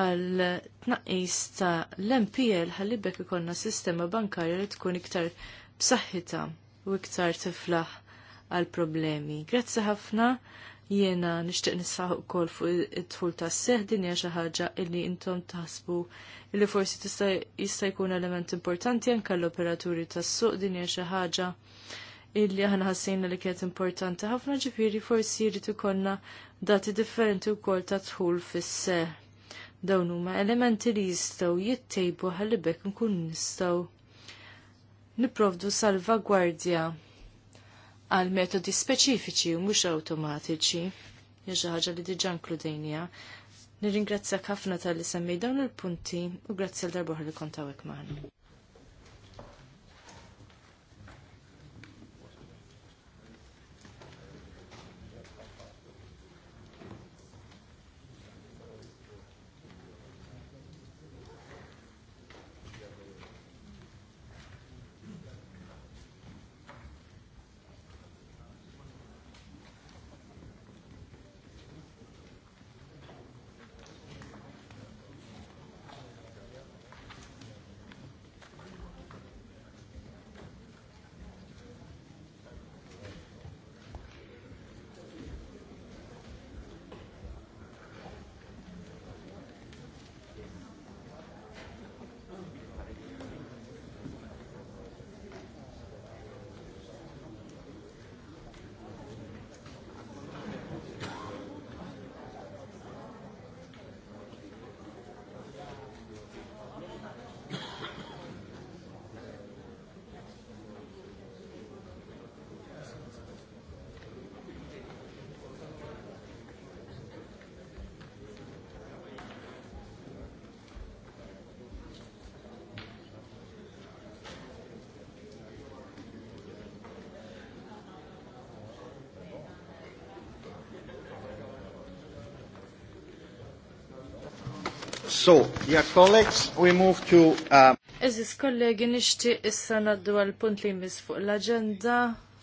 għal tnaqqis ta' l-MPL ħallibek ikonna sistema bankarja li tkun iktar b'saħħitha u iktar tiflaħ għal problemi. Grazzi ħafna jiena nixtieq nissaħ ukoll fuq id-dħul tas-seħ din hija xi ħaġa illi intom taħsbu illi forsi tista' jista' jkun element importanti anke l-operaturi tas-suq din hija xi ħaġa illi aħna ħassejna li kienet importanti ħafna ġifieri forsi jrid ikollna dati differenti wkoll ta' dħul fis-seħ. Dawn huma elementi li jistgħu jittejbu ħalli bekk nkun nistgħu niprovdu salvagwardja għal metodi speċifiċi u mhux awtomatiċi, jaġa ħaġa li diġà nkludejnija. Nirringrazzjak ħafna tal-li semmej dawn il-punti u grazzi għal darbohra li kontawek maħna. So, dear colleagues, we move to... Um, Eżis kollegi nishti issa naddu għal punt li jmiss fuq l-agenda,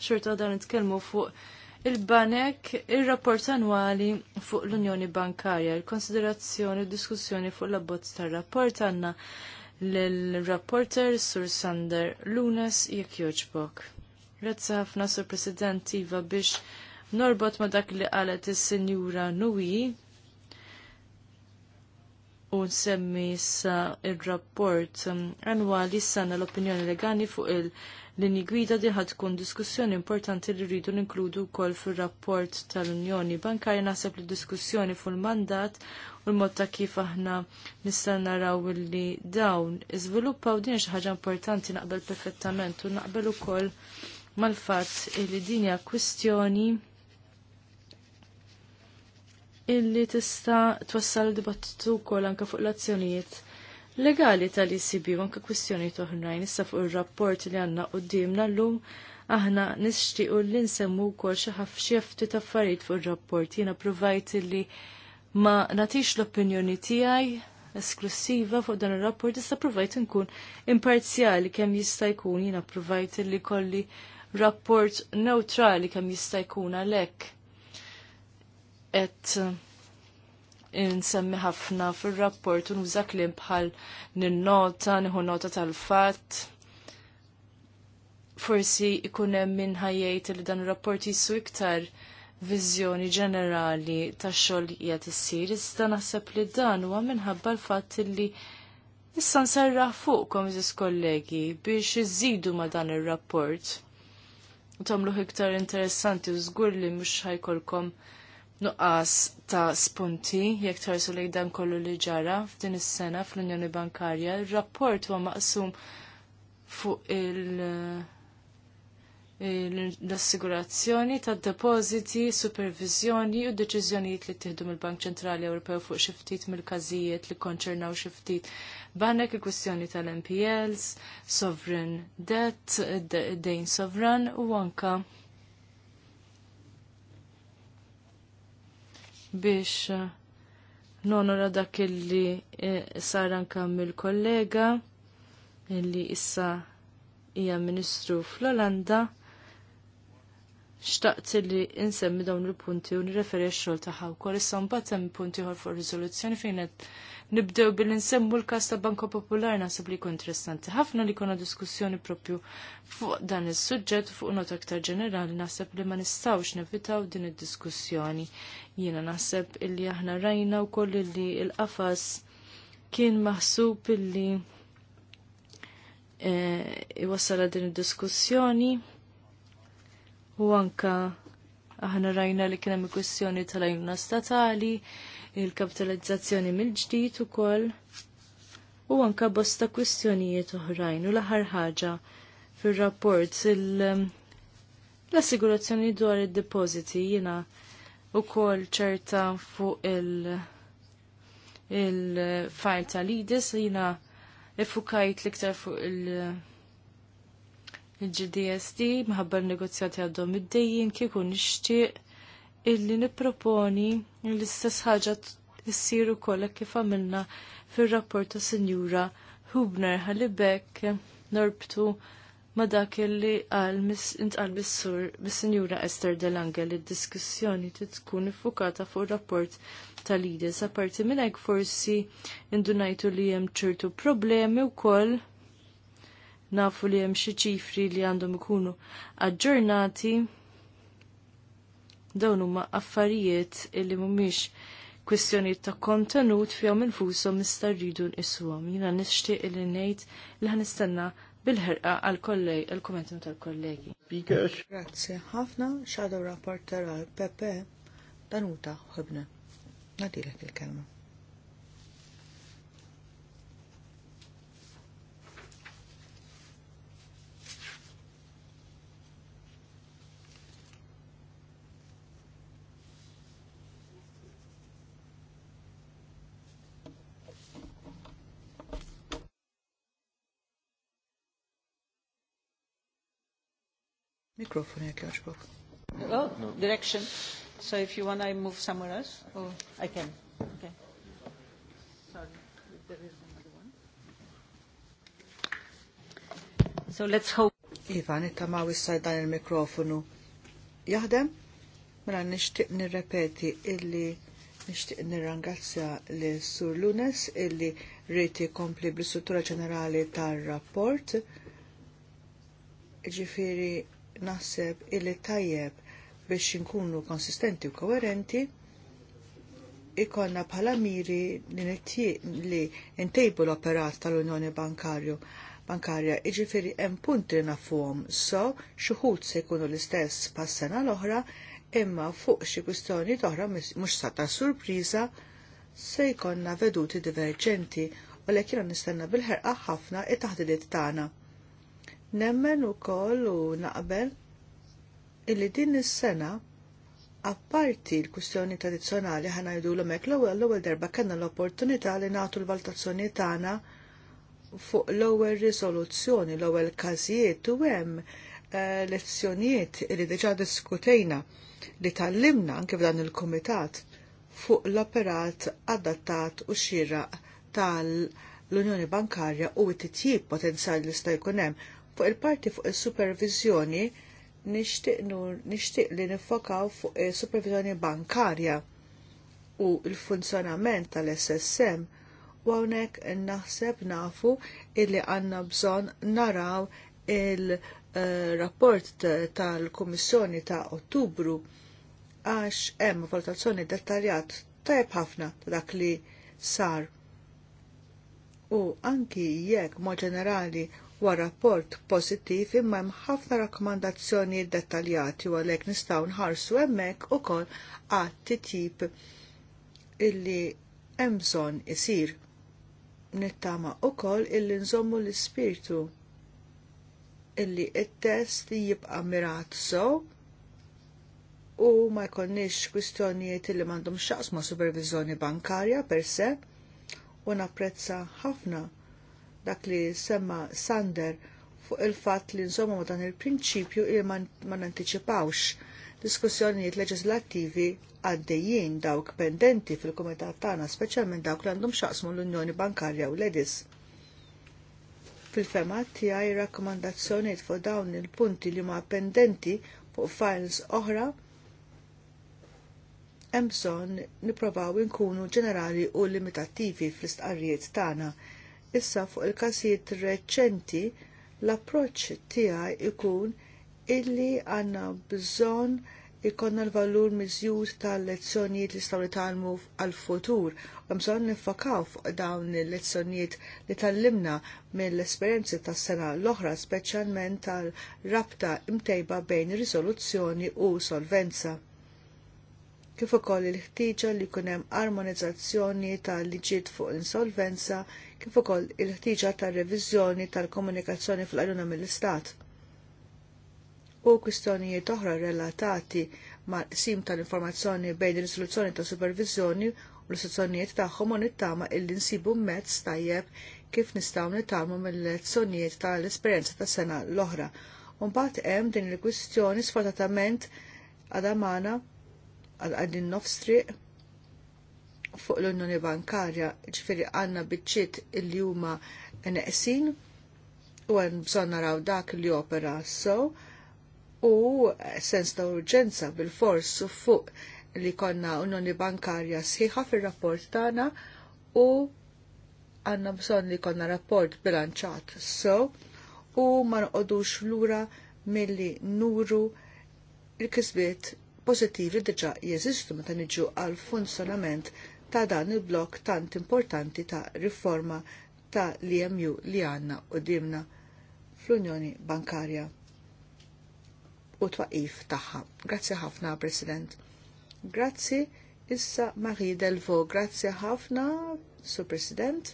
xorta dan nitkellmu fuq il-banek, il-rapport annwali fuq l-Unjoni Bankarja, il-konsiderazzjoni, diskussjoni fuq l-abbozz tal-rapport għanna l-rapporter Sur Sander Lunes jek joġbok. Grazzi ħafna Sur President Iva biex norbot ma dak li qalet is-Sinjura Nui u nsemmi sa il-rapport um, annwali s-sana l-opinjoni legani fuq il-linji gwida diħa ħad tkun diskussjoni importanti li rridu ninkludu kol fil-rapport tal-Unjoni Bankarja naħseb li diskussjoni fuq il-mandat u l-mod ta' kif aħna nista' naraw li dawn iżviluppaw din xi ħaġa importanti naqbel perfettament u naqbel ukoll mal-fatt li din hija kwistjoni illi tista' twassal dibattitu wkoll anke fuq l-azzjonijiet legali tal icb u anke kwistjoni oħrajn issa fuq ir-rapport li għandna l-lum aħna nixtiequ li nsemmu wkoll xi xaħaf ta' affarijiet fuq ir-rapport jina provajt illi ma nagħtix l-opinjoni tiegħi esklusiva fuq dan ir-rapport issa provajt nkun imparzjali kemm jista' jkun jiena provajt illi kolli rapport neutrali kemm jista' jkun għalhekk qed insemmi ħafna fir-rapport u nuża klim bħal ninnota, nieħu nota tal-fatt. Forsi ikunem hemm min ħajjejt li dan ir-rapport jissu iktar viżjoni ġenerali tax-xogħol jgħat s issir, iżda naħseb li dan huwa minħabba l-fatt li Issa nserraħ fuqkom iżis kollegi biex iżidu ma dan ir-rapport. U tamluħ iktar interessanti u żgur li mhux ħajkolkom nuqqas ta' spunti jekk tħarsu lejn dan kollu li ġara f'din is-sena fl-Unjoni Bankarja. Ir-rapport huwa maqsum fuq il- l-assigurazzjoni tad depositi supervizjoni u deċiżjonijiet li tieħdu mill-Bank Ċentrali Ewropew fuq xi ftit mill-każijiet li konċernaw xi ftit banek il-kwistjoni tal-NPLs, sovereign debt, dejn sovran u anka biex eh, nonora dak illi eh, sar anka mill-kollega illi issa hija Ministru fl-Olanda xtaqt li insemmi dawn il-punti u nirreferi x-xogħol tagħha wkoll issa mbagħad hemm punti ħor fuq riżoluzzjoni fejn qed nibdew bil nsemmu l-kas ta' Banko Popolar nasib li jkun interessanti. Ħafna li konna diskussjoni propju fuq dan is-suġġett fuq not aktar ġenerali naħseb li ma nistawx nevitaw din id-diskussjoni. Jiena naħseb illi aħna rajna wkoll li l-qafas kien maħsub illi eh, iwassala din id-diskussjoni u anka aħna rajna li kienem kwestjoni tal-ajnuna statali, il-kapitalizzazzjoni mill-ġdid ukoll u anka bosta kwistjonijiet oħrajn u l-aħħar ħaġa fir-rapport um, l-assigurazzjoni dwar id depositi jiena ukoll ċerta fuq il- il ta' tal-IDIS jiena effukajt l-iktar fuq il- il-GDSD maħabba negozjati għaddom id-dejjin kieku nixtieq illi nipproponi l-istess ħaġa issir ukoll kif għamilna fir-rapport ta' Sinjura Hubner ħalibek norbtu ma dak illi qal intqal bis-sur bis-Sinjura Esther Delangel id-diskussjoni tkun iffukata fuq rapport tal leaders. apparti minn hekk forsi indunajtu li hemm ċertu problemi wkoll nafu li hemm xi ċifri li għandhom ikunu aġġornati Dawn huma affarijiet illi mhumiex kwestjoni ta' kontenut fihom infushom nista' rridu nqishom. Jiena nixtieq illi ngħid li ħanistenna bil-ħerqa għal-kollej, għal-kommentum tal-kollegi. Grazie, ħafna xadu rapporter għal Pepe Danuta Hobne. Nadilek il-kelma. Mikrofon jek jaġbok. Oh, no. direction. So if you want I move somewhere else, or I can. Okay. Sorry, there is another one. So let's hope. Iva, nittamaw issa dan il-mikrofonu. Jaħdem? Mela nishtiq nirrepeti illi nishtiq nirrangazzja li Sur Lunes illi riti kompli bl-struttura ġenerali tal rapport Ġifiri naħseb illi tajjeb biex inkunu konsistenti u koherenti, ikonna bħala miri li ntejbu l-operat tal-Unjoni Bankarju bankarja iġifiri hemm punti nafuhom so xuħud se jkunu l-istess pas-sena l-oħra imma fuq xi kwistjoni oħra mhux sa ta' surpriża se jkollna veduti diverġenti u lek nistenna bil-ħerqa ħafna it-taħdidiet tagħna. Nemmen ukoll u naqbel illi din is-sena apparti l-kustjoni tradizzjonali jidu l mek l-ewwel l-ewwel darba kellna l-opportunità li nagħtu l-valutazzjoni tagħna fuq l-ewwel riżoluzzjoni, l-ewwel każijiet u hemm eh, lezzjonijiet li diġà diskutejna li tallimna anke f'dan il-kumitat fuq l-operat adattat u xira tal- l-Unjoni Bankarja u t-titjib potenzjali li sta' jkun hemm Fuq il-parti fuq il-supervizjoni nixtieq li nifokaw fuq il-supervizjoni bankarja u il-funzjonament tal-SSM u hawnhekk naħseb nafu illi għandna bżonn naraw il-rapport tal-Kummissjoni ta' Ottubru għax hemm valutazzjoni dettaljat tajb ħafna dak li sar u anki jekk mod ġenerali huwa rapport pożittiv imma hemm ħafna rakkomandazzjoni dettaljati u għalhekk nistgħu nħarsu hemmhekk ukoll għat titjib illi hemm bżonn isir. Nittama ukoll illi nżommu l-ispirtu illi it-test jibqa' mirat so, u ma jkollniex kwistjonijiet illi m'għandhom xaqs ma' supervizjoni bankarja per se u napprezza ħafna dak li semma Sander fuq il-fatt li nżommu dan il-prinċipju li ma nantiċipawx diskussjonijiet leġislattivi għaddejjin dawk pendenti fil-Kumitat tagħna speċjalment dawk li għandhom xaqsmu l-Unjoni Bankarja u l-Edis. Fil-fema tiegħi rakkomandazzjonijiet fuq dawn il-punti li ma pendenti fuq files oħra hemm bżonn nipprovaw inkunu ġenerali u limitattivi fl-istqarrijiet tagħna Issa fuq il-każijiet reċenti l-approċċ tiegħi ikun illi għandna bżonn ikonna l-valur miżjud tal-lezzjonijiet li staw talmu għal-futur. Bżonn nifakaw fuq dawn il-lezzjonijiet li tallimna mill-esperjenzi tas-sena l-oħra, speċjalment tal-rabta imtejba bejn rizoluzzjoni u solvenza kif ukoll il-ħtieġa li jkun hemm armonizzazzjoni tal-liġiet fuq insolvenza kif ukoll il-ħtiġa tar-reviżjoni tal-komunikazzjoni fl-għajnuna mill-Istat u kwistjonijiet oħra relatati mal qsim tal-informazzjoni bejn ir istituzzjoni ta' supervizjoni u l-istituzzjonijiet tagħhom u nittama illi nsibu mezz tajjeb kif nistgħu nitalmu mill-lezzjonijiet tal-esperjenza tas sena l-oħra. U mbagħad hemm din il-kwistjoni sfortatament għadamana għal għaddin nofstriq fuq l-Unjoni Bankarja, ġifiri għanna il-li huma neqsin u għan bżon naraw dak li opera so u sens ta' urġenza bil-fors fuq li konna Unjoni Bankarja sħiħa fil-rapport tagħna u għanna bżon li konna rapport bilanċat so u ma nqodux lura milli nuru il-kisbiet pozittivi diġa jeżistu meta niġu għal funzjonament ta' dan il-blok tant importanti ta' riforma ta' l-EMU li għanna u dimna fl-Unjoni Bankarja u twaqif tagħha. Grazzi ħafna, President. Grazzi issa Marie Delvo, grazzi ħafna, Sur President.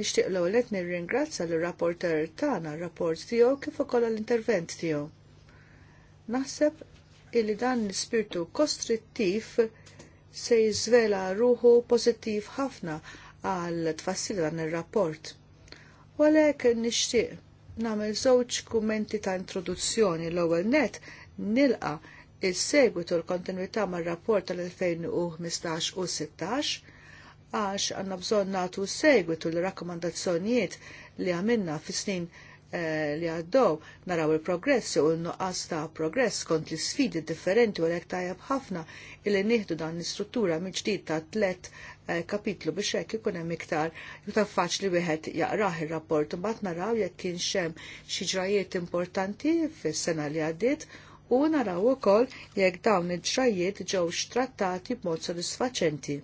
Nixtieq l-għolet nir-ringrazza l-rapporter tagħna r-rapport tiegħu kif ukoll l-intervent tiegħu. Naħseb li dan l-ispirtu kostrittiv se jizvela ruħu pozittiv ħafna għal tfassil dan ir-rapport. U għalhekk nixtieq nagħmel żewġ kummenti ta' introduzzjoni l-ewwel net nilqa il-segwitu l-kontinuità mar-rapport tal-2015 u 16 għax għanna bżon natu segwitu l rakkomandazzjonijiet li għamilna fi snin Eh, li għaddew naraw il-progress u n-nuqqas ta' progress kont l sfidi differenti u l tajab ħafna illi nieħdu dan l-istruttura miġdid ġdid ta' tlet eh, kapitlu biex hekk ikun hemm iktar iktar faċli wieħed jaqrah ir-rapport mbagħad naraw jekk kien xem xi ġrajiet importanti fis-sena li għaddiet u naraw ukoll jekk dawn il-ġrajiet ġew trattati b'mod sodisfaċenti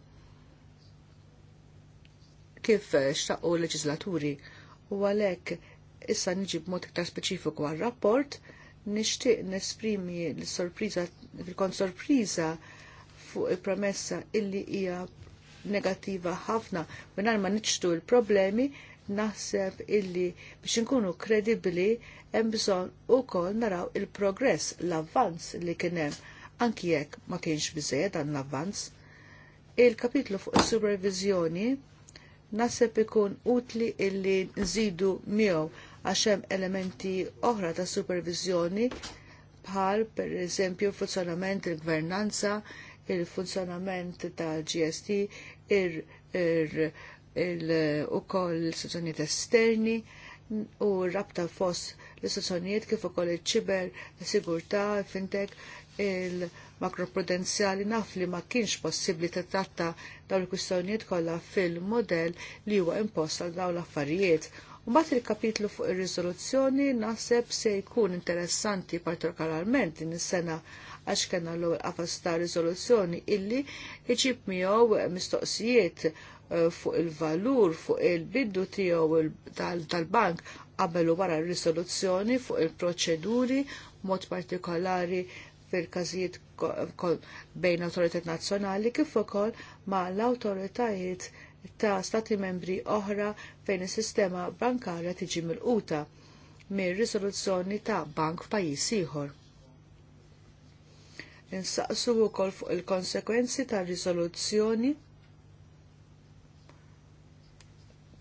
kif xtaqgħu l-leġislaturi u għalhekk Issa niġi b'mod iktar speċifiku għal-rapport, nixtieq nesprimi l-sorpriża fil-kont fuq il-promessa illi hija negattiva ħafna mingħajr ma niċtu l-problemi naħseb illi biex inkunu kredibbli hemm bżonn ukoll naraw il-progress l-avvanz li kien hemm anki jekk ma kienx biżejjed dan l-avvanz. Il-kapitlu fuq is-supervizjoni naħseb ikun utli illi nżidu miegħu għax hemm elementi oħra ta' supervizjoni bħal per eżempju funzjonament il-gvernanza, il-funzjonament tal-GST, u ukoll l-istituzzjonijiet esterni u rabta fost l-istituzzjonijiet kif ukoll il-ċiber, sigurtà, fintech, il-makroprudenzjali naf li ma kienx possibbli titratta dawn il-kwistjonijiet kollha fil-modell li huwa impost għal dawn l-affarijiet Mbagħad il-kapitlu fuq ir-riżoluzzjoni naħseb se jkun interessanti partikolarment din is-sena għax kena l-ewwel qafas ta' riżoluzzjoni illi iġib miegħu mistoqsijiet uh, fuq il-valur, fuq il-biddu tiegħu tal-bank qabel u wara r riżoluzzjoni fuq il-proċeduri mod partikolari fil-każijiet bejn autoritet nazzjonali kif ukoll ma l ta' stati membri oħra fejn is-sistema bankarja tiġi mirquta mir risoluzzjoni ta' bank pajjiż ieħor. Insaqsu wkoll fuq il-konsekwenzi ta' risoluzzjoni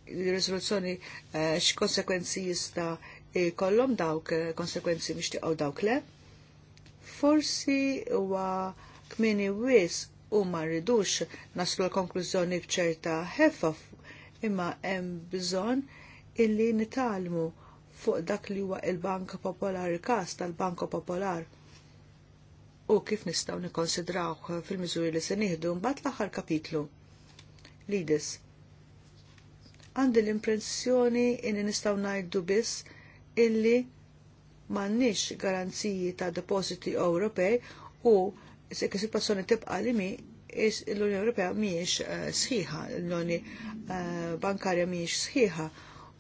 risoluzzjoni eh, x'konsekwenzi jista' jkollhom dawk eh, konsekwenzi mixtieqgħu dawk le. Forsi huwa kmieni wisq u ma rridux naslu l-konklużjoni bċerta ħeffa imma hemm bżonn illi nitalmu fuq dak li huwa il-Banka Popolari kas tal-Banko Popolar u kif nistgħu nikkonsidrawh fil-miżuri li se nieħdu mbagħad l-aħħar kapitlu. Lidis. Għandi l-impressjoni inni nistgħu ngħidu biss illi m'għandniex garanziji ta' depositi Ewropej u Se situazzjoni tibqa li mi l-Unjoni Ewropea miex eh, sħiħa, l-Unjoni eh, Bankarja miex sħiħa,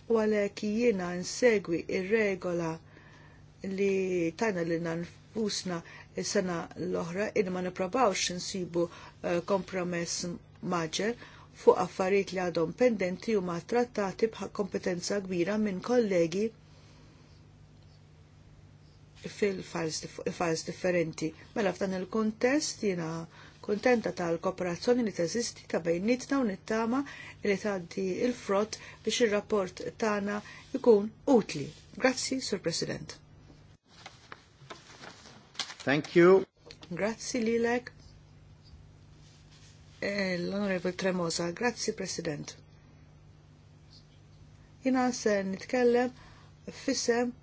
u għalhekk jiena nsegwi ir-regola li tajna li nanfusna sena l-oħra in ma niprobawx nsibu eh, kompromess maġġer fuq affarijiet li għadhom pendenti u ma trattati bħal kompetenza kbira minn kollegi fil-files differenti. Mela f'dan il-kontest jiena kontenta tal-kooperazzjoni li teżisti ta' nitna u nittama li tgħaddi il-frott biex ir-rapport tagħna jkun utli. Grazzi, Sur President. Thank you. Grazzi lilek. E, L-Onorevole Tremosa, grazzi President. Jina se nitkellem fissem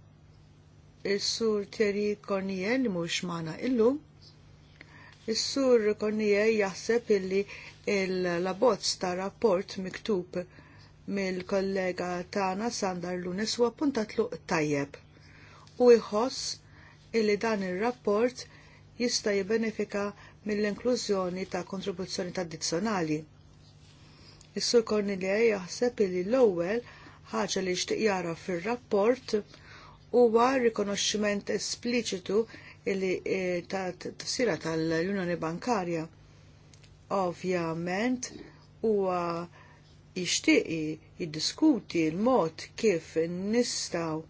is-sur Thierry Cornier li mhux maħna illum. Is-sur Cornier jaħseb illi l-abbozz ta' rapport miktub mill-kollega tagħna Sandar Lunes huwa puntat luq tajjeb u jħoss illi dan ir-rapport jista' jibbenefika mill-inklużjoni ta' kontribuzzjoni tradizzjonali. Is-sur Cornier jaħseb illi l-ewwel ħaġa li xtieq jara fir-rapport huwa rikonoxximent espliċitu illi eh, ta' tal-Unjoni Bankarja. Ovvjament huwa jixtieqi jiddiskuti l-mod kif nistgħu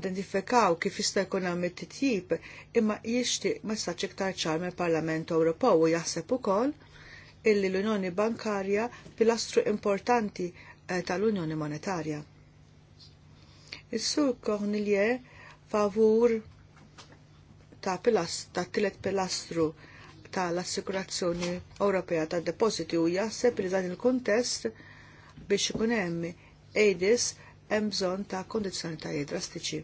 identifikaw kif jista' jkun hemm it-titjib imma jixtieq messaġġ iktar ċar mill-Parlament Ewropew u jaħseb ukoll illi l-Unjoni Bankarja pilastru importanti eh, tal-Unjoni Monetarja. Is-sur Cornelie favur ta' ta' tilet pilastru ta' l-Assikurazzjoni Ewropea ta' Depositi u jaħseb li dan il-kontest biex ikun hemm EDIS hemm bżonn ta' kondizzjonalitajiet drastiċi.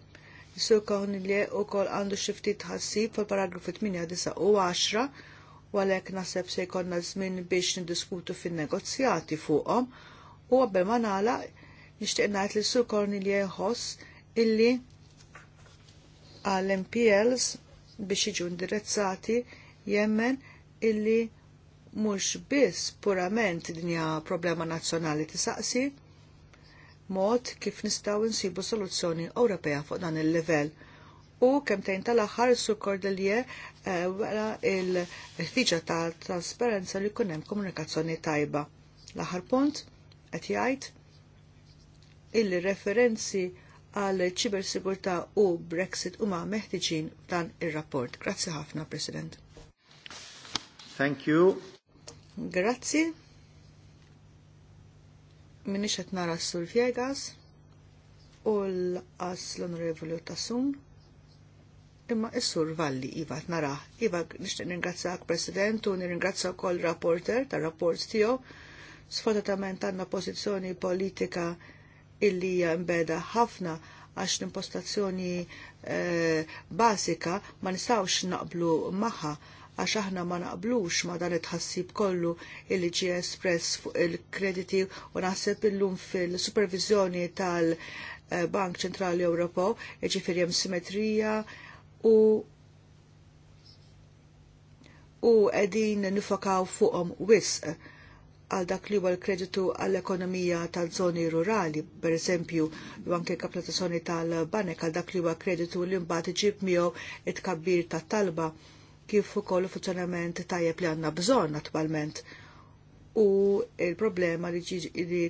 Is-sur Cornelie wkoll għandu xi ftit ħassib fil-paragrafu 8, 9 u 10 u għalhekk naħseb se jkollna żmien biex niddiskutu fin-negozjati fuqhom u għabbe manala nixtieq ngħid li Sur Cornelia jħoss illi għall MPLs biex jiġu indirizzati jemmen illi mhux biss purament dinja problema nazzjonali tisaqsi, mod kif nistaw insibu soluzzjoni Ewropea fuq dan il-level. U kemtejn tal-aħħar su kordelje eh, wara il-ħtiġa ta' trasparenza li kunem komunikazzjoni tajba. L-aħħar punt qed jgħid il-referenzi għal ċibersigurtà u Brexit huma meħtieġin dan ir-rapport. Grazzi ħafna, President. Thank you. Grazzi. Minix qed nara s-Sur Viegas u l-qas l-Onorevoli Tassun imma s-Sur Valli Iva nara. Iva nixtieq nirringrazzjak President u nirringrazzja wkoll rapporter tar-rapport tiegħu. Sfortunatament għandna pożizzjoni politika illi hija mbeda ħafna għax l-impostazzjoni eh, basika ma nistawx naqblu maħħa għax aħna ma naqblux ma dan it-ħassib kollu illi ġie espress fuq il-krediti u naħseb illum fil-supervizjoni tal-Bank Ċentrali Ewropew, ġifieri hemm simetrija u u qegħdin nifokaw fuqhom wisq għal dak li huwa l-kreditu għall-ekonomija tal-żoni rurali, per eżempju, anke kaplatazzjoni tal-banek għal dak li huwa kreditu li mbagħad iġib miegħu it-kabbir tat-talba kif ukoll funzjonament tajjeb li għandna bżonn attwalment u il-problema li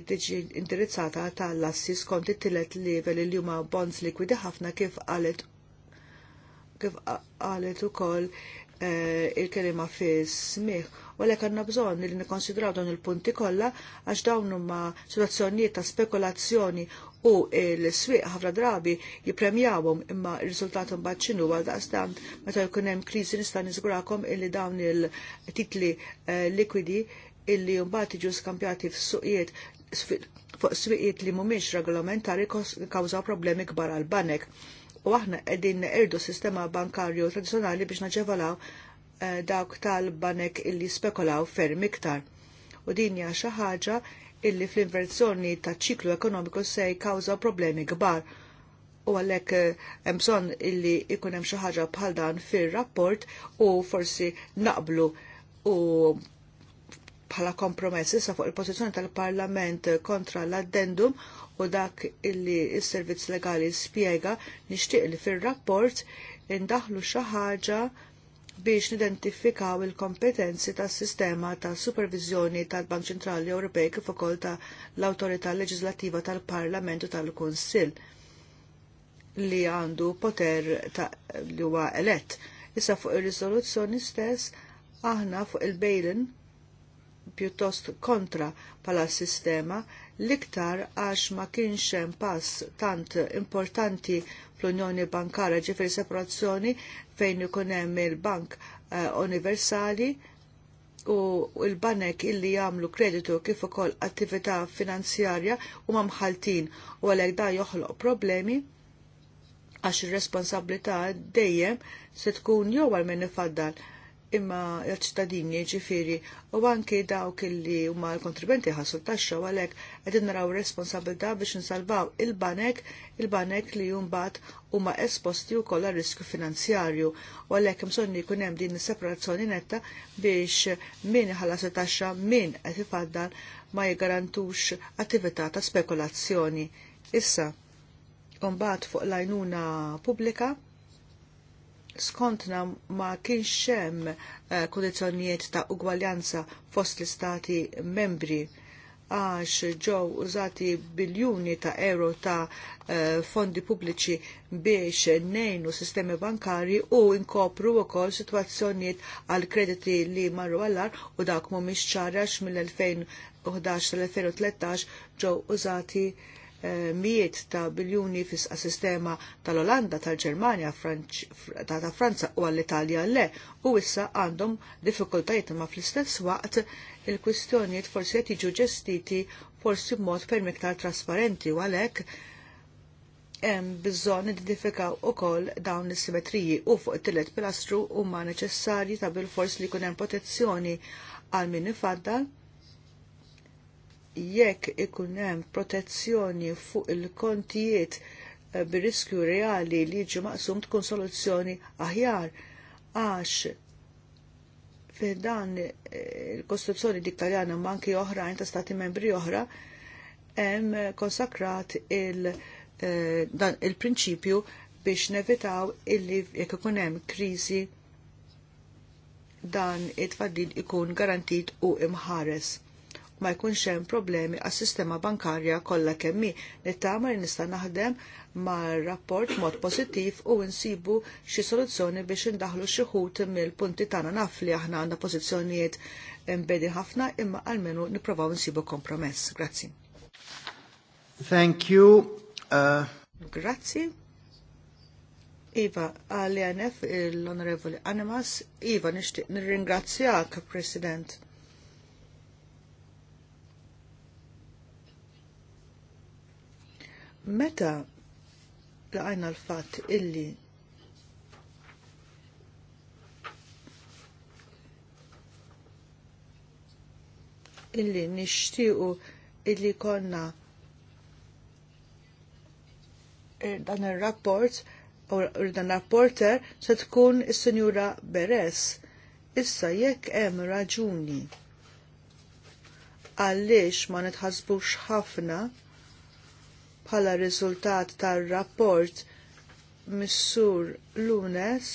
tiġi indirizzata tal-assi skont it-tielet level li huma bonds likwidi ħafna kif qalet kif qalet ukoll Eh, il-kelima fi smiħ u għalek għanna bżon li nikonsidraw dawn il-punti kollha għax dawn huma situazzjonijiet ta' spekulazzjoni u l-swieq ħafna drabi jipremjawum imma r rizultatum imbagħad x'inhu għal daqstant meta jkun hemm kriżi nista' niżgurakom illi dawn il-titli eh, likwidi illi mbagħad kampjati f-suqiet fuq suqiet li mhumiex regolamentari kawza problemi kbar għal banek u aħna qegħdin irdu sistema bankarju tradizzjonali biex naġevalaw eh, dawk tal-banek illi spekulaw ferm iktar. U din hija xi ħaġa illi fl-inverzjoni taċ ċiklu ekonomiku se jkawża problemi kbar u għalek eh, bżonn illi ikun hemm xi ħaġa bħal dan fir-rapport u forsi naqblu u bħala kompromessi sa fuq il-pożizzjoni tal-Parlament kontra l-addendum u dak illi s-servizz legali spjega nixtieq li fir-rapport indaħlu xi ħaġa biex nidentifikaw il-kompetenzi tas sistema ta' supervizjoni tal-Bank Ċentrali Ewropej kif ukoll ta' l-Awtorità Leġislattiva tal-Parlamentu tal-Kunsill li għandu poter ta' li huwa elett. Issa fuq ir-riżoluzzjoni stess aħna fuq il bailin pjuttost kontra pala sistema l-iktar għax ma kienx hemm pass tant importanti fl-Unjoni Bankara ġifir separazzjoni fejn ikun hemm il-Bank eh, Universali u l-banek illi jagħmlu kreditu kif ukoll attività finanzjarja huma mħaltin u għalhekk da joħloq problemi għax ir-responsabilità dejjem se tkun jew għal min ifaddal imma l-ċittadini ġifiri u anki dawk li huma l-kontribenti ħassu taxxa u għalhekk qegħdin naraw responsabilità biex insalvaw il-banek il-banek li mbagħad huma esposti wkoll kolla riskju finanzjarju u għalhekk msonni jkun hemm din is-separazzjoni netta biex min ħallas taxxa min qed ifaddal ma jgarantux attività ta' spekulazzjoni. Issa, imbagħad fuq l-għajnuna pubblika skontna ma kienx hemm eh, kondizzjonijiet ta' ugwaljanza fost l-istati membri għax ġew użati biljuni ta' euro ta' eh, fondi pubbliċi biex nejnu sistemi bankari u inkopru wkoll sitwazzjonijiet għal krediti li marru għallar u dak mhumiex ċarax mill-2011 tal-2013 ġew użati mijiet ta' biljuni fis sistema tal-Olanda, tal-Ġermania, ta' Franza u għall-Italja le, u issa għandhom diffikultajiet ma fl-istess waqt il-kwistjonijiet forsi qed jiġu ġestiti forsi b'mod miktar trasparenti u għalhekk hemm bżonn identifikaw ukoll dawn is-simetriji u fuq it tillet pilastru huma neċessarji ta' bil-fors li jkun hemm protezzjoni għal min ifaddal jekk ikun hemm protezzjoni fuq il-kontijiet eh, bir-riskju reali li jiġu maqsum tkun soluzzjoni aħjar għax f'dan eh, il-Kostituzzjoni diktarjana manki ma anki oħrajn ta' stati membri oħra hemm konsakrat il- eh, dan il-prinċipju biex nevitaw illi jekk ikun hemm kriżi dan it-tfaddil ikun garantit u imħares ma jkunx hemm problemi għas sistema bankarja kollha kemm li Nittama li nista' naħdem mar-rapport mod pożittiv u nsibu xi soluzzjoni biex indaħlu xi ħut mill-punti tagħna naf li aħna għandna pożizzjonijiet imbedi ħafna imma għalmenu nipprovaw nsibu kompromess. Grazzi. Thank you. Uh... Grazzi. Iva, għal enf l-Onorevoli Animas, Iva, nishtiq nirringrazzjak, President. Meta laqajna l-fatt illi illi nixtiequ illi konna eh, dan il-rapport u dan rapporter se tkun is-Sinjura Beres. Issa jekk hemm raġuni għaliex ma nitħasbux ħafna bħala riżultat tar-rapport Missur Lunes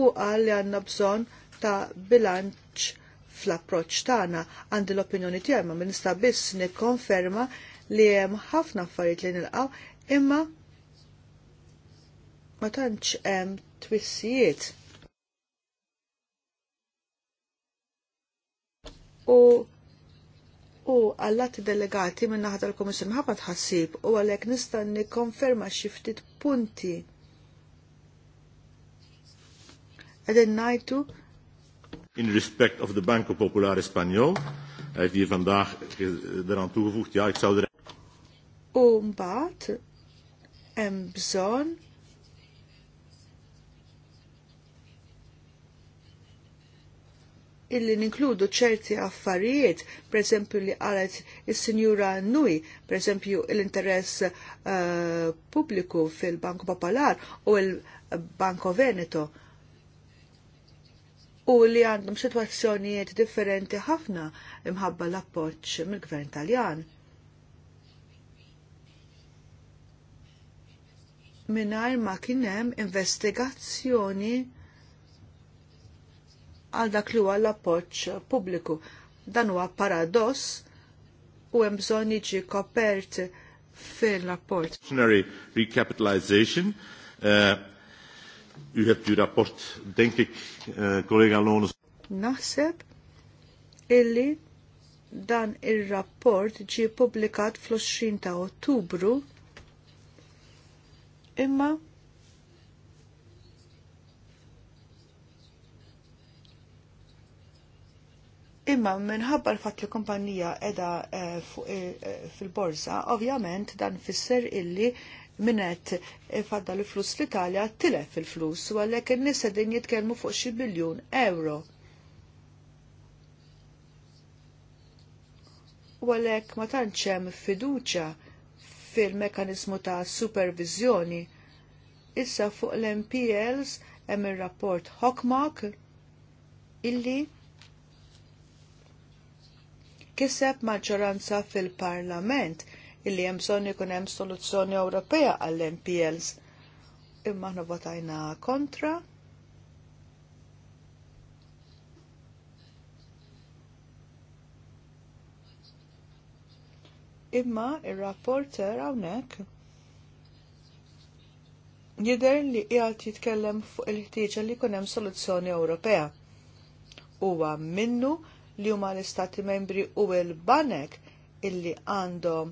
u qal li għandna bżonn ta' bilanċ fl-approċċ tagħna għandi l-opinjoni tiegħi ma minista biss nikkonferma li hemm ħafna affarijiet li nilqgħu imma ma tantx hemm twissijiet. U u għallat delegati minn naħat l komissjon ħabba ħassib u għalek nista' nikkonferma xiftit punti. Qegħdin najtu. in respect of the Banco Popolare Spanjol, għajt eh, jie vandaag daran toegevoegd, ja, ik zou er... U mbaħt, hemm bżonn illi ninkludu ċerti affarijiet, per esempio li għalet il-Sinjura Nui, per esempio l-interess uh, pubbliku fil-Banko Popolar u il-Banko Veneto u li għandhom situazzjonijiet differenti ħafna imħabba l-appoċ mill-Gvern Taljan. Minar ma kienem investigazzjoni għal dak li huwa l-appoġġ pubbliku. Dan huwa paradoss u hemm bżonn jiġi kopert fil-rapport. Recapitalization. Uh, you rapport, denkik uh, eh, Lonus. Naħseb illi dan il-rapport ġi publikat fl-20 ta' Ottubru imma Imma minħabba l-fatt li kumpanija edha eh, eh, fil-borza, ovvjament dan fisser illi minnet fadda l-flus l-Italja tilef il-flus u għallek n-nisa din jitkelmu fuq xi biljun euro. U għallek ma tanċem fiduċa fil-mekanizmu ta' supervizjoni. Issa fuq l-MPLs hemm ir-rapport Hockmark illi kiseb maġġoranza fil-Parlament illi hemm bżonn ikun hemm soluzzjoni Ewropea għall-MPLs. Imma aħna votajna kontra. Imma ir-rapporter hawnhekk jidher li qiegħed jitkellem fuq il-ħtieġa li jkun hemm soluzzjoni Ewropea. Huwa minnu li huma l-Istati membri u l-banek illi għandhom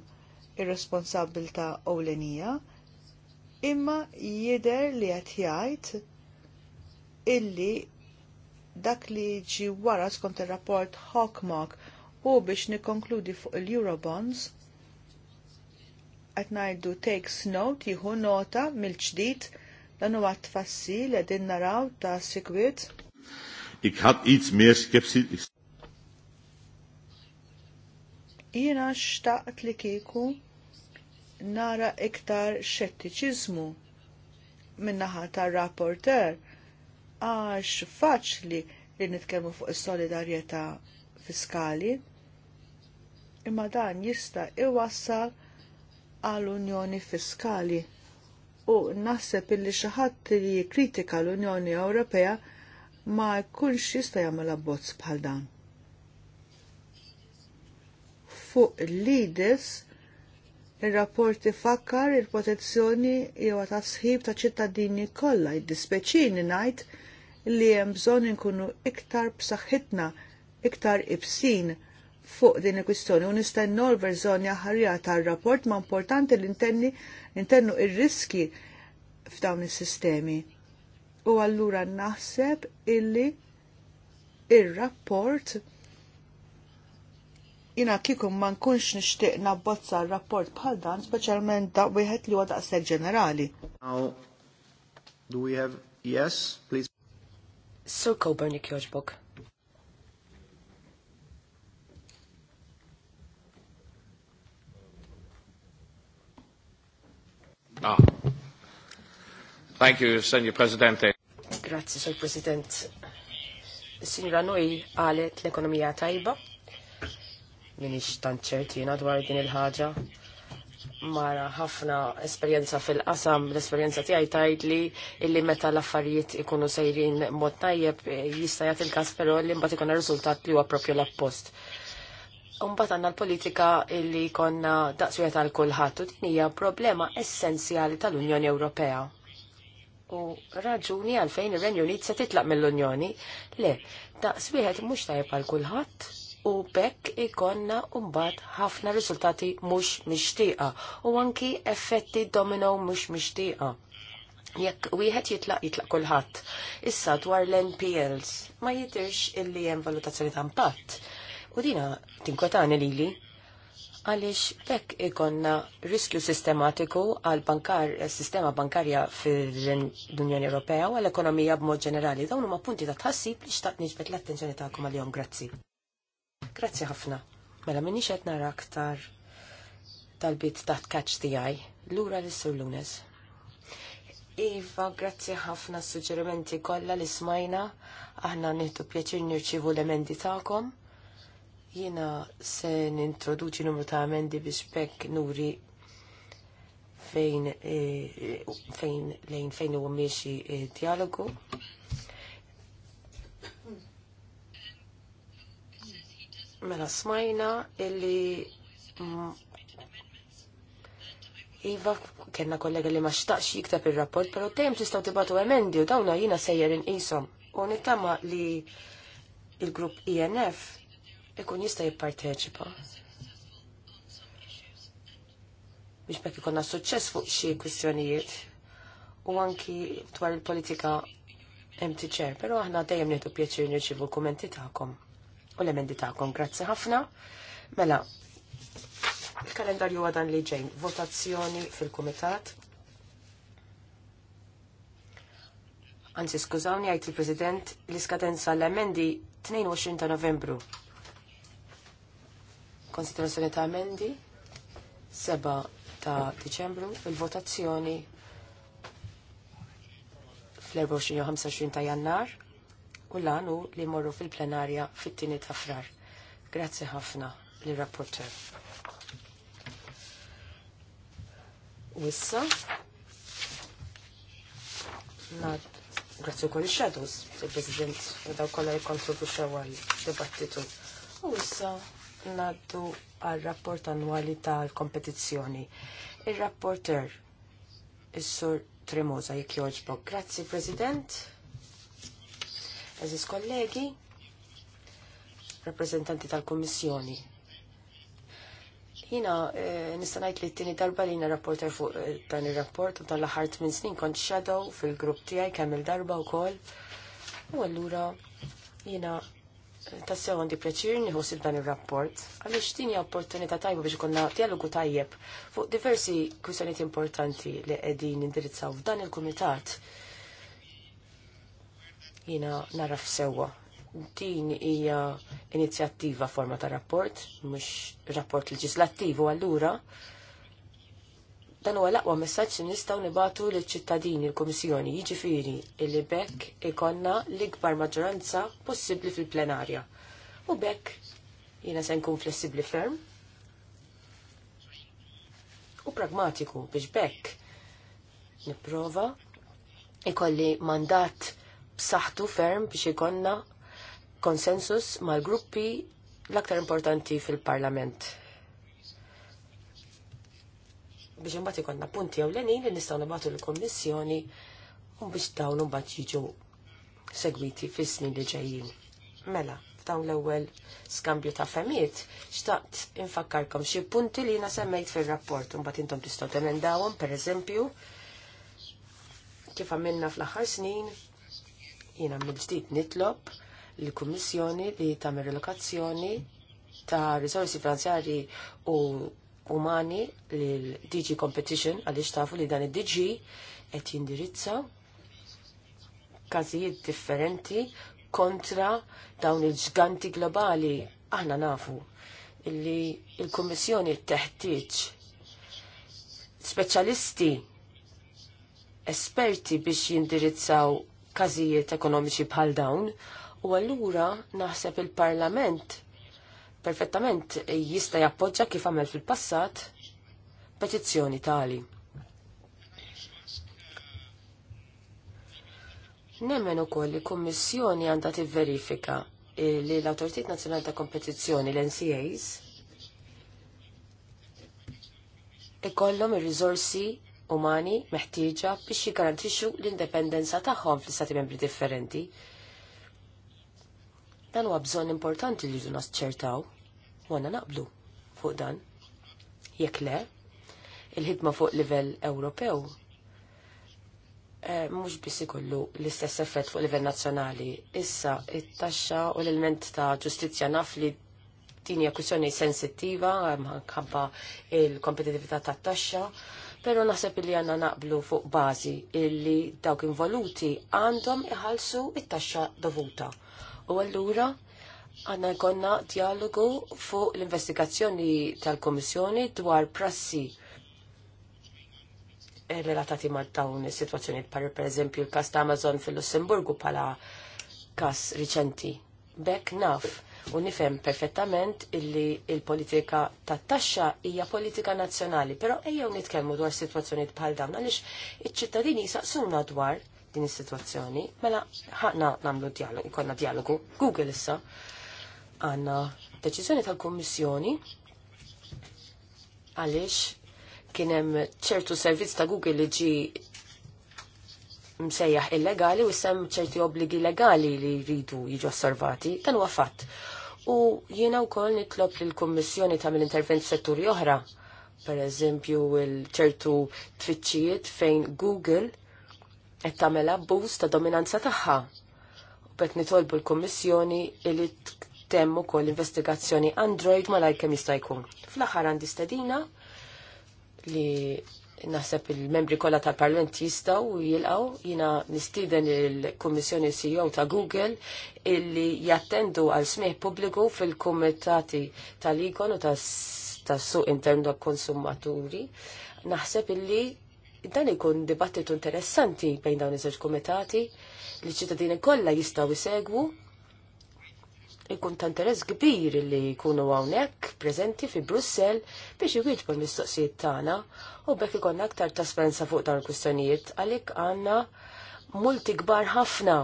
ir-responsabilta ewlenija, imma jider li qed jgħid illi dak li ġi wara skont ir-rapport Hawkmark u biex nikkonkludi fuq il-Eurobonds qed ngħidu takes note jieħu nota mill-ġdid dan huwa tfassil qegħdin naraw ta' sikwiet. Ik had iets meer skepsis Jiena xtaqt li kieku nara iktar xettiċiżmu minnaħa tar rapporter għax faċli li nitkellmu fuq is-solidarjetà fiskali imma dan jista' iwassal għal Unjoni Fiskali u naħseb illi xi ħadd li jikkritika l-Unjoni Ewropea ma jkunx jista' jagħmel abbozz bħal dan fuq l-IDIS il rapporti fakkar il-protezzjoni jew ta' sħib ta' ċittadini kollha jiddispeċini ngħid li hemm bżonn inkunu iktar b'saħħitna, iktar ibsin fuq din il-kwistjoni u nistennu l-verżjoni aħarja tar-rapport ma' importanti li intenni intennu ir-riski f'dawn is-sistemi. U allura naħseb illi ir-rapport il jina kikum ma nkunx nishtiq nabbozza rapport bħal dan, speċjalment da wieħed li huwa daqseg ġenerali. Now, do we have yes, please? Sir Coburn jogħġbok. Ah. Thank you, Senor Presidente. Grazie, Sir President. Signora Noi għalet l-ekonomija tajba, minix tant ċertina dwar din il-ħaġa. Mara ħafna esperjenza fil-qasam, l-esperjenza tiegħi tajt li illi meta l-affarijiet ikunu sejrin mod tajjeb eh, jista' jagħti il kas però li mbagħad ikun riżultat li huwa proprju l-appost. Umbat għanna l-politika illi konna daqswiet għal kulħadd u din hija problema essenzjali tal-Unjoni Ewropea. U raġuni għalfejn ir-Renju Unit se titlaq mill-Unjoni? Le, daqswieħed mhux tajjeb għal kulħadd u bekk ikonna umbat ħafna riżultati mhux mixtieqa u anki effetti domino mhux mixtieqa. Jekk wieħed jitlaq jitlaq kulħadd. Issa dwar l-NPLs ma jitirx illi hemm valutazzjoni ta' impatt. U dina tinkwetani lili għaliex bekk ikonna riskju sistematiku għal bankar, sistema bankarja fil-Unjoni Ewropea u għal ekonomija b'mod ġenerali. Dawn huma punti ta' tħassib li xtaqt niġbet l-attenzjoni tagħkom għal-jom. Grazzi. Grazzi ħafna. Mela minni xed nara aktar tal-bit taħt catch the eye. Lura l-Sur Lunes. Iva, grazzi ħafna suġġerimenti kollha li smajna. Aħna nittu pjaċir nirċivu l-emendi tagħkom. Jiena se nintroduċi numru ta' emendi biex pek nuri fejn eh, fejn lejn fejn huwa miexi eh, dialogu. Mela smajna illi Iva, kena kollega li ma xtaqx jiktab il-rapport, pero dejjem tistaw tibatu emendi u dawna jina sejjer isom. U nittama li il-grupp INF e ikun jista' jipparteċipa. Biex bekk ikonna suċċess fuq xi kwistjonijiet u anki dwar il-politika MTC, pero aħna dejjem nieħdu pieċir nirċivu l-kummenti tagħkom u l-emendi ta'kom. Grazzi ħafna. Mela, il-kalendarju għadan li ġejn votazzjoni fil-komitat. Anzi, skużawni, għajt il-President, l-iskadenza l-emendi 22 ta' novembru. Konsiderazzjoni ta' emendi 7 ta' Deċembru, il-votazzjoni fl-24 25 ta' Jannar u u li morru fil-plenarja fit-tini ta' frar. Grazzi ħafna li rapporter. U issa, nad, grazzi u koll shadows il-President, u daw kolla jikontribuċaw għal-debattitu. U issa, naddu għal-rapport annuali tal-kompetizzjoni. Il-rapporter, il-sur Tremosa, jek joġbok. Grazzi, President. Aziz kollegi, rappresentanti tal-Kommissjoni. Jina, eh, nistanajt li t-tini darba li jina rapporter fuq eh, dan il-rapport u dan ħart minn snin kont shadow fil-grupp tijaj kamil darba u kol. U għallura jina eh, tassew għandi preċir nħossib dan il-rapport. Għalix tini opportunità tajba biex konna dialogu tajjeb fuq diversi kwistjoniet importanti li qegħdin indirizzaw f'dan il-kumitat jina naraf sewa. Din hija inizjattiva forma ta' rapport, mhux rapport leġislattiv allura dan huwa l-aqwa messaġġ li nistgħu nibatu liċ ċittadini l-Kummissjoni jiġifieri li bekk ikonna l-ikbar maġġoranza possibbli fil-plenarja. U bekk jiena se nkun flessibbli ferm u pragmatiku biex bekk nipprova ikolli mandat b'saħħtu ferm biex ikonna konsensus mal-gruppi l-aktar importanti fil-Parlament. Biex imbagħad ikonna punti ewlenin li nistgħu nibgħatu l-Kommissjoni u biex dawn imbagħad jiġu segwiti fis-snin li ġejjin. Mela, f'dawn l-ewwel skambju ta' femijiet, xtaqt infakkarkom xi punti li jiena semmejt fir-rapport u mbagħad intom tistgħu temendawhom pereżempju kif għamilna fl-aħħar snin Jiena mill-ġdid nitlob l-Kummissjoni li tagħmel relokazzjoni ta' risorsi finanzjarji u umani lil DG Competition għaliex tafu li dan id-DG qed jindirizza każijiet differenti kontra dawn il-ġganti globali aħna nafu illi il kummissjoni teħtieġ speċjalisti esperti biex jindirizzaw każijiet ekonomiċi bħal dawn u allura naħseb il-Parlament perfettament jista' jappoġġa kif għamel fil-passat petizzjoni tali. Nemmen ukoll li kummissjoni għandha tivverifika li l-Awtoritet Nazzjonali ta' Kompetizzjoni l-NCAs ikollhom ir-riżorsi umani meħtieġa biex jiggarantixxu l-indipendenza tagħhom fl-istati membri differenti. Dan huwa bżonn importanti li jridu naċċertaw u għandna naqblu fuq dan. Jekk le, il-ħidma fuq livell Ewropew eh, mhux biss ikollu l-istess effett fuq livell nazzjonali. Issa it-taxxa u l-element ta' ġustizzja naf li din hija kwistjoni sensittiva eh, ħabba il-kompetitività tat-taxxa pero naħseb li għanna naqblu fuq bazi illi dawk involuti għandhom iħalsu it-taxxa dovuta. U allura għanna jkonna dialogu fuq l-investigazzjoni tal-Komissjoni dwar prassi relatati ma' dawn is-sitwazzjoni par per eżempju l-kas ta' Amazon fil-Lussemburgu pala kas riċenti. Bek naf u nifhem perfettament illi il-politika tat-taxxa hija politika nazzjonali, però ejjew nitkellmu dwar sitwazzjonijiet bħal dawn għaliex iċ-ċittadini jisaqsuna dwar din is-sitwazzjoni, mela ħaqna nagħmlu dialogu, ikollna dialogu, Google issa għandna deċiżjoni tal-Kummissjoni għaliex kien hemm ċertu servizz ta' Google li ġi msejjaħ illegali u sem ċerti obbligi legali li jridu jiġu osservati, dan huwa fatt. U jiena wkoll nitlob lill kummissjoni tagħmel intervent setturi oħra, per eżempju ċertu tfittxijiet fejn Google qed tagħmel abbuż ta' dominanza tagħha. U bet nitolbu l-Kummissjoni li temm ukoll investigazzjoni Android malajr kemm jista' jkun. Fl-aħħar għandi stedina li naħseb il-membri kollha tal-Parlament jistgħu jilqgħu jiena nistiden il-Kummissjoni CEO ta' Google illi jattendu għal smieħ pubbliku fil-kumitati tal-ikon u tas-suq intern tal-konsumaturi. Naħseb illi dan ikun dibattitu interessanti bejn dawn iż-żewġ kumitati li ċittadini kollha jistgħu jsegwu ikun ta' interess kbir li jkunu hawnhekk preżenti fi Brussell biex iwieġbu l-mistoqsijiet tagħna u bekk ikonna aktar trasparenza fuq dawn il-kwistjonijiet għalhekk għandna multi kbar ħafna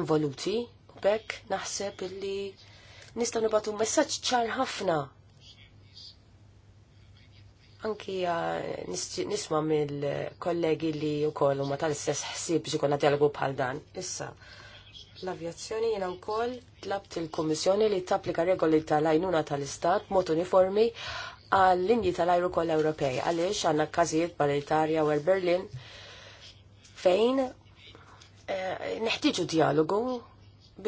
involuti u bekk naħseb illi nistgħu nibgħatu messaġġ ċar ħafna Anki nisma mill-kollegi li wkoll huma tal-istess ħsieb biex ġikonna dialogu bħal dan. Issa, l-avjazzjoni jiena u koll tlabt il-Komissjoni li tapplika regoli tal-ajnuna tal-Istat mod uniformi għall-linji tal-ajru koll Ewropej. Għalix għanna kazijiet bal italja u Berlin fejn eh, neħtieġu neħtiġu dialogu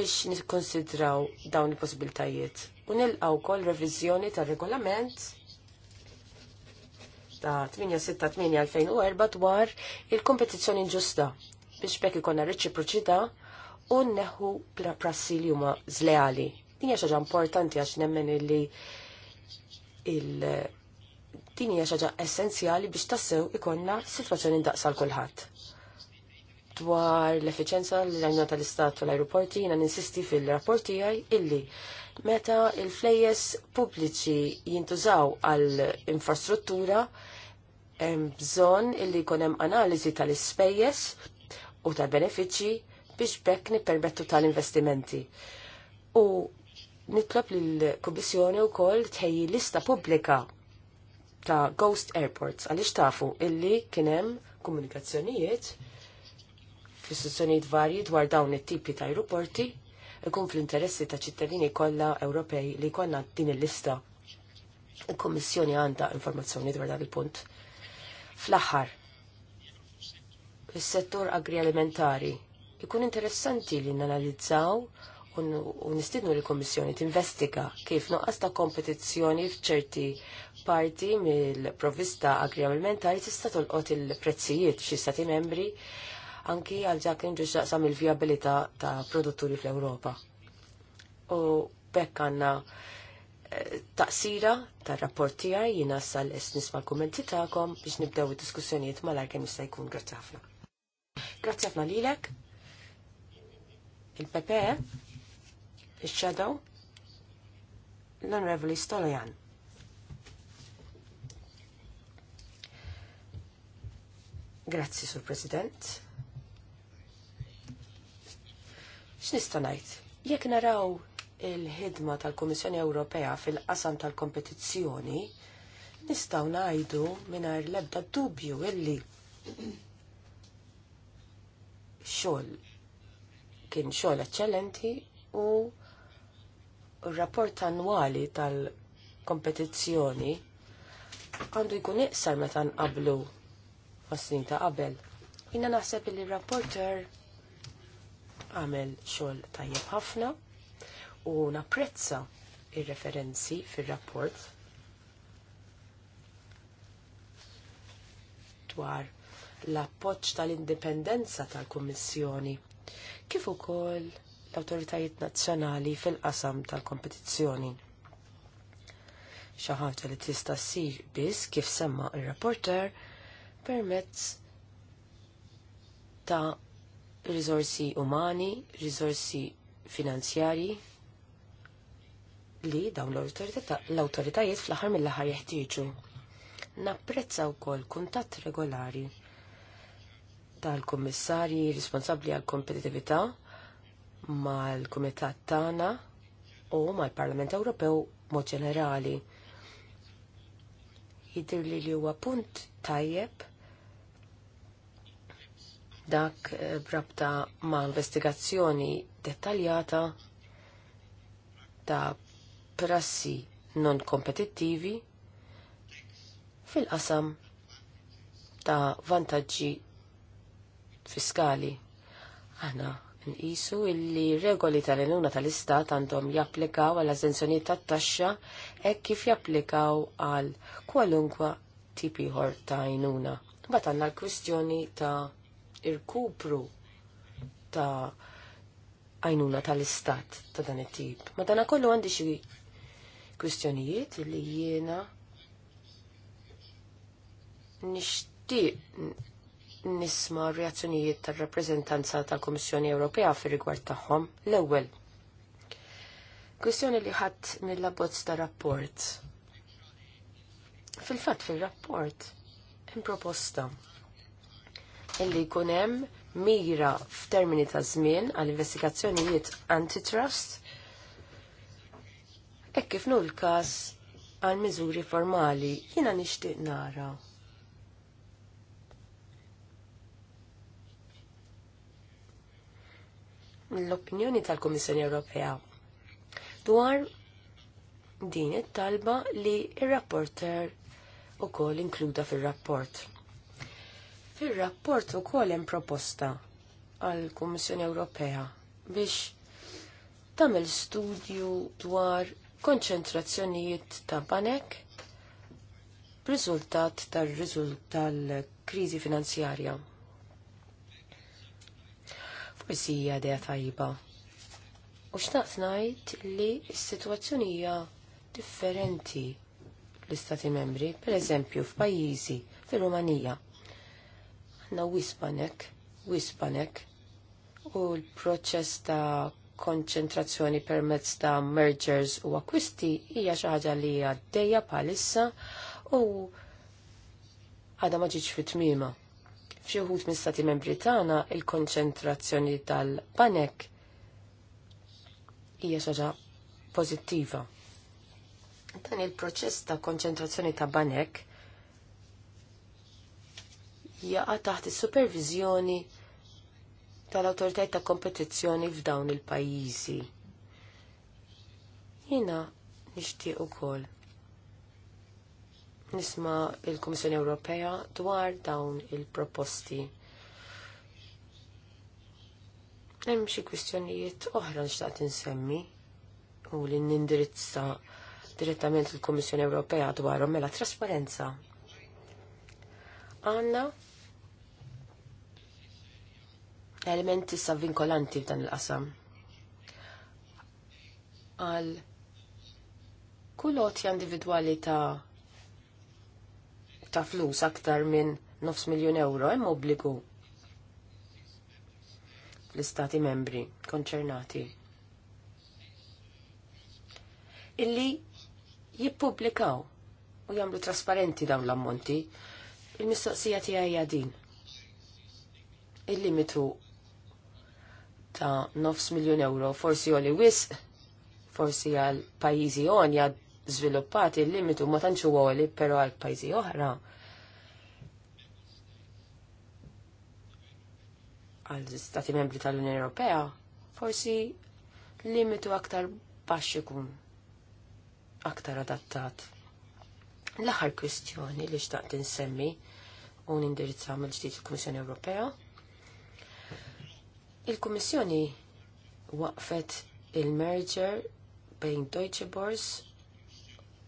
biex nikkonsidraw dawn il-possibiltajiet. U nilqaw koll revizjoni tal-regolament ta' 868-2004 dwar il-kompetizzjoni ġusta biex bekk ikonna reċiproċità u prassi li huma zleali. Din hija xaġa importanti għax nemmen illi il din hija xaġa essenzjali biex tassew ikonna sitwazzjoni daqsa l kulħadd. Dwar l-efficienza l-għajna tal-istat u l-aeroporti jina ninsisti fil-rapport tiegħi illi meta il-flejjes pubbliċi jintużaw għal infrastruttura hemm bżonn illi jkun hemm analiżi tal-ispejjeż u tal-benefiċċji biex bekk nippermettu tal-investimenti. U nitlob lill-Kummissjoni wkoll tħejji lista pubblika ta' Ghost Airports għaliex tafu illi kien hemm komunikazzjonijiet fis varji dwar dawn it-tipi ta' aeroporti ikun fl-interessi ta' ċittadini kollha Ewropej li jkollna din il-lista. Il-Kummissjoni għandha informazzjoni dwar dan il-punt. Fl-aħħar, is-settur agrialimentari Ikun interessanti li nanalizzaw u nistidnu li kommissjoni tinvestiga kif noqqas ta' kompetizzjoni f'ċerti parti mill-provvista agrialimentari tista' tolqot il-prezzijiet xi stati membri anki għal dak inġux daqsam il-vjabilità ta' produtturi fl-Ewropa. U bekk għandna eh, taqsira tar rapport tiegħi jiena sal nisma' l kommenti tagħkom biex nibdew id-diskussjonijiet mal-arkem jista' jkun grazzi ħafna. Grazzi ħafna lilek il pepe il-Shadow, l-Onorevoli Stolojan. Grazzi, Sur President. X'nista' ngħid? Jekk naraw il-ħidma tal-Kummissjoni Ewropea fil-qasam tal-kompetizzjoni, nistgħu ngħidu mingħajr l-ebda dubju illi Xol kien xogħol eċċellenti u r-rapport annwali tal-kompetizzjoni għandu jkun iqsar meta nqablu mas-snin ta' qabel. Jina naħseb li rapporter għamel xogħol tajjeb ħafna u napprezza ir-referenzi fir-rapport dwar l-appoġġ tal-indipendenza tal-Kummissjoni kif ukoll l-awtoritajiet nazzjonali fil-qasam tal-kompetizzjoni. Xi ħaġa li tista' ssir biss kif semma r rapporter permezz ta' riżorsi umani, riżorsi finanzjarji li dawn l-awtoritajiet fl-aħħar mill-aħħar jeħtieġu napprezza wkoll kuntatt regolari tal-Kummissarji responsabbli għal kompetitività mal-Kumitat tagħna u mal-Parlament Ewropew mod ġenerali. Jidir li li huwa punt tajjeb dak eh, brabta ma' investigazzjoni dettaljata ta' prassi non kompetittivi fil-qasam ta' vantaġġi fiskali. Aħna nqisu illi regoli tal inuna tal-istat għandhom japplikaw għal eżenzjonijiet tat-taxxa hekk kif japplikaw għal kwalunkwa tip ieħor ta' għajnuna. Mbagħad għandna l-kwistjoni ta' irkupru ta' għajnuna tal-istat ta' dan it-tip. dan kollu għandi xi kwistjonijiet li jiena nixtieq nisma reazzjonijiet tal-rappreżentanza tal-Kummissjoni Ewropea fir rigward tagħhom l-ewwel. Kwistjoni li ħadd mill-abbozz ta' rapport. Fil-fatt fil-rapport hemm proposta illi jkun hemm mira f'termini ta' żmien għal investigazzjonijiet antitrust e kif nu l-każ għal miżuri formali jiena nixtieq nara l-opinjoni tal-Komissjoni Ewropea dwar din it-talba li ir-rapporter ukoll inkluda fir-rapport. Fir-rapport ukoll hemm proposta għall-Kummissjoni Ewropea biex tagħmel studju dwar konċentrazzjonijiet ta' banek b'riżultat tal-kriżi finanzjarja. Missija dea tajba. U xtaqt ngħid li s-sitwazzjoni hija differenti l-istati membri, per eżempju f'pajjiżi fir-Rumanija. Għandna wispanek, wispanek, u l-proċess ta' konċentrazzjoni permezz ta' mergers u akwisti hija xi ħaġa li għaddejja bħalissa u għadha ma ġietx fit-tmiema. F'xi wħud mis-Stati Membri tagħna il-konċentrazzjoni tal-banek hija xaġa pożittiva. Dan il-proċess ta' konċentrazzjoni ta' banek jaqa' taħt is-supervizjoni tal autoritajt ta' kompetizzjoni f'dawn il-pajjiżi. Jiena nixtieq ukoll nisma il-Komissjoni Ewropea dwar dawn il-proposti. Hemm xi kwistjonijiet oħra nixtaqt insemmi u li nindirizza direttament il-Komissjoni Ewropea dwarhom mela trasparenza. Għanna elementi sa vinkolanti f'dan il-qasam. Għal kuloti individwali ta' ta' flus aktar minn nofs miljun euro hemm obbligu l-istati membri konċernati illi jippubblikaw u jagħmlu trasparenti dawn l-ammonti il-mistoqsija tiegħi hija din. Il-limitu ta' nofs miljun euro forsi għoli wisq forsi għal pajizi jad żviluppati l-limitu ma tantx huwa li però għal pajjiżi oħra. Għal stati membri tal-Unjoni Ewropea forsi limitu aktar baxx ikun aktar adattat. L-aħħar kwistjoni li xtaqt insemmi u nindirizza mill-ġdid il-Kummissjoni Ewropea. Il-Kummissjoni waqfet il-merger bejn Deutsche Börse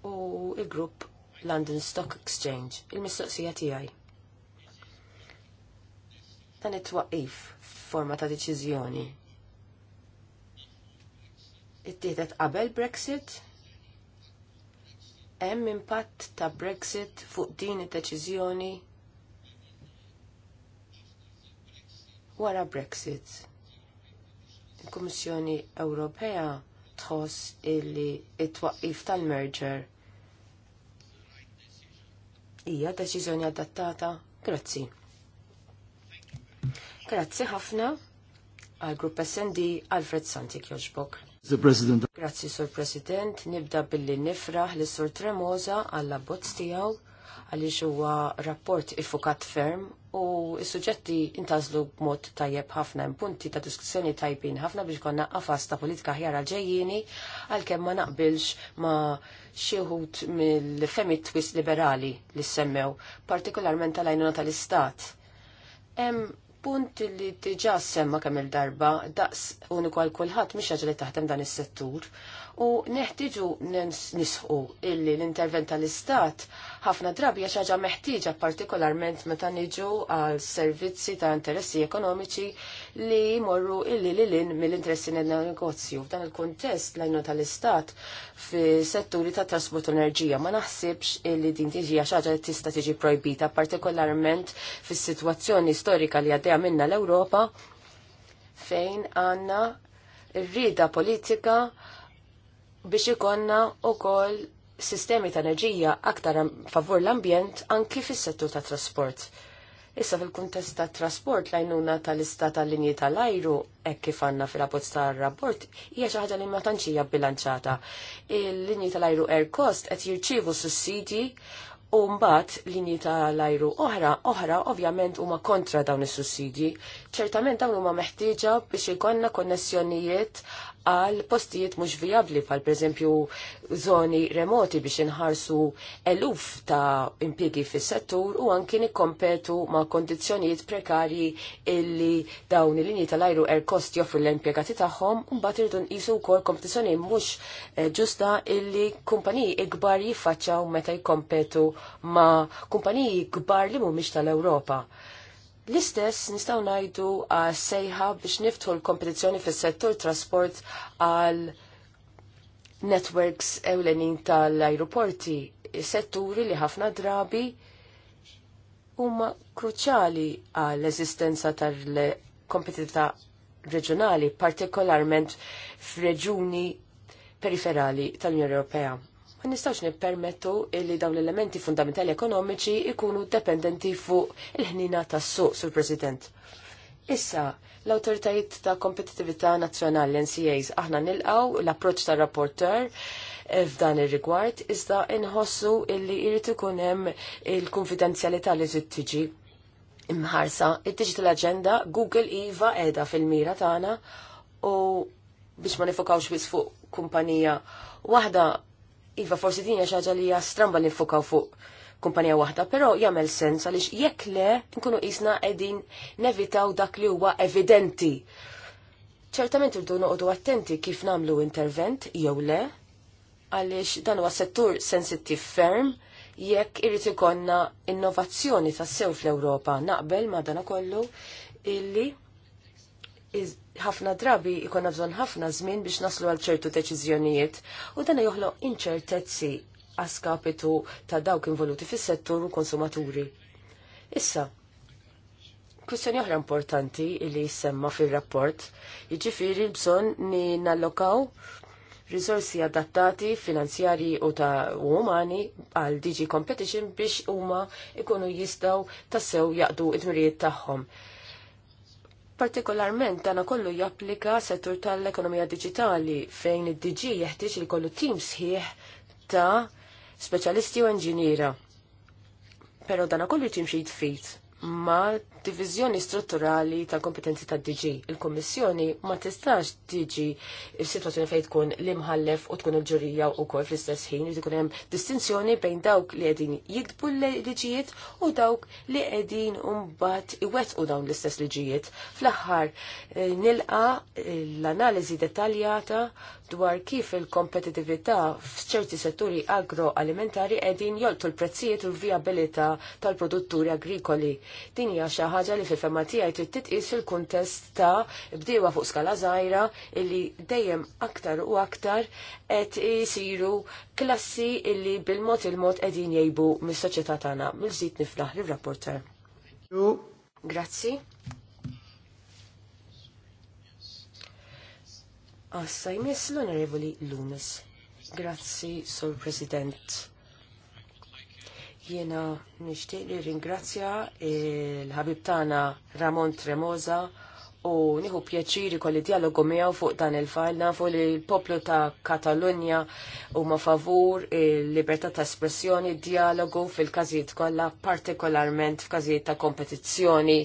u il-grupp London Stock Exchange, il-mistoqsija tiegħi. Dan it-twaqif forma ta' deċiżjoni. Ittieħdet qabel Brexit? Hemm impatt ta' Brexit fuq din id-deċiżjoni wara Brexit. Il-Kummissjoni Ewropea tħoss illi it twaqif tal-merger hija deċiżjoni adattata. Grazzi. Grazzi ħafna għal grupp SND Alfred Santi Kjoġbok. Grazzi, Sur President. Nibda billi nifraħ li Sur Tremosa għall abbozz tiegħu għaliex huwa rapport ifukat ferm u s-suġġetti intażlu b'mod tajjeb ħafna punti ta' diskussjoni tajbin ħafna biex konna qafas ta' politika ħjara ġejjini għalkemm ma naqbilx ma' xieħut mill-femi twis liberali li semmew, partikolarment tal-għajnuna tal-istat. Hemm punt li diġà semma kemm il-darba daqs uniku għal kulħadd mhix li taħdem dan is-settur u neħtiġu nisħu illi l-intervent tal-istat ħafna drabi għax ħaġa meħtieġa partikolarment meta niġu għal servizzi ta' interessi ekonomiċi li jmorru illi li lin mill-interessi nel negozju F'dan il-kontest l-għajnu tal-istat fi setturi ta' trasport u enerġija ma naħsibx illi din tiġi għax ħaġa tista' tiġi projbita partikolarment fis-sitwazzjoni storika li għaddejja minna l-Ewropa fejn għanna rrida politika biex ikonna wkoll sistemi ta' enerġija aktar favur l-ambjent anki fis-settur ta' trasport. Issa fil-kuntest ta' trasport lajnuna tal-istat tal-linji tal-ajru hekk kif għandna fil rapport tar-rapport hija xi ħaġa li ma tantx hija bilanċata. Il-linji tal-ajru Air Cost qed jirċievu sussidji U mbagħad linji tal-ajru oħra, oħra ovvjament huma kontra dawn is-sussidji. Ċertament dawn huma meħtieġa biex ikollna konnessjonijiet għal postijiet mhux vijabbli bħal pereżempju żoni remoti biex inħarsu eluf ta' impjiegi fis-settur u anki nikkompetu ma' kondizzjonijiet prekarji illi dawn il-linji tal-ajru er kost joffru l-impjegati tagħhom u mbagħad irridu nqisu wkoll kompetizzjoni mhux eh, ġusta illi kumpaniji ikbar jiffaċċaw meta jkompetu ma' kumpaniji kbar li mhumiex tal-Ewropa. L-istess nistaw najdu sejħa biex niftħu l-kompetizjoni fis settur trasport għal networks ewlenin tal-aeroporti, setturi li ħafna drabi huma kruċjali għall eżistenza tal kompetita reġjonali, partikolarment f'reġuni periferali tal-Unjoni Ewropea ma nistawx nippermettu li dawn l-elementi fundamentali ekonomiċi ikunu dependenti fuq il-ħnina tas-suq sur President. Issa, l-autoritajiet ta' kompetitività nazzjonali NCAs aħna nilqaw l-approċ ta' rapporter eh, f'dan ir-rigward iżda inħossu illi jrid ikun hemm il-konfidenzjalità li trid tiġi imħarsa. Id-digital agenda Google Iva qiegħda fil-mira tagħna u biex ma nifokawx biss fuq kumpanija waħda Iva, forsi din hija xi ħaġa li jastramba stramba li fuq kumpanija waħda, però jagħmel sens għaliex jekk le nkunu qisna qegħdin nevitaw dak li huwa evidenti. Ċertament irdu noqogħdu attenti kif nagħmlu intervent jew le, għaliex dan huwa settur sensittiv ferm jekk irid ikonna innovazzjoni tas-sew fl-Ewropa naqbel ma dan kollu illi ħafna drabi ikonna bżon ħafna żmien biex naslu għal ċertu deċiżjonijiet u dan joħloq inċertezzi għaskapitu ta' dawk involuti fis-settur u konsumaturi. Issa, kwistjoni oħra importanti li jissemma fil-rapport, jiġifieri bżon ni nallokaw risorsi adattati finanzjari u ta' umani għal DG Competition biex huma ikunu jistaw tassew jaqdu id-mirijiet tagħhom. Partikolarment dana kollu japplika settur tal-ekonomija digitali fejn id-DG jeħtieġ li kollu tim sħiħ ta' speċjalisti u inġiniera. Pero dana kollu timxi jitfit ma diviżjoni strutturali tal-kompetenzi tad DG. Il-Kommissjoni ma tistax tiġi f'sitwazzjoni fejn tkun l-imħallef u tkun il-ġurija wkoll fl-istess ħin li hemm distinzjoni bejn dawk li qegħdin jiktbu l-liġijiet u dawk li qegħdin imbagħad iwettqu dawn l-istess liġijiet. Fl-aħħar eh, nilqa l-analiżi dettaljata dwar kif il-kompetitività f'ċerti setturi agroalimentari qegħdin joltu l-prezzijiet u l-vijabilità tal-produtturi agrikoli. Din hija xi ħaġa li fil femma tiegħi trid titqis fil-kuntest ta' bdiewa fuq skala żgħira illi dejjem aktar u aktar qed isiru klassi illi bil-mod il-mod qegħdin jajbu mis-soċjetà tagħna. Mil żid niflaħ lir-rapporter. Grazzi. Assajmis l-Onorevoli Lumis. Grazzi, Sur President. Jiena nixtieq li ringrazzja il-ħabib tagħna Ramon Tremosa u nieħu pjaċiri kolli dialogu miegħu fuq dan il-fajl nafu li l-poplu ta' Katalunja huma favur il-libertà ta' espressjoni, dialogu fil-każijiet kollha, partikolarment f'każijiet ta' kompetizzjoni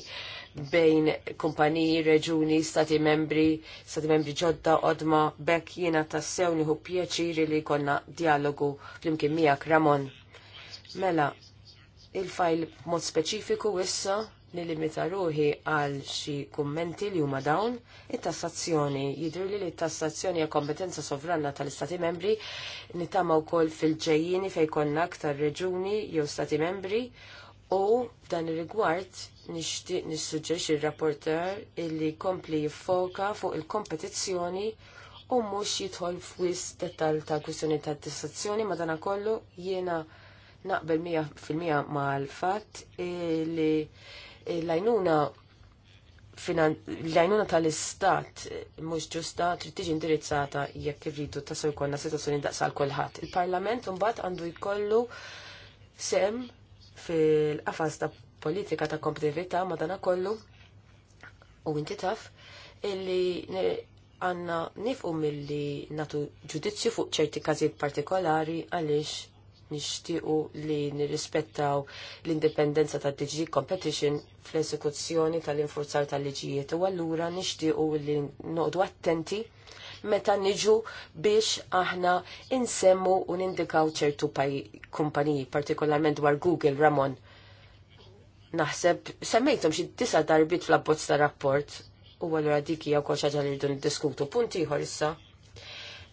bejn kumpaniji, reġuni, stati membri, stati membri ġodda, odma, bekk jiena tassew nieħu pjaċiri li jkollna dialogu flimkien miegħek Ramon. Mela, il-fajl mod speċifiku issa nilimita ruħi għal xi kummenti li huma dawn, it-tassazzjoni jidru li l-tassazzjoni hija kompetenza sovranna tal-Istati membri nitama wkoll fil-ġejjini fejn konna aktar reġuni jew Stati membri u dan ir-rigward nixtieq nissuġġerixxi ir-rapporter illi kompli jiffoka fuq il-kompetizzjoni u mhux jidħol f'wis dettal ta' kwistjoni ta' tassazzjoni madanakollu jiena kollu naqbel 100% mal-fatt eh, li eh, l-għajnuna l-għajnuna tal-istat eh, mhux ġusta trid tiġi indirizzata jekk irridu tasal jkollna daqsa l kulħadd. Il-Parlament mbagħad għandu jkollu sem fil-qafas ta' politika ta' kompetitività dana kollu u inti taf illi għanna nifqu mill-li natu ġudizzju fuq ċerti każijiet partikolari għaliex nixtiequ li nirrispettaw l-indipendenza ta' DG Competition fl-esekuzzjoni tal-infurzar tal-liġijiet u allura nixtiequ li noqdu attenti meta niġu biex aħna insemmu u nindikaw ċertu kumpaniji, partikolarment dwar Google, Ramon. Naħseb, semmejtom xi disa darbit fl-abbozz ta' rapport u għallura dik hija wkoll xi ħaġa li rridu niddiskutu. Punt ieħor issa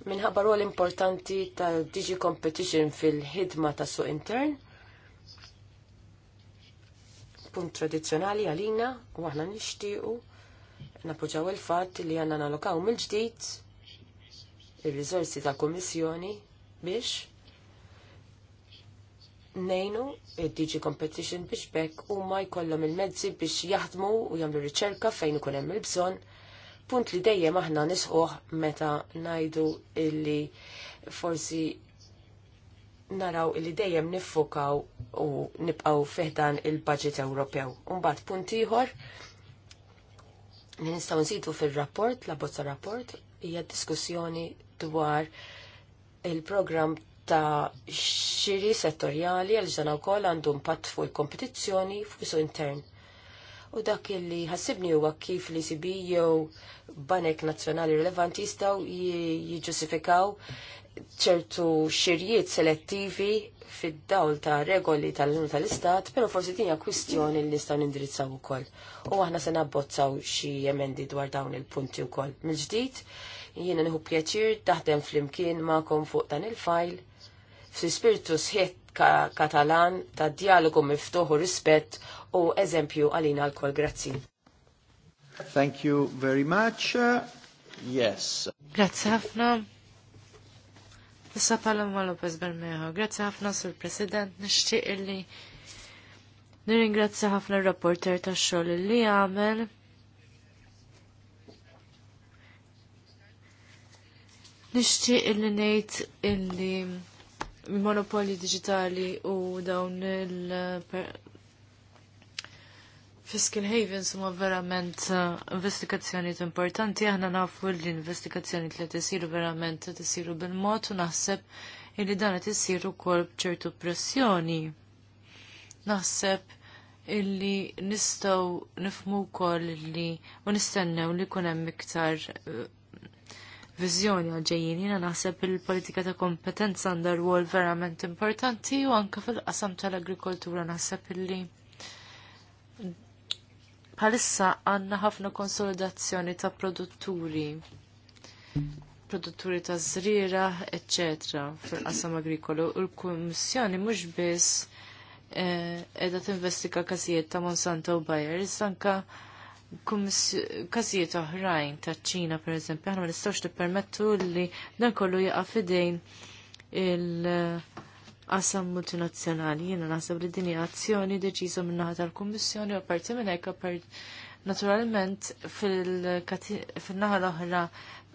minħabba rol importanti ta' Digi Competition fil-ħidma ta' su intern. Punt tradizjonali għalina u aħna nixtiequ napoġaw il-fatt li għanna nalokaw mill-ġdid il-rizorsi ta' komissjoni biex nejnu il-DG Competition biex bekk u ma jkollhom il-mezzi biex jaħdmu u jagħmlu riċerka fejn ikun hemm il-bżonn punt li dejjem aħna nisħuħ meta najdu illi forsi naraw illi dejjem niffukaw u nibqaw fiħdan il-budget Ewropew. Umbat punt ieħor li nistgħu nsidu fir-rapport, la bozza rapport, hija diskussjoni dwar il-programm ta' xiri settorjali għal u koll għandu impatt fuq il-kompetizzjoni fuq intern u dak illi ħassibni huwa kif li sibi jew banek nazzjonali rilevanti jistgħu jiġġustifikaw ċertu xirjiet selettivi fid-dawl ta' regoli tal-Unjoni tal-Istat, pero forsi dinja kwistjoni li nistgħu nindirizzaw ukoll. U aħna se nabbozzaw xi emendi dwar dawn il-punti wkoll. Mill-ġdid, jiena niħu pjaċir taħdem flimkien magħkom fuq dan il-fajl fl-ispirtu sħiħ Katalan ta' dialogu miftuħu rispett u eżempju għalina l-kol grazzi. Thank you very much. Yes. Grazzi ħafna. Issa Paloma Lopez Bermejo. Grazzi ħafna sur President. Nixtieq illi nirringrazzja ħafna r-rapporter tax-xogħol li għamel. Nixtieq illi ngħid illi monopoli digitali u dawn il- Fiscal Havens huma verament uh, investigazzjonijiet importanti, aħna nafu li l-investigazzjonijiet li tisiru verament tisiru bil-mod u naħseb illi dan qed isiru wkoll b'ċertu pressjoni. Naħseb illi nistgħu nifmu wkoll li u nistennew li jkun hemm iktar uh, viżjoni għalġejjin. jina naħseb il-politika ta' kompetenza għandha rwol verament importanti u anke fil-qasam tal-agrikoltura naħseb illi bħalissa għandna ħafna konsolidazzjoni ta' produtturi produtturi ta' zrira, eccetera, fil-qasam agrikolu. U l-Kummissjoni mhux biss edha eh, tinvestiga każijiet ta' Monsanto u Bayer, anka każijiet oħrajn taċ ċina eżempju, aħna ma nistgħux nippermettu li dan kollu jaqa' f'idejn il-qasam multinazzjonali. Jiena naħseb li din azzjoni deċiża min-naħa tal-Kummissjoni u parti minn hekk naturalment fil-naħa l-oħra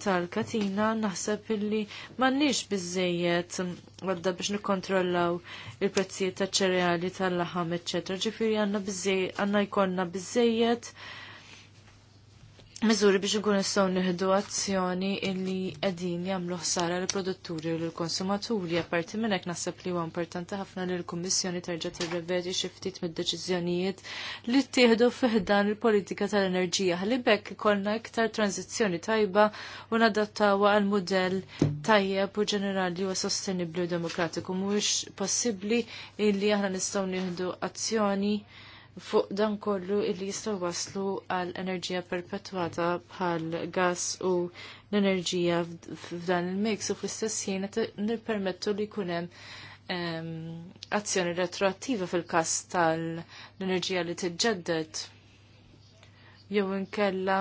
tal-katina naħseb illi m'għandniex biżejjed għadda biex nikkontrollaw il-prezzijiet taċ ċereali tal-laħam, eċċetera. Ġifieri għandna jkollna biżejjed Miżuri biex ikun nistgħu nieħdu azzjoni illi qegħdin jagħmlu ħsara lill produtturi u lill-konsumaturi. Apparti minn hekk naħseb li huwa importanti ħafna li l-Kummissjoni terġa' tirrevedi xi ftit mid-deċiżjonijiet li ttieħdu fiħdan il-politika tal-enerġija ħalli bekk ikollna iktar tranzizzjoni tajba u nadattawha għal mudell tajjeb u ġenerali u sostenibbli u demokratiku. Mhuwiex possibbli illi aħna nistgħu nieħdu azzjoni fuq dan kollu illi jistgħu waslu għal enerġija perpetwata bħal gas u l-enerġija f'dan il-mix u fl-istess jien nippermettu li jkun hemm azzjoni retroattiva fil-każ tal-enerġija li tiġġedded jew inkella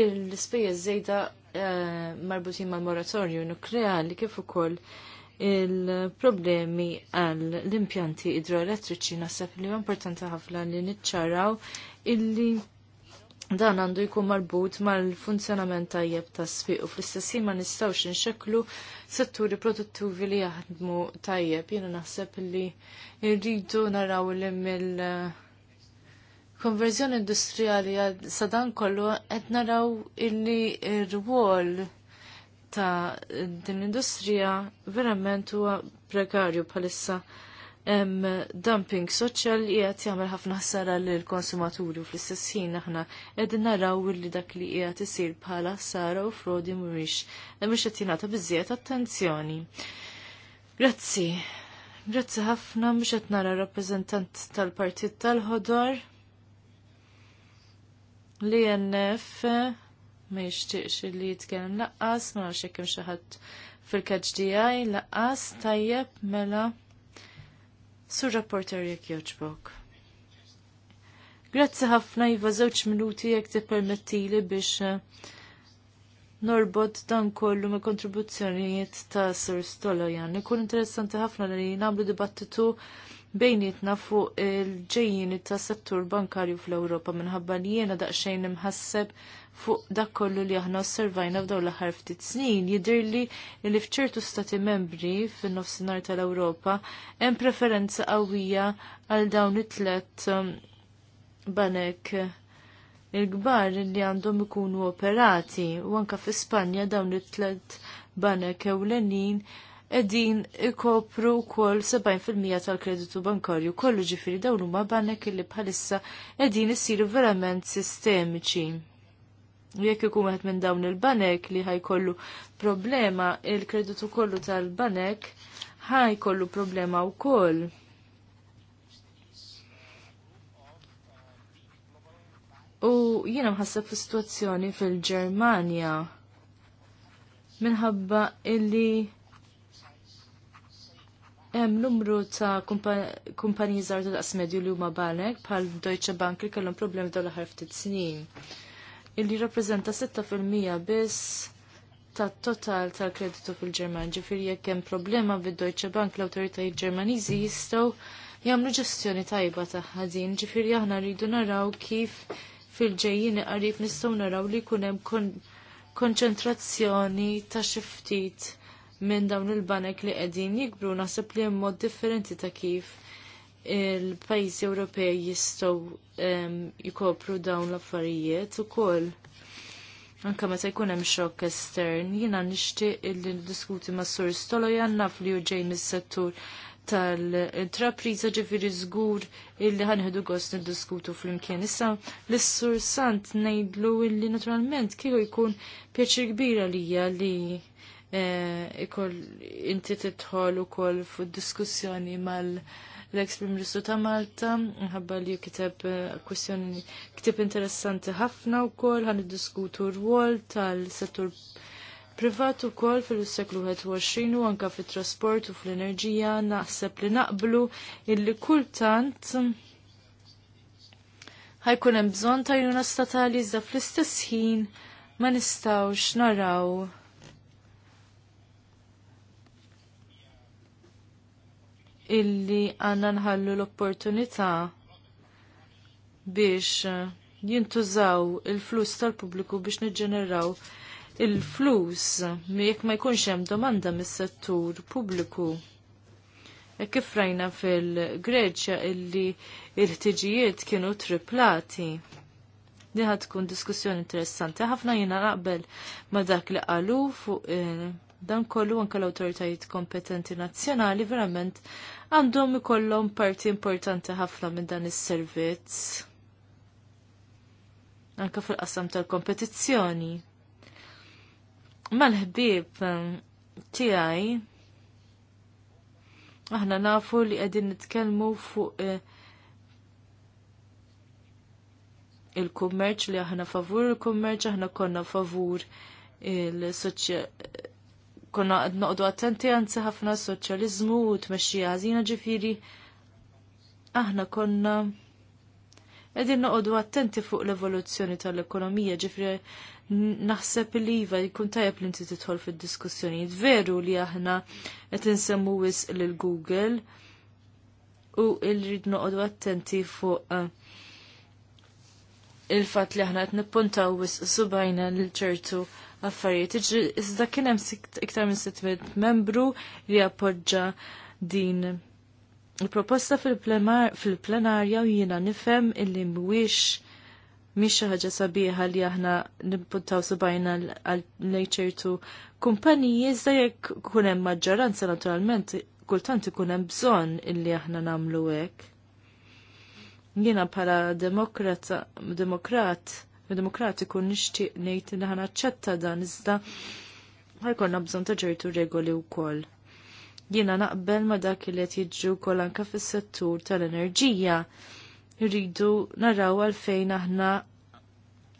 l-ispejjeż żejda eh, marbutin mal-moratorju nukleali kif ukoll il-problemi għal l-impjanti idroelettriċi nasab li importanti ħafna li niċċaraw illi dan għandu jkun marbut mal-funzjonament tajjeb tas sfiq u fl istess ma nistawx nxeklu setturi produttivi li jaħdmu tajjeb. Jena naħseb li rridu naraw li mill- konverżjoni industrijali sadan kollu qed naraw illi r-wol il ta' din l-industrija verament huwa prekarju bħalissa hemm dumping soċjal li jagħmel ħafna ħsara lil konsumaturi u fl-istess ħin aħna qegħdin naraw li dak li qiegħed isir bħala ħsara u frodi mhuwiex mhux qed jingħata biżjed attenzjoni. Grazzi. Grazzi ħafna mhux qed nara rappreżentant tal-Partit tal-Ħodor. L-INF e ma jixtieqx li jitkellem laqqas, ma nafx jekk hemm xi ħadd fil-KHDI laqqas tajjeb mela sur rapporter jekk joġbok. Grazzi ħafna iva żewġ minuti jekk tippermettili biex eh, norbod dan kollu me kontribuzzjonijiet ta' Sir Stolojan. Ikun interessanti ħafna li nagħmlu dibattitu bejnietna fuq il-ġejjini tas settur bankarju fl-Ewropa minħabba li jiena daqsxejn imħasseb fuq dak kollu li aħna osservajna f'dawn l-aħħar ftit snin jidirli li fċertu stati membri fin-nofsinhar tal-Ewropa hemm preferenza qawwija għal dawn it-tlet um, banek il-kbar li għandhom ikunu operati u anke fi Spanja dawn it-tlet banek ewlenin Eddin ikopru kol 70% tal-kreditu bankarju kollu ġifiri dawn huma banek li bħalissa edin issiru verament sistemiċi. Jekk ikun wieħed minn dawn il-banek li ħajkollu problema, il-kreditu kollu tal-banek ħajkollu problema wkoll. U jiena mħassab fi situazzjoni fil-Ġermanja minħabba illi Hemm numru ta' kumpaniji żgħar ta' daqs medju li huma banek bħal Deutsche Bank li kellhom problemi dawn l-aħħar ftit snin. Illi rappreżenta 6% biss tat total tal-kreditu fil-Ġerman. Ġifieri jekk hemm problema bid-Deutsche Bank l-awtoritajiet Ġermaniżi jistgħu jagħmlu ġestjoni tajba ta' ħadin. Ġifieri aħna rridu naraw kif fil-ġejjin qarib nistgħu naraw li jkun hemm konċentrazzjoni ta' xi ftit minn dawn il-banek li qegħdin jikbru naħseb li hemm mod differenti ta' kif il-pajjiżi Ewropej jistgħu ehm, jkopru dawn l-affarijiet ukoll. Anka meta jkun hemm xokk estern, jiena nixtieq illi ndiskuti ma' Sur Stolojan naf li hu ġej mis-settur tal-intrapriza ġifiri żgur illi ħanħidu gost nil-diskutu fl-imkien. Issa l-sur sant ngħidlu illi naturalment kieku jkun pjaċir kbira lija li Eh, inti titħol ukoll fuq diskussjoni mal l-ex Prim Ministru ta' Malta, nħabba li kiteb eh, kwestjoni kiteb interessanti ħafna wkoll ħan diskutu r-wol tal-settur privat ukoll fil-seklu 21 u anka fit-trasport u fl-enerġija naħseb li naqblu illi kultant ħajkun hemm bżonn ta' juna statali iżda fl-istess ħin ma nistgħux naraw illi għanna nħallu l-opportunità biex eh, jintużaw il-flus tal-pubbliku biex niġġeneraw il-flus jekk ma jkunx hemm domanda mis-settur pubbliku. E kif rajna fil-Greċja illi il-ħtiġijiet kienu triplati. Diħa tkun diskussjoni interessanti. Ħafna jiena naqbel ma dak li qalu fuq eh, dan kollu anke l-awtoritajiet kompetenti nazzjonali verament għandhom ikollhom parti importanti ħafna minn dan is-servizz. Anka fil-qasam tal-kompetizzjoni. Mal-ħbib um, tiegħi aħna nafu li qegħdin nitkellmu fuq eh, il-kummerċ li aħna favur il-kummerċ aħna konna favur il-soċja konna noqdu attenti għanzi ħafna soċjalizmu u tmexxija għazina ġifiri. Aħna konna qegħdin noqdu attenti fuq l-evoluzzjoni tal-ekonomija ġifri naħseb li iva jkun tajjeb li inti tidħol fid-diskussjoni. Veru li aħna qed insemmu wis l Google u il-rid noqogħdu attenti fuq eh, il-fatt li aħna qed nippuntaw wis subajna l ċertu affarijiet. Iżda kien hemm iktar minn 600 membru li appoġġa din il-proposta fil-plenarja u jiena nifhem illi mhuwiex mhix xi ħaġa sabiħa li aħna nippuntaw subajna lejn ċertu kumpaniji iżda jekk kun hemm maġġoranza naturalment kultant ikun hemm bżonn illi aħna nagħmlu hekk. Jiena bħala demokrat, demokrat demokratiku nixtieq ngħid li ħana ċetta dan iżda ħajkolna bżonn ta' ġertu regoli wkoll. Jiena naqbel ma dak li qed jiġu wkoll anke fis-settur tal-enerġija. Irridu naraw għalfejn aħna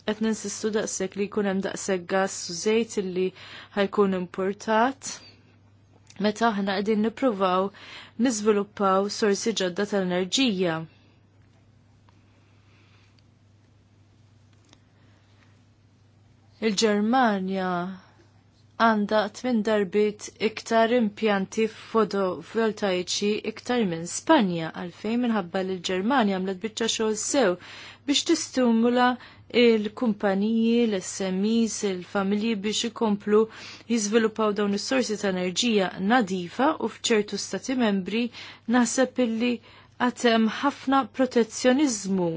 qed ninsistu daqshekk li jkun hemm daqshekk gass u żejt illi ħajkun importat. Meta aħna qegħdin nippruvaw niżviluppaw sorsi ġodda tal-enerġija il germania għanda tmin darbit iktar impjanti fotovoltaiċi iktar minn Spanja għalfejn minħabba li l-Ġermanja għamlet biċċa xogħol sew biex tistimula il-kumpaniji, l-SMEs, il-familji biex ikomplu jizvilupaw dawn is-sorsi ta' enerġija nadifa u fċertu stati membri naħseb illi għatem ħafna protezzjonizmu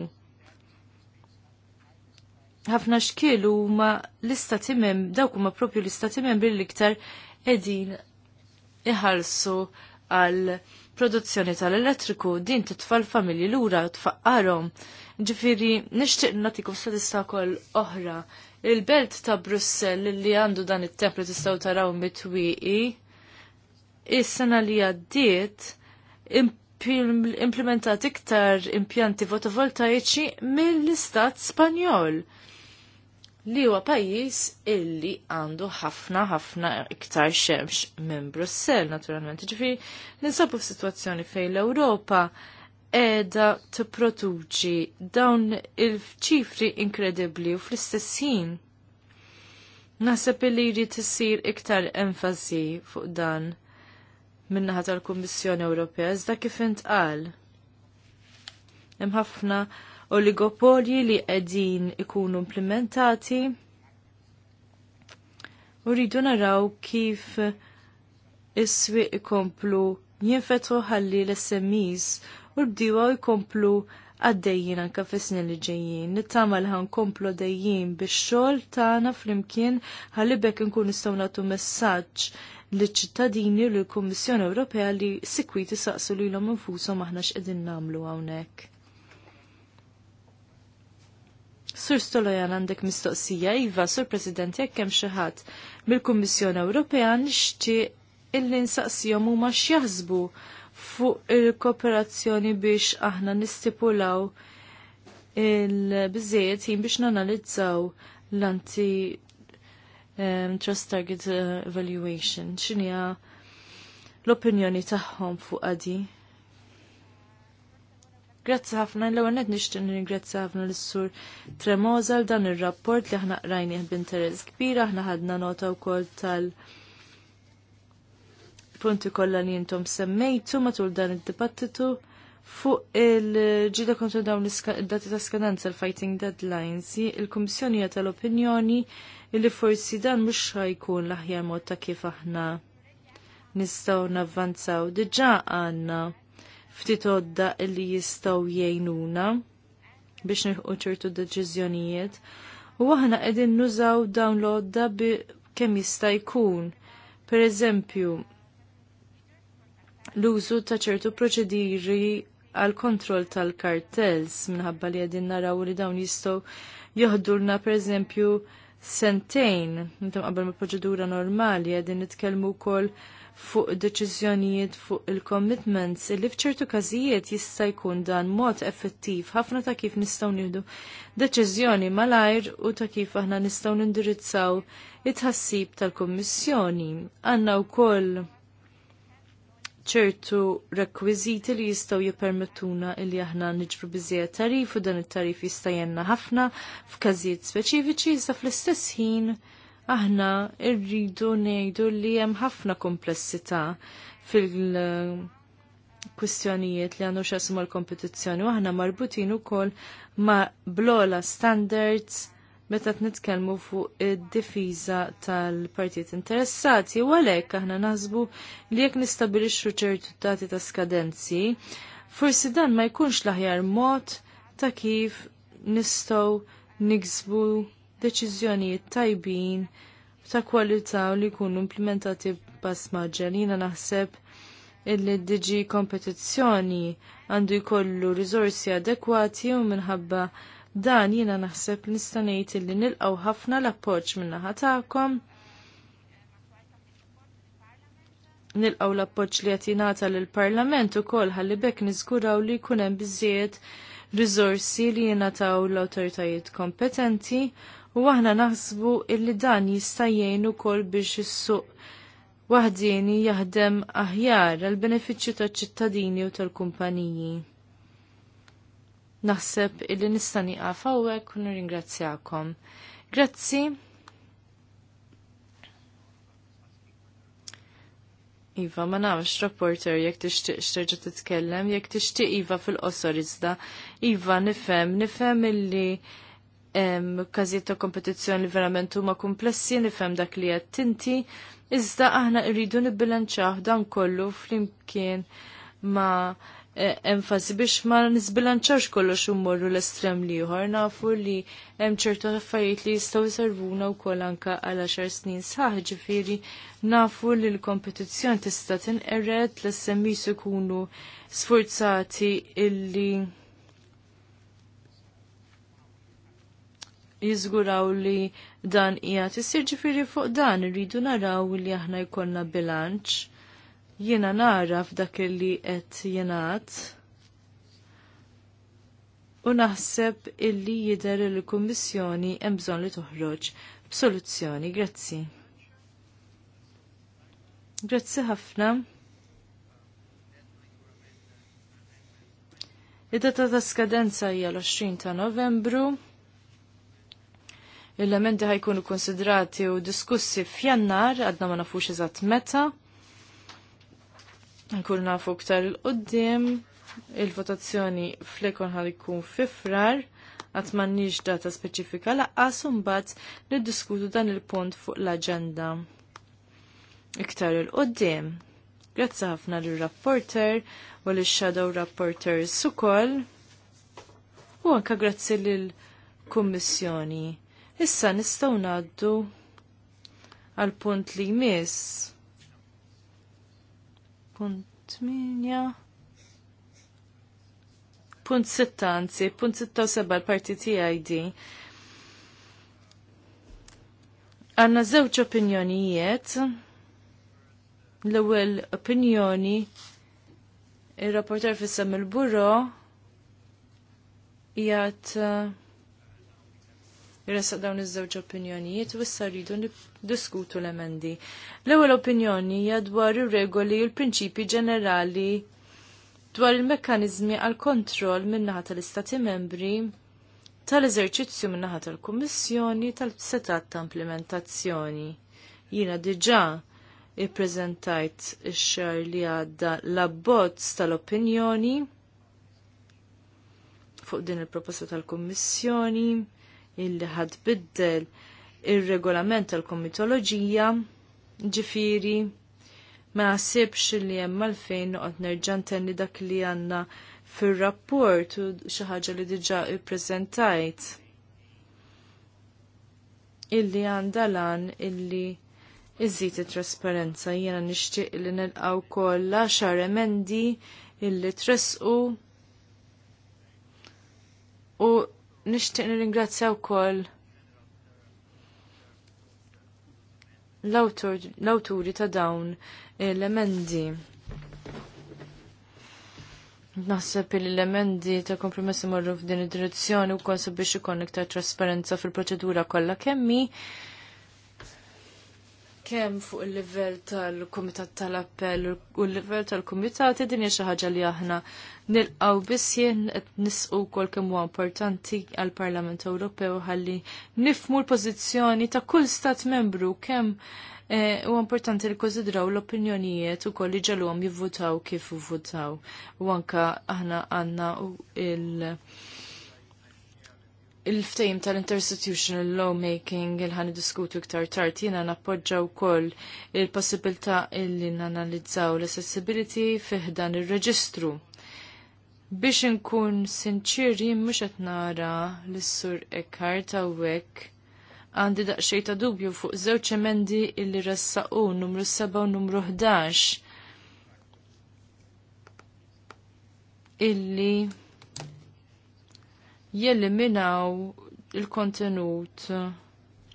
ħafna xkielu huma l-istati mem, dawk huma propju l-istati membri l-iktar edin iħalsu għal produzzjoni tal-elettriku din titfal familji t-faqqarom. Ġifiri, nixtieq nagħtikom statista wkoll oħra. Il-belt ta' Brussell li għandu dan it-templu tistgħu taraw mitwieqi, is-sena li għaddiet implementat iktar impjanti fotovoltaiċi mill-istat Spanjol li huwa pajjiż illi għandu ħafna ħafna iktar xemx minn Brussell, naturalment. Ġifieri ninsabu f'sitwazzjoni fejn l-Ewropa qiegħda tipproduċi dawn il-ċifri inkredibbli u fl-istess ħin naħseb li jrid isir iktar enfasi fuq dan min-naħa tal-Kummissjoni Ewropea iżda kif intqal. Hemm ħafna oligopolji li qegħdin ikunu implementati u rridu naraw kif is-swieq ikomplu jinfetħu ħalli l-SMEs u bdiwa jkomplu għaddejjien anka fis-snin li ġejjin. Nittamal ħan komplu dejjien biex xogħol tagħna flimkien ħalli bekk nkun nistgħu nagħtu messaġġ l-ċittadini u l-Kummissjoni Ewropea li sikwiti saqsu lilhom infushom aħna x'qegħdin nagħmlu hawnhekk. Sur Stolojan għandek mistoqsija, Iva, Sur President, jekk hemm xi ħadd mill-Kummissjoni Ewropea nixtieq illi nsaqsihom huma x'jaħsbu fuq il-kooperazzjoni biex aħna nistipulaw il-biżejjed jien biex nanalizzaw l-anti um, trust target uh, evaluation. X'inhi l-opinjoni tagħhom fuq għadi? Grazzi ħafna l-ewwel qed nixtieq ħafna lis-sur Tremoza l dan ir-rapport li aħna qrajnih b'interess kbir, aħna ħadna nota wkoll tal punti kollha li intom semmejtu matul dan id-dibattitu fuq il-ġida kontra dawn id-dati ta' skadenza l-fighting deadlines, il-Kummissjoni hija tal-opinjoni li forsi dan mhux ħajkun l-aħjar mod ta' kif aħna nistgħu navvanzaw. Diġà għandna ftit odda li jistgħu jgħinuna biex nħuċertu ċertu deċiżjonijiet. U aħna qegħdin nużaw dawn l-odda bi kemm jista' jkun. Per eżempju, l-użu ta' ċertu proċediri għal kontroll tal-kartels minħabba li għedin naraw li dawn jistgħu joħdurna per eżempju sentejn, intom qabel ma' proċedura normali għedin nitkellmu wkoll fuq deċiżjonijiet fuq il-commitments li fċertu każijiet jista' jkun dan mod effettiv ħafna ta' kif nistgħu nieħdu deċiżjoni malajr u ta' kif aħna nistgħu nindirizzaw it-ħassib tal-Kummissjoni. Għandna wkoll ċertu rekwiżiti li jistgħu jippermettuna li aħna niġbru biżejjed tarif u dan it-tarif jista' jenna ħafna f'każijiet speċifiċi iżda fl-istess ħin aħna rridu ngħidu li hemm ħafna komplessità fil- kwistjonijiet li għandu xasmu l-kompetizzjoni u aħna marbutin ukoll ma' blola standards meta t-nitkelmu fuq id-difiża tal-partijiet interessati, u għalhekk aħna naħsbu li jekk nistabilixxu ċertu dati ta' skadenzi, forsi dan ma jkunx l-aħjar mod ta' kif nistgħu niksbu deċiżjonijiet tajbin ta' kwalità u li jkunu implementati b'pass maġġel. Jina naħseb illi diġi kompetizzjoni għandu jkollu rizorsi adekwati u minħabba dan jiena naħseb nista' illi nilqgħu ħafna l-appoġġ min-naħa tagħkom. nilqaw l-appoċ li għatinata l-Parlament u kol ħalli bekk nizguraw li kunem bizziet rizorsi li ta'w l-autoritajiet kompetenti U aħna naħsbu illi dan jista' jgħin ukoll biex is-suq waħdieni jaħdem aħjar għal benefiċċju tal-ċittadini u tal-kumpaniji. Naħseb illi nista' nieqaf hawnhekk u nirringrazzjakom. Grazzi. Iva, ma nafx rapporter jekk tixtieq xterġa' titkellem, jekk tixtieq Iva fil-qosor iżda. Iva, nifhem, nifhem illi każijiet ta' kompetizzjoni li verament huma komplessi nifhem dak li qed tinti, iżda aħna rridu nibbilanċaw dan kollu flimkien ma' e, enfasi biex ma nisbilanċawx kollox ummorru l-estrem liħor, nafu li hemm ċertu affarijiet li jistgħu jservuna wkoll anke għal għaxar snin sħaħ, ġifieri nafu li l-kompetizzjoni tista' tinqered l-SMIs ikunu sfurzati illi jiżguraw li dan ija tisir ġifiri fuq dan irridu naraw li aħna jkollna bilanċ. Jiena nara f'dak li qed jingħad. U naħseb illi jidher li l-Kummissjoni hemm bżonn li toħroġ b'soluzzjoni. Grazzi. Grazzi ħafna. Id-data ta' skadenza hija l-20 ta' Novembru l-elementi ħajkunu konsidrati u diskussi f'jannar, għadna ma nafux eżatt meta. Nkun nafu ktar il-qoddim, il-votazzjoni fl-ekon ħalikun fifrar, frar għatmanniġ data speċifika laqqas mbagħad niddiskutu dan il-punt fuq l-aġenda. Iktar il-qoddim. Grazzi ħafna lir rapporter u l shadow rapporters ukoll. U anka grazzi lill kummissjoni Issa nistgħu ngħaddu għal punt li jmiss. Punt minja. Punt sitta anzi, punt sitta u seba l-parti TID. Għanna żewġ opinjonijiet. L-ewwel opinjoni ir-rapporter fissam il-buro jgħat uh, jressaq dawn iż-żewġ opinjonijiet u issa rridu diskutu l-emendi. L-ewwel opinjoni hija dwar ir-regoli u l-prinċipji ġenerali dwar il-mekkaniżmi għal kontroll min-naħa tal-Istati membri tal-eżerċizzju min-naħa tal-Kummissjoni tal-setat ta' implementazzjoni. Jiena diġà ippreżentajt ix-xar li għadda l-abbozz tal-opinjoni fuq din il-proposta tal-Kummissjoni illi ħad biddel il-regolament tal-komitoloġija ġifiri ma sibx li hemm għalfejn noqgħod nerġa' ntenni dak li għandna fir-rapport u xi ħaġa li diġà ippreżentajt. Illi għandha lan illi iżid it-trasparenza jiena nixtieq li nilqgħu kollha għaxar emendi illi tresqu u nixtieq nirringrazzja wkoll l-awturi ta' dawn l-emendi. Naħseb li l-emendi ta' kompromessi marru f'din id-direzzjoni u konsu biex ikon iktar trasparenza fil-proċedura kollha kemmi kemm fuq il-livell tal-Kumitat tal-Appell u l-livell tal-Kumitat din dinja xi ħaġa li aħna nilqaw biss jien qed nisqu wkoll kemm huwa importanti għall-Parlament Ewropew ħalli nifmu l-pożizzjoni ta' kull stat membru kemm eh, huwa importanti li konsidraw l-opinjonijiet ukoll li ġalhom jivvutaw kif ivvutaw. U anka aħna għandna il- il-ftejm tal-interstitutional lawmaking il-ħan diskutu iktar tard jiena nappoġġa wkoll il il-li nanalizzaw l-accessibility fiħdan ir-reġistru Biex inkun sinċiri mhux qed nara s sur Eckhart hawnhekk għandi daqsxejn ta' dubju fuq żewġ emendi illi rassaqu numru 7 u numru 11 illi jeliminaw il-kontenut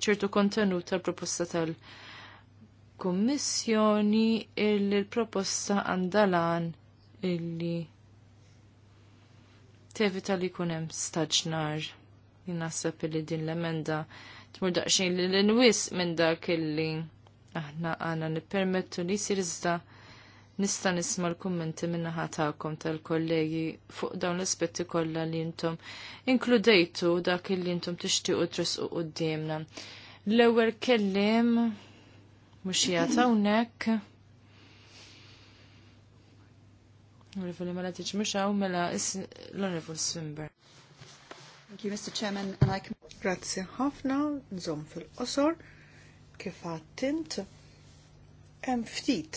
ċertu kontenut tal-proposta tal-Kummissjoni illi l-proposta għandalan illi tevita li kunem staġnar. Naħseb li din l-emenda tmur daqxin li l-inwis minn dak illi aħna għana nipermettu li sirizda nista nisma l-kommenti minna ħatakom tal-kollegi fuq dawn l-aspetti kollha li intom inkludejtu dak illi intom tixtiequ trisqu d-diemna. L-ewwel kellim mhux jagħtawnek. Onorevoli l mela Thank you, Mr. Chairman, and I can... Grazie ħafna, nżomm fil-qosor, kif għattint, hemm ftit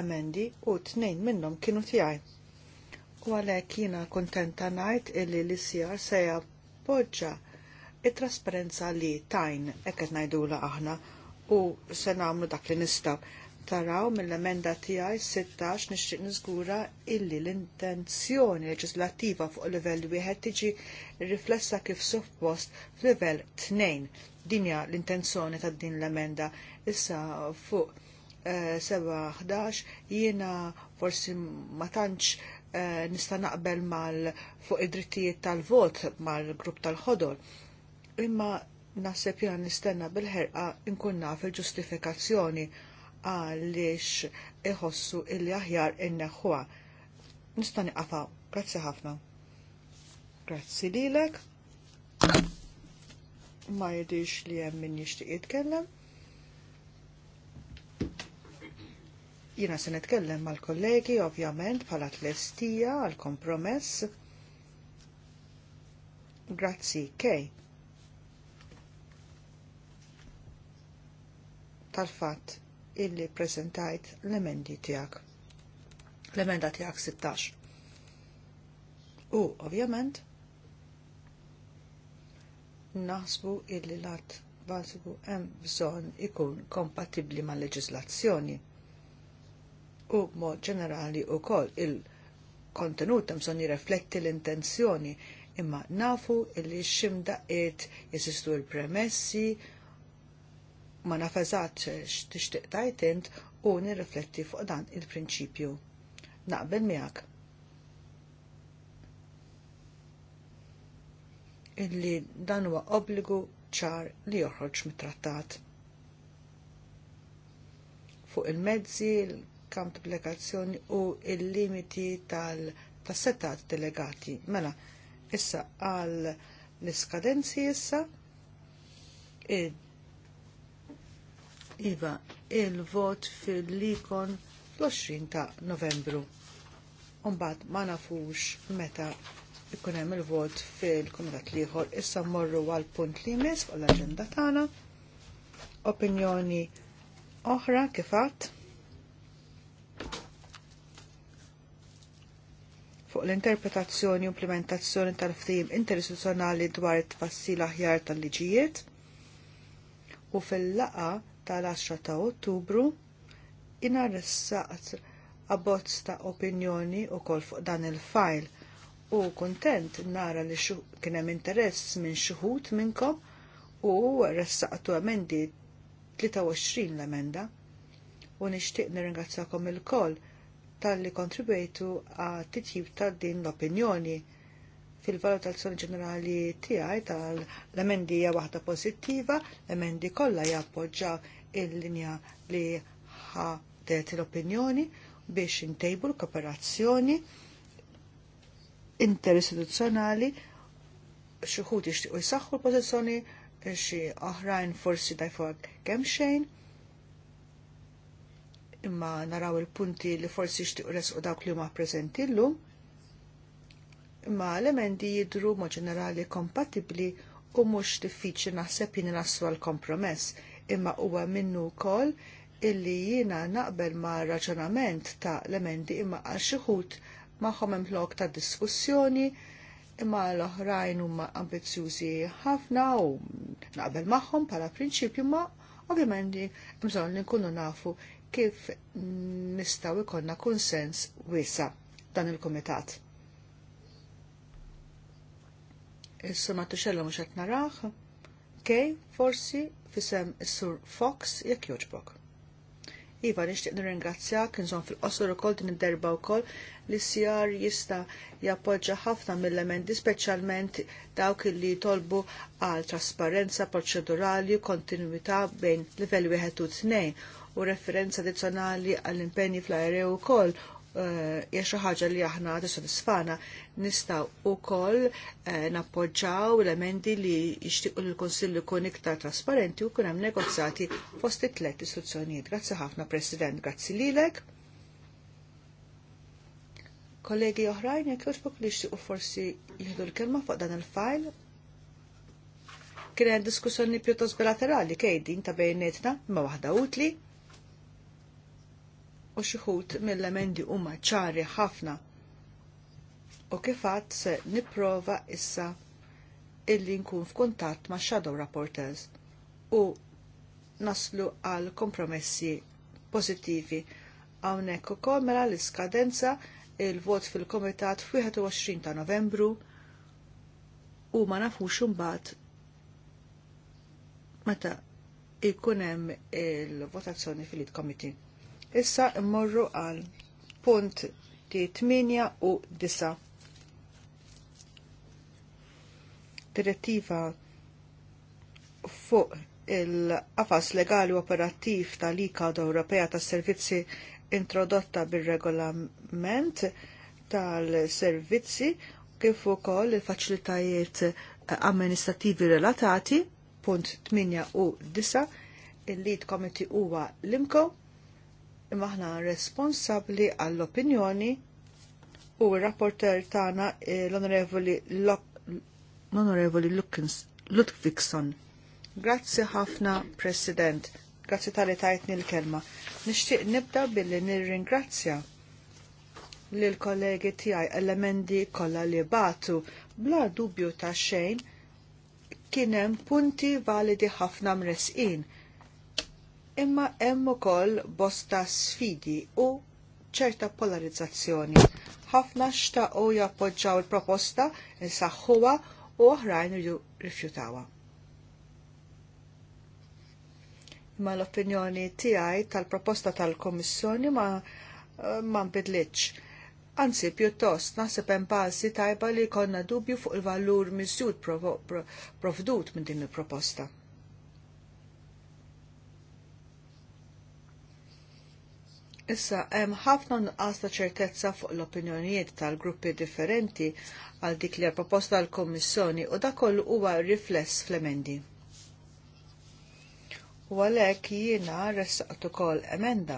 emendi u tnejn minnhom kienu tiegħi. U għalhekk jiena kontenta ngħid illi l icr se poġġa it-trasparenza li tajn hekk qed la aħna u se nagħmlu dak li nistaw taraw mill-emenda tiegħi 16 nixtieq niżgura illi l-intenzjoni leġislattiva fuq livell wieħed tiġi riflessa kif suppost f'livell tnejn. Din hija l-intenzjoni ta' din l-emenda issa fuq 7-11 eh, jiena forsi ma tantx eh, nista' naqbel mal fuq id-drittijiet tal-vot mal-grupp tal-ħodol. Imma naħseb jiena nistenna bil-ħerqa nkun naf il-ġustifikazzjoni għalix iħossu illi aħjar inneħħuha. Nista' għafa. Grazzi ħafna. Grazzi lilek. Ma jidix li hemm min jixtieq jitkellem. Jina se nitkellem mal-kollegi ovvjament bħala tlestija għal kompromess. Grazzi, Kej. Tal-fatt illi prezentajt l-emendi tijak. L-emenda tijak 16. U, ovvjament, naħsbu illi lat bażiku hemm bżonn ikun kompatibbli mal leġislazzjoni U mod ġenerali wkoll il-kontenut hemm bżonn jirrefletti l-intenzjoni imma nafu illi ximdaqiet jesistu l-premessi, il ma nafazat x'tixtieq tajt int u nirrifletti fuq dan il-prinċipju. Naqbel miegħek. Illi dan huwa obbligu ċar li joħroġ mit-trattat. Fuq il-mezzi, il-kamp applikazzjoni u il-limiti tal-setat delegati. Mela, issa għal l-iskadenzi issa, Iva, il-vot fil-likon l-20 ta' novembru. Umbat ma nafux meta ikun hemm il-vot fil-kumitat liħor issa morru għal punt li jmiss fuq l-aġenda tagħna. Opinjoni oħra kifat. fuq l-interpretazzjoni u implementazzjoni tal ftim interistituzzjonali dwar it-tfassil aħjar tal-liġijiet u fil-laqa tal-10 ta' Ottubru inarressaqt abbozz ta' opinjoni u kol fuq dan il-fajl u kontent nara li kien hemm interess minn xuħut minnkom u ressaqtu emendi 23 l-emenda u nixtieq nirringazzakom il kol tal-li kontribwejtu għat titjib ta' din l-opinjoni fil-valutazzjoni ġenerali tiegħi tal-emendi hija waħda pożittiva, l-emendi kollha jappoġġaw il-linja li ħadet l-opinjoni biex intejbu l-kooperazzjoni interistituzzjonali xi ħud jixtiequ jsaħħu l-pożizzjoni xi oħrajn forsi dajfok kemm xejn imma naraw il-punti li forsi jixtiequ resqu dawk li huma preżenti llum ma l-emendi jidru ma ġenerali kompatibli u mhux diffiċli naħseb jien naslu għal kompromess, imma huwa minnu wkoll illi jiena naqbel ma raġunament ta' elementi imma għal xi xiħut magħhom hemm lok ta' diskussjoni imma l-oħrajn huma ambizzjużi ħafna u naqbel magħhom bħala prinċipju ma ovvjament bżonn li nkunu nafu kif nistaw ikollna konsens wiesa' dan il-kumitat. Is-sur Mattuxello mhux qed naraħ. Kej, forsi fisem is-sur Fox jekk joġbok. Iva, nixtieq nirringrazzjak inżomm fil-qosor ukoll din id-derba wkoll li s s-sijar jista' jappoġġa ħafna mill-elementi speċjalment dawk li jtolbu għal trasparenza proċedurali u kontinuità bejn livell wieħed u tnejn u referenza addizzjonali għall impenni fl-aereo wkoll Eh, hija xi ħaġa li aħna tissodisfana u koll eh, nappoġġaw l-emendi li jixtiequ l konsillu jkun iktar trasparenti u kun hemm negozjati fost it-tlet istituzzjonijiet. Grazzi ħafna President, grazzi lilek. Kollegi oħrajn jekk jogħġbok li jixtiequ forsi jieħdu l-kelma fuq dan il-fajl. Kien hemm diskussjoni pjuttost bilaterali kejdi ta' bejnietna ma' waħda utli u xiħut mill-emendi huma ċari ħafna. U kifat se niprova issa illi nkun f'kuntatt ma' Shadow Rapporters u naslu għal kompromessi pozittivi. Hawnhekk ukoll mela l-iskadenza il-vot fil-Komitat f'21 ta' Novembru u ma nafux imbagħad meta jkun hemm il-votazzjoni fil-Committee. Issa immorru għal punt t 8 u 9. Direttiva fuq il-qafas legali u operattiv tal-IKAD Ewropea tas servizzi introdotta bil-regolament tal-servizzi kif ukoll il-faċilitajiet amministrativi relatati, punt 8 u 9, il-lead committee huwa l imma aħna responsabbli għall-opinjoni u r-rapporter tagħna eh, l-Onorevoli l-Onorevoli Lutvikson. Grazzi ħafna, President. Grazzi tal-li tajtni l-kelma. Nixtieq nibda billi nirringrazzja lil kollegi tiegħi elementi kollha li batu bla dubju ta' xejn kien hemm punti validi ħafna mresqin imma hemm ukoll bosta sfidi u ċerta polarizzazzjoni. Ħafna xtaqgħu jappoġġaw il-proposta, insaħħuha u oħrajn rifjutawha. Imma l-opinjoni tiegħi tal-proposta tal-Kommissjoni ma ma nbidlitx. Anzi, pjuttost, naħseb hemm bażi tajba li jkollna dubju fuq il-valur miżjud provdut minn din il-proposta. Issa, hemm ħafna nqas ta' ċertezza fuq l-opinjonijiet tal-gruppi differenti għal dik li proposta l kommissjoni u dak kollu huwa rifless fl-emendi. U għalhekk jiena ressaqt ukoll emenda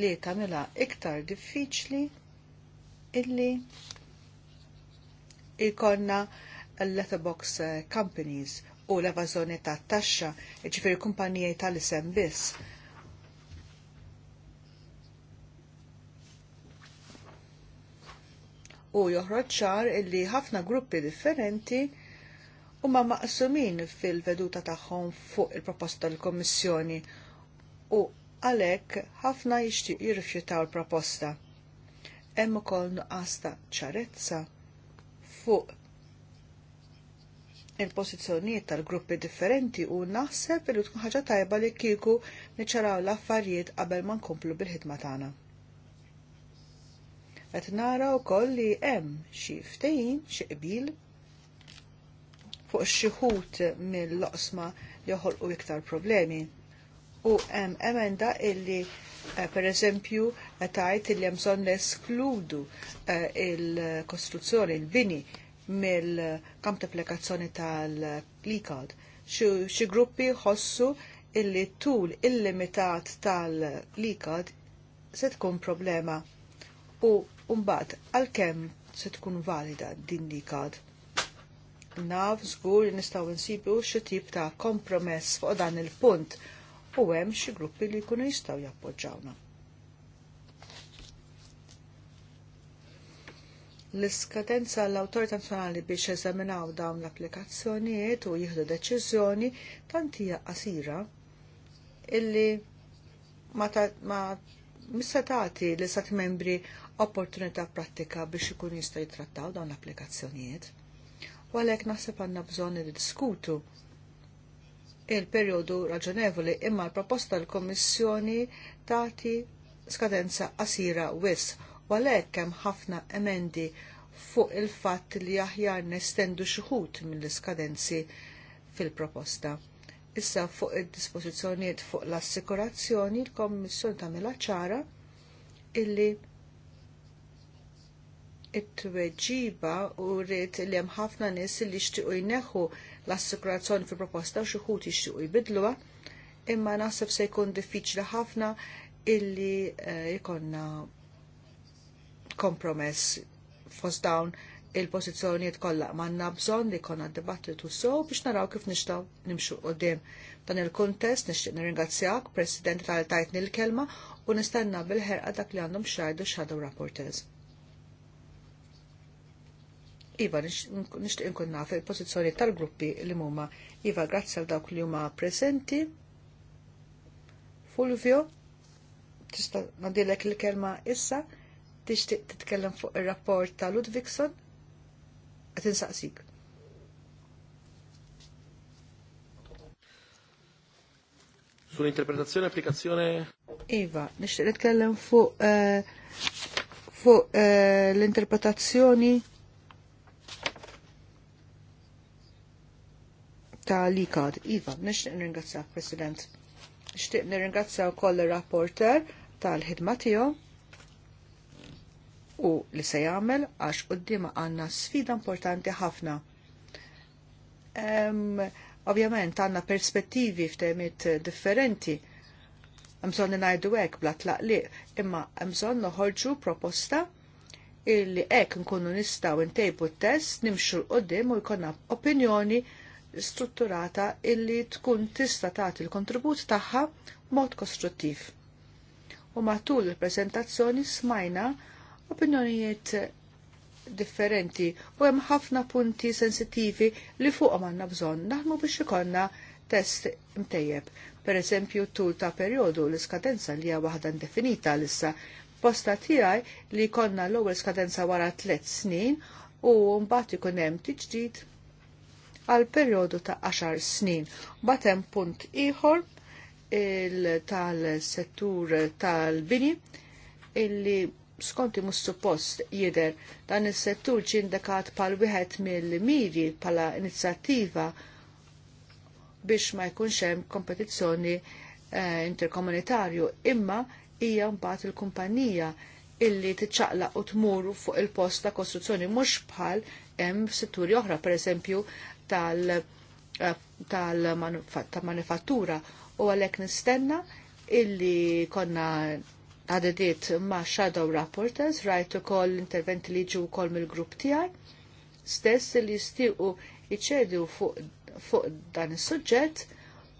li tagħmilha iktar diffiċli illi ikonna letterbox eh, companies u l-evażjoni tat-taxxa, ġifieri kumpaniji tal-isem biss u joħroġ ċar illi ħafna gruppi differenti huma maqsumin fil-veduta tagħhom fuq il-proposta tal-Kommissjoni u għalhekk ħafna jixtieq jirrifjutaw il-proposta. Hemm ukoll nuqasta ta' ċarezza fuq il-pożizzjonijiet tal-gruppi differenti u naħseb il tkun ħaġa tajba li kieku niċaraw l-affarijiet qabel ma nkomplu bil-ħidma tagħna qed nara wkoll li hemm xi ftehim xi qbil fuq xi ħut mill-loqsma li joħolqu iktar problemi. U hemm emenda illi eh, per eżempju tajt li hemm bżonn neskludu eh, il-kostruzzjoni, il-bini mill-kamp applikazzjoni tal-Licard. Xi gruppi ħossu illi tul illimitat tal-Licard se tkun problema. U Umbat, għal-kem se tkun valida din li kad? Naf, zgur, nistaw nsibu xie tip ta' kompromess fuq dan il-punt u hemm xi gruppi li jkunu jistgħu jappoġġawna. L-iskadenza l-Awtorità Nazzjonali biex eżaminaw dawn l-applikazzjonijiet u jieħdu deċiżjoni tant hija qasira illi ma mista tagħti li sat membri opportunità pratika biex ikun jista' jitrattaw dawn l-applikazzjonijiet. U għalhekk naħseb għandna bżonn diskutu il-perjodu raġonevoli imma l-proposta l-Kommissjoni tagħti skadenza qasira wis u għalhekk hemm ħafna emendi fuq il-fatt li aħjar nestendu xi ħud mill-iskadenzi fil-proposta. Issa fuq id-dispożizzjonijiet fuq l-assikurazzjoni l-Kommissjoni tagħmilha ċara illi it-tweġiba u rrit li hemm ħafna nies li jixtiequ jneħħu l-assikurazzjoni fil proposta u xi ħut jixtiequ jbidluha, imma naħseb se jkun diffiċli ħafna illi eh, jkollna kompromess fost dawn il pożizzjonijiet kollha għandna bżonn li jkollna dibattitu sew biex naraw kif nixtaw nimxu qudiem. Dan il-kuntest nixtieq nirringrazzjak, President tal tajtni l-kelma u nistenna bil-ħerqa dak li għandhom xajdu shadow rapporters. Iva, nishtiq nkun naf il-pozizjoni tal-gruppi li huma Iva, grazzi għal dawk li huma presenti. Fulvio, tista' nadilek il-kelma issa, tixtieq titkellem fuq ir-rapport ta' Ludvigson? Qed insaqsik. Sull-interpretazzjoni e applikazzjoni Iva, nixtieq nitkellem fuq eh, fuq eh, l-interpretazzjoni ta' likad. Iva, nishtiq nirringrazzja, President. Nishtiq nirringrazzja u koll rapporter tal-ħidma tiegħu u li se jagħmel għax qudiema għandna sfida importanti ħafna. Ovvjament għandna perspettivi f'temiet differenti. Mżon li ngħidu hekk bla tlaqliq imma mżon noħorġu proposta illi hekk nkunu nistaw ntejbu t-test, nimxu l-qoddim u jkollna opinjoni strutturata illi tkun tista' tagħti l-kontribut tagħha mod kostruttiv. U matul il-preżentazzjoni smajna opinjonijiet differenti u hemm ħafna punti sensittivi li fuqhom għandna bżonn naħdmu biex ikollna test mtejjeb. Per eżempju, tul ta' perjodu l-iskadenza li hija waħda indefinita lissa posta tiegħi li konna l-ewwel skadenza wara tliet snin u mbagħad ikun hemm tiġdid għal perjodu ta' 10 snin. Batem punt ieħor tal-settur tal-bini illi skonti mus suppost jider dan is-settur ġi pal wieħed mill-miri pala inizjattiva biex ma jkunx hemm kompetizzjoni eh, interkomunitarju imma hija mbagħad il-kumpanija illi tiċċaqlaq u tmur fuq il-post ta' kostruzzjoni mhux bħal hemm f'setturi oħra, pereżempju tal-manifattura eh, u għalek nistenna illi konna għadediet ma' shadow rapporters, rajt u koll interventi li ġu koll mill-grupp tijaj, stess li jistiqu iċedu fuq, fuq dan is suġġett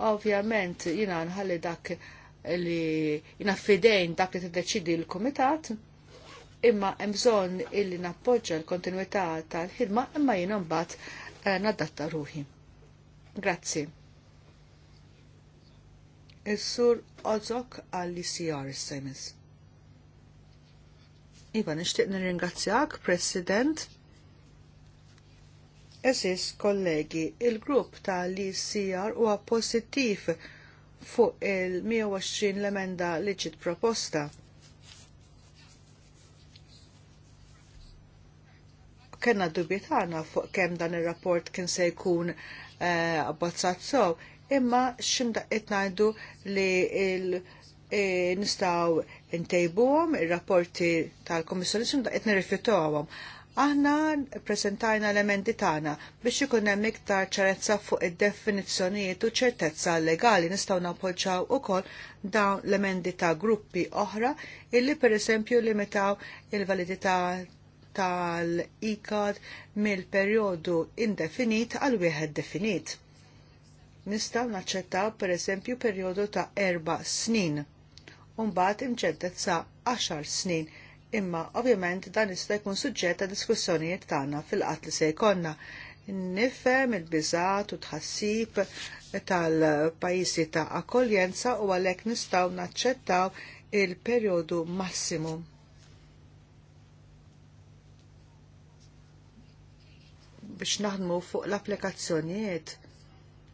ovvjament jina nħalli dak li jina fidejn dak li t-deċidi l-komitat, imma mbżon illi nappoġġa l-kontinuità tal-ħidma imma jina mbagħad Eh, nadatta ruħi. Grazzi. Is-sur Ozok għall-ICR Semis. Iva, nishtiq nirringrazzjak, President. Eżis, kollegi, il-grupp tal-ICR huwa pozittiv fuq il-120 l-emenda li proposta kena dubji tagħna fuq kemm dan ir-rapport kien se jkun eh, abbazzat sow, imma x'imda qed ngħidu li il eh, nistaw intejbuhom ir-rapporti tal-Komissjoni x'imda qed għom. Aħna presentajna elementi tagħna biex ikun hemm iktar ċarezza fuq id-definizzjonijiet u ċertezza legali nistgħu nappoġġjaw ukoll dawn l-emendi ta' gruppi oħra illi pereżempju limitaw il-validità tal ikad mill-perjodu indefinit għal wieħed definit. Nistgħu naċċettaw pereżempju perjodu ta' erba snin u mbagħad sa' 10 snin imma ovvjament dan jista' jkun suġġett ta' diskussjonijiet tagħna fil-qatt li se jkollna. Nifhem il-biżat u tħassib tal-pajjiżi ta' akkoljenza u għalhekk nistgħu naċċettaw il-perjodu massimu biex naħdmu fuq l-applikazzjonijiet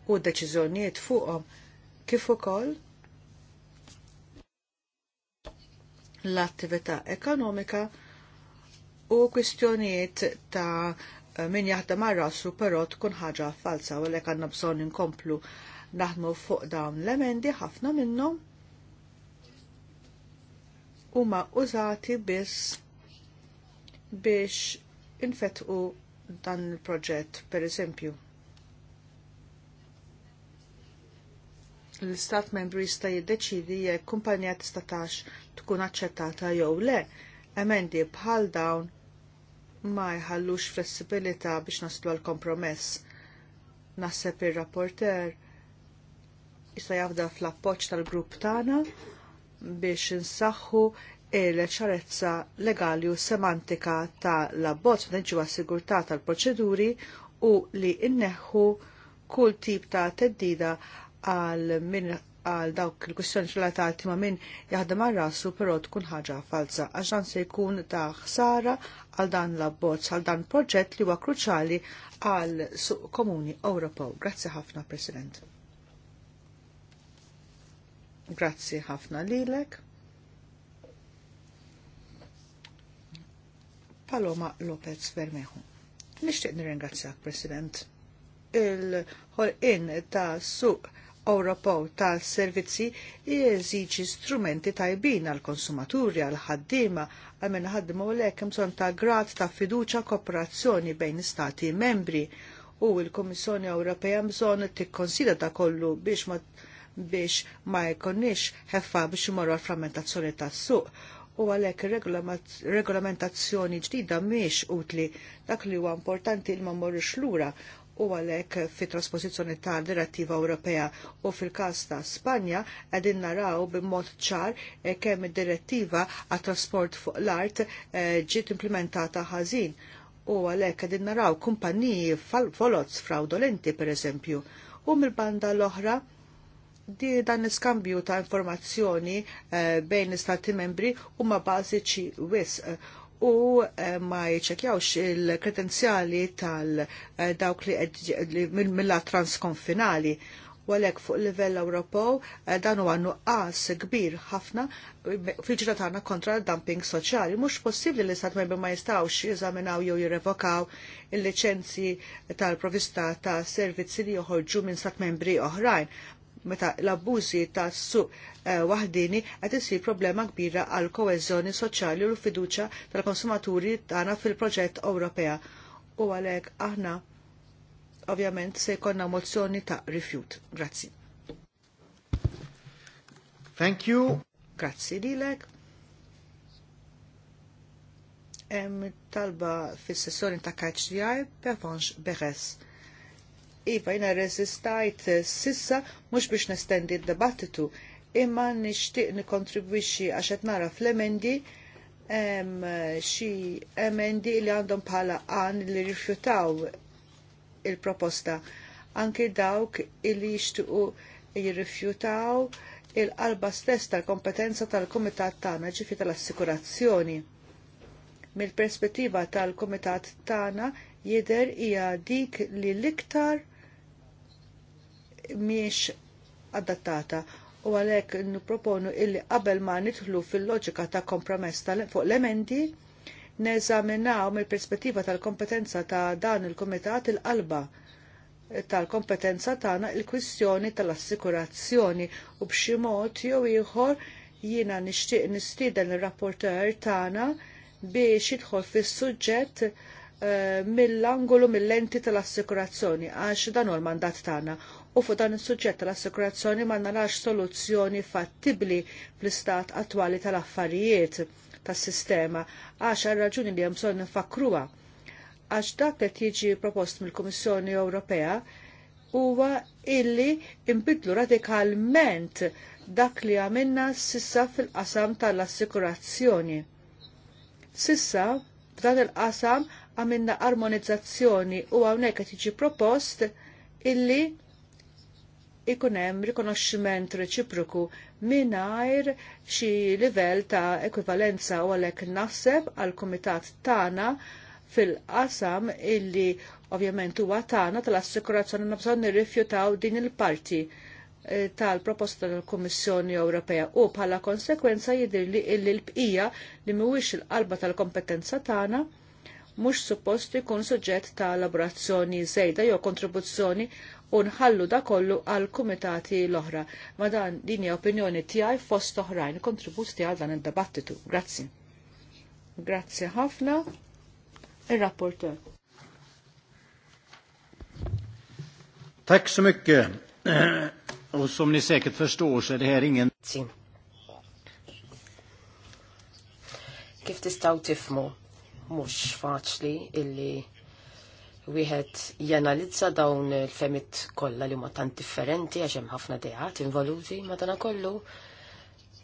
u d-deċiżjonijiet fuqhom kif ukoll l-attività ekonomika u kwistjonijiet ta' min jaħdem ma' rasu però tkun ħaġa falsa u lek għandna bżonn inkomplu naħdmu fuq dawn l-emendi ħafna minnhom huma użati biss biex infetqu dan il-proġett, per eżempju. L-istat membru jista' jiddeċidi jekk kumpanija tista' tax tkun aċċettata jew le. Emendi bħal dawn ma jħallux flessibilità biex naslu għal kompromess. Naħseb ir-rapporter jista' jafda fl-appoġġ tal-grupp tagħna biex insaħħu il-ċarezza legali u semantika ta' l-abbozz f'neġġu sigurtà tal-proċeduri u li inneħħu kull tip ta' teddida għal min għal dawk il-kwistjoni relatati ma' min jaħdem għal rasu però tkun ħaġa falsa għaxan dan se jkun ta' ħsara għal dan l-abbozz għal dan proġett li huwa kruċali għal suq komuni Ewropew. Grazzi ħafna, President. Grazzi ħafna lilek. Paloma Lopez Bermejo. Nishtiq nirringrazzjak, President. Il-ħolqin ta' suq Ewropew tal servizzi jeżiġi strumenti tajbin għal konsumaturi għal ħaddiema għal minn ħaddimu l bżonn ta' grad ta' fiduċa kooperazzjoni bejn stati membri u l komissjoni Ewropea bżonn tikkonsidra ta' kollu biex ma biex ma jkonniex ħeffa biex imorru għal frammentazzjoni tas-suq u għalhekk regolamentazzjoni ġdida miex utli dak li huwa importanti li ma mmorrux lura u għalhekk fit trasposizzjoni ta' direttiva Ewropea u fil-każ ta' Spanja qegħdin naraw b'mod ċar eh, kemm id-direttiva għat trasport fuq l-art eh, ġiet implementata ħażin u għalhekk qegħdin naraw kumpaniji folozz fraudolenti pereżempju u mill-banda l-oħra di dan iskambju ta' informazzjoni eh, bejn l-istati membri huma bażiċi wis u eh, ma jċekjawx il-kredenzjali tal-dawk eh, li mill-la transkonfinali għalek fuq livell Ewropew dan huwa nuqqas kbir ħafna fil-ġra tagħna kontra l-dumping soċjali. Mhux possibbli li stat membri ma jistgħux jeżaminaw jew jirrevokaw il-liċenzji tal-provista ta' servizzi li joħorġu minn stat membri oħrajn meta l-abbużi tas suq uh, waħdini qed isir problema kbira għal koeżjoni soċjali u l-fiduċja tal-konsumaturi tagħna fil-proġett Ewropea. U għalhekk aħna ovvjament se jkollna mozzjoni ta' rifjut. Grazzi. Thank you. Grazzi lilek. Hemm talba fis-sessjoni ta' KHDI Pervanche Beres. Iva, jina resistajt sissa mhux biex nestendi d-debattitu, imma nixtieq nikontribwixi għax qed nara fl-emendi xi emendi li għandhom bħala għan li rifjutaw il-proposta. Anki dawk li jishtiqu jirrifjutaw il-qalba stess tal-kompetenza tal kumitat tagħna ġifi tal-assikurazzjoni. Mill-perspettiva tal kumitat tagħna jidher hija dik li liktar iktar miex adattata u għalek n-proponu illi qabel ma nidħlu fil-loġika ta' kompromess fuq l-emendi neżaminaw mill-perspettiva tal-kompetenza ta' dan il-Komitat il-qalba tal-kompetenza tagħna il-kwistjoni tal-assikurazzjoni u b'xi mod jew ieħor jiena nixtieq nistieden ir-rapporteur tagħna biex jidħol fis-suġġett eh, mill-angolu mill-lenti tal-assikurazzjoni għax dan huwa l-mandat tagħna u fuq dan is-suġġett tal-assikurazzjoni ma narax soluzzjoni fattibbli fl-istat attwali tal-affarijiet tas-sistema għax għal raġuni li hemm bżonn nifakkruha. għax dak li jiġi propost mill-Kummissjoni Ewropea huwa illi imbidlu radikalment dak li għamilna sissa fil-qasam tal-assikurazzjoni. Sissa, f'dan il-qasam għamilna armonizzazzjoni u għawnek qed jiġi propost illi ikun hemm rikonoxximent reċiproku mingħajr xi livell ta' ekwivalenza u għalhekk naħseb għal kumitat tagħna fil-qasam illi ovvjament huwa tagħna tal-assikurazzjoni na bżonn nirrifjutaw din il-parti eh, tal-proposta tal-Kummissjoni Ewropea u bħala konsekwenza jidhirli illi l-bqija li mhuwiex il-qalba tal-kompetenza tagħna mhux suppost ikun suġġett ta' elaborazzjoni żejda jew kontribuzzjoni u nħallu da kollu għal kumitati l-oħra. Ma dan dini opinjoni tiegħi fost oħrajn kontribut għal dan id debattitu Grazzi. Grazzi ħafna. il rapporter Tack så mycket. Och som ni säkert förstår så är det här ingen... Kif tistaw tifmu, mux faċli illi wieħed janalizza dawn il-femit kollha li huma tant differenti għax hemm ħafna dejat involuti madanakollu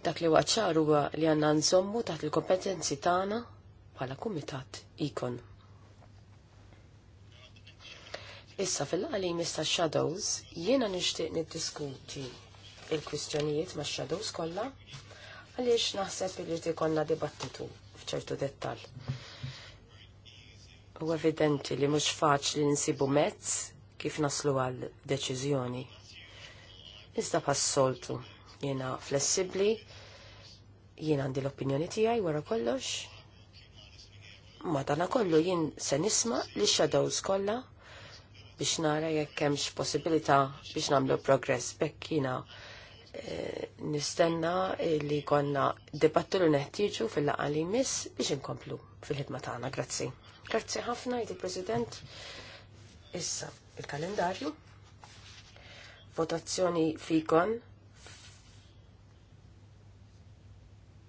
dak li waċċar huwa li għandna nżommu taħt il-kompetenzi tagħna bħala kumitat ikon. Issa fil-qalim issa shadows jiena nixtieq niddiskuti il-kwistjonijiet ma' shadows kollha għaliex naħseb li tikonna dibattitu f'ċertu dettall. U evidenti li mhux faċli nsibu mezz kif naslu għal deċiżjoni. Iżda pas-soltu jiena flessibbli, jiena għandi l-opinjoni tiegħi wara kollox. dana kollu jien se nisma' li shadows kollha biex nara jekk hemmx possibilità biex nagħmlu progress bekk jiena e, nistenna li konna dibattu li neħtieġu fil-laqgħa li jmiss biex inkomplu fil-ħidma tagħna. Grazzi. Grazzi ħafna, jdi President. Issa, il-kalendarju. Votazzjoni fikon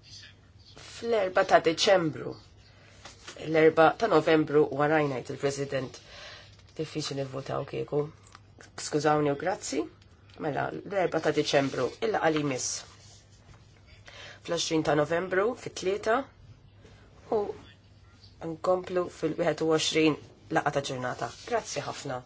fl erba ta' Deċembru. l erba ta' Novembru warajnajt il-President. Diffiċli votaw kieku. Skużawni u grazzi. Mela, l erba ta' Deċembru, illa għalimis. Fl-20 ta' Novembru, fit tlieta u nkomplu fil-21 laqa ta' ġurnata. Grazzi ħafna.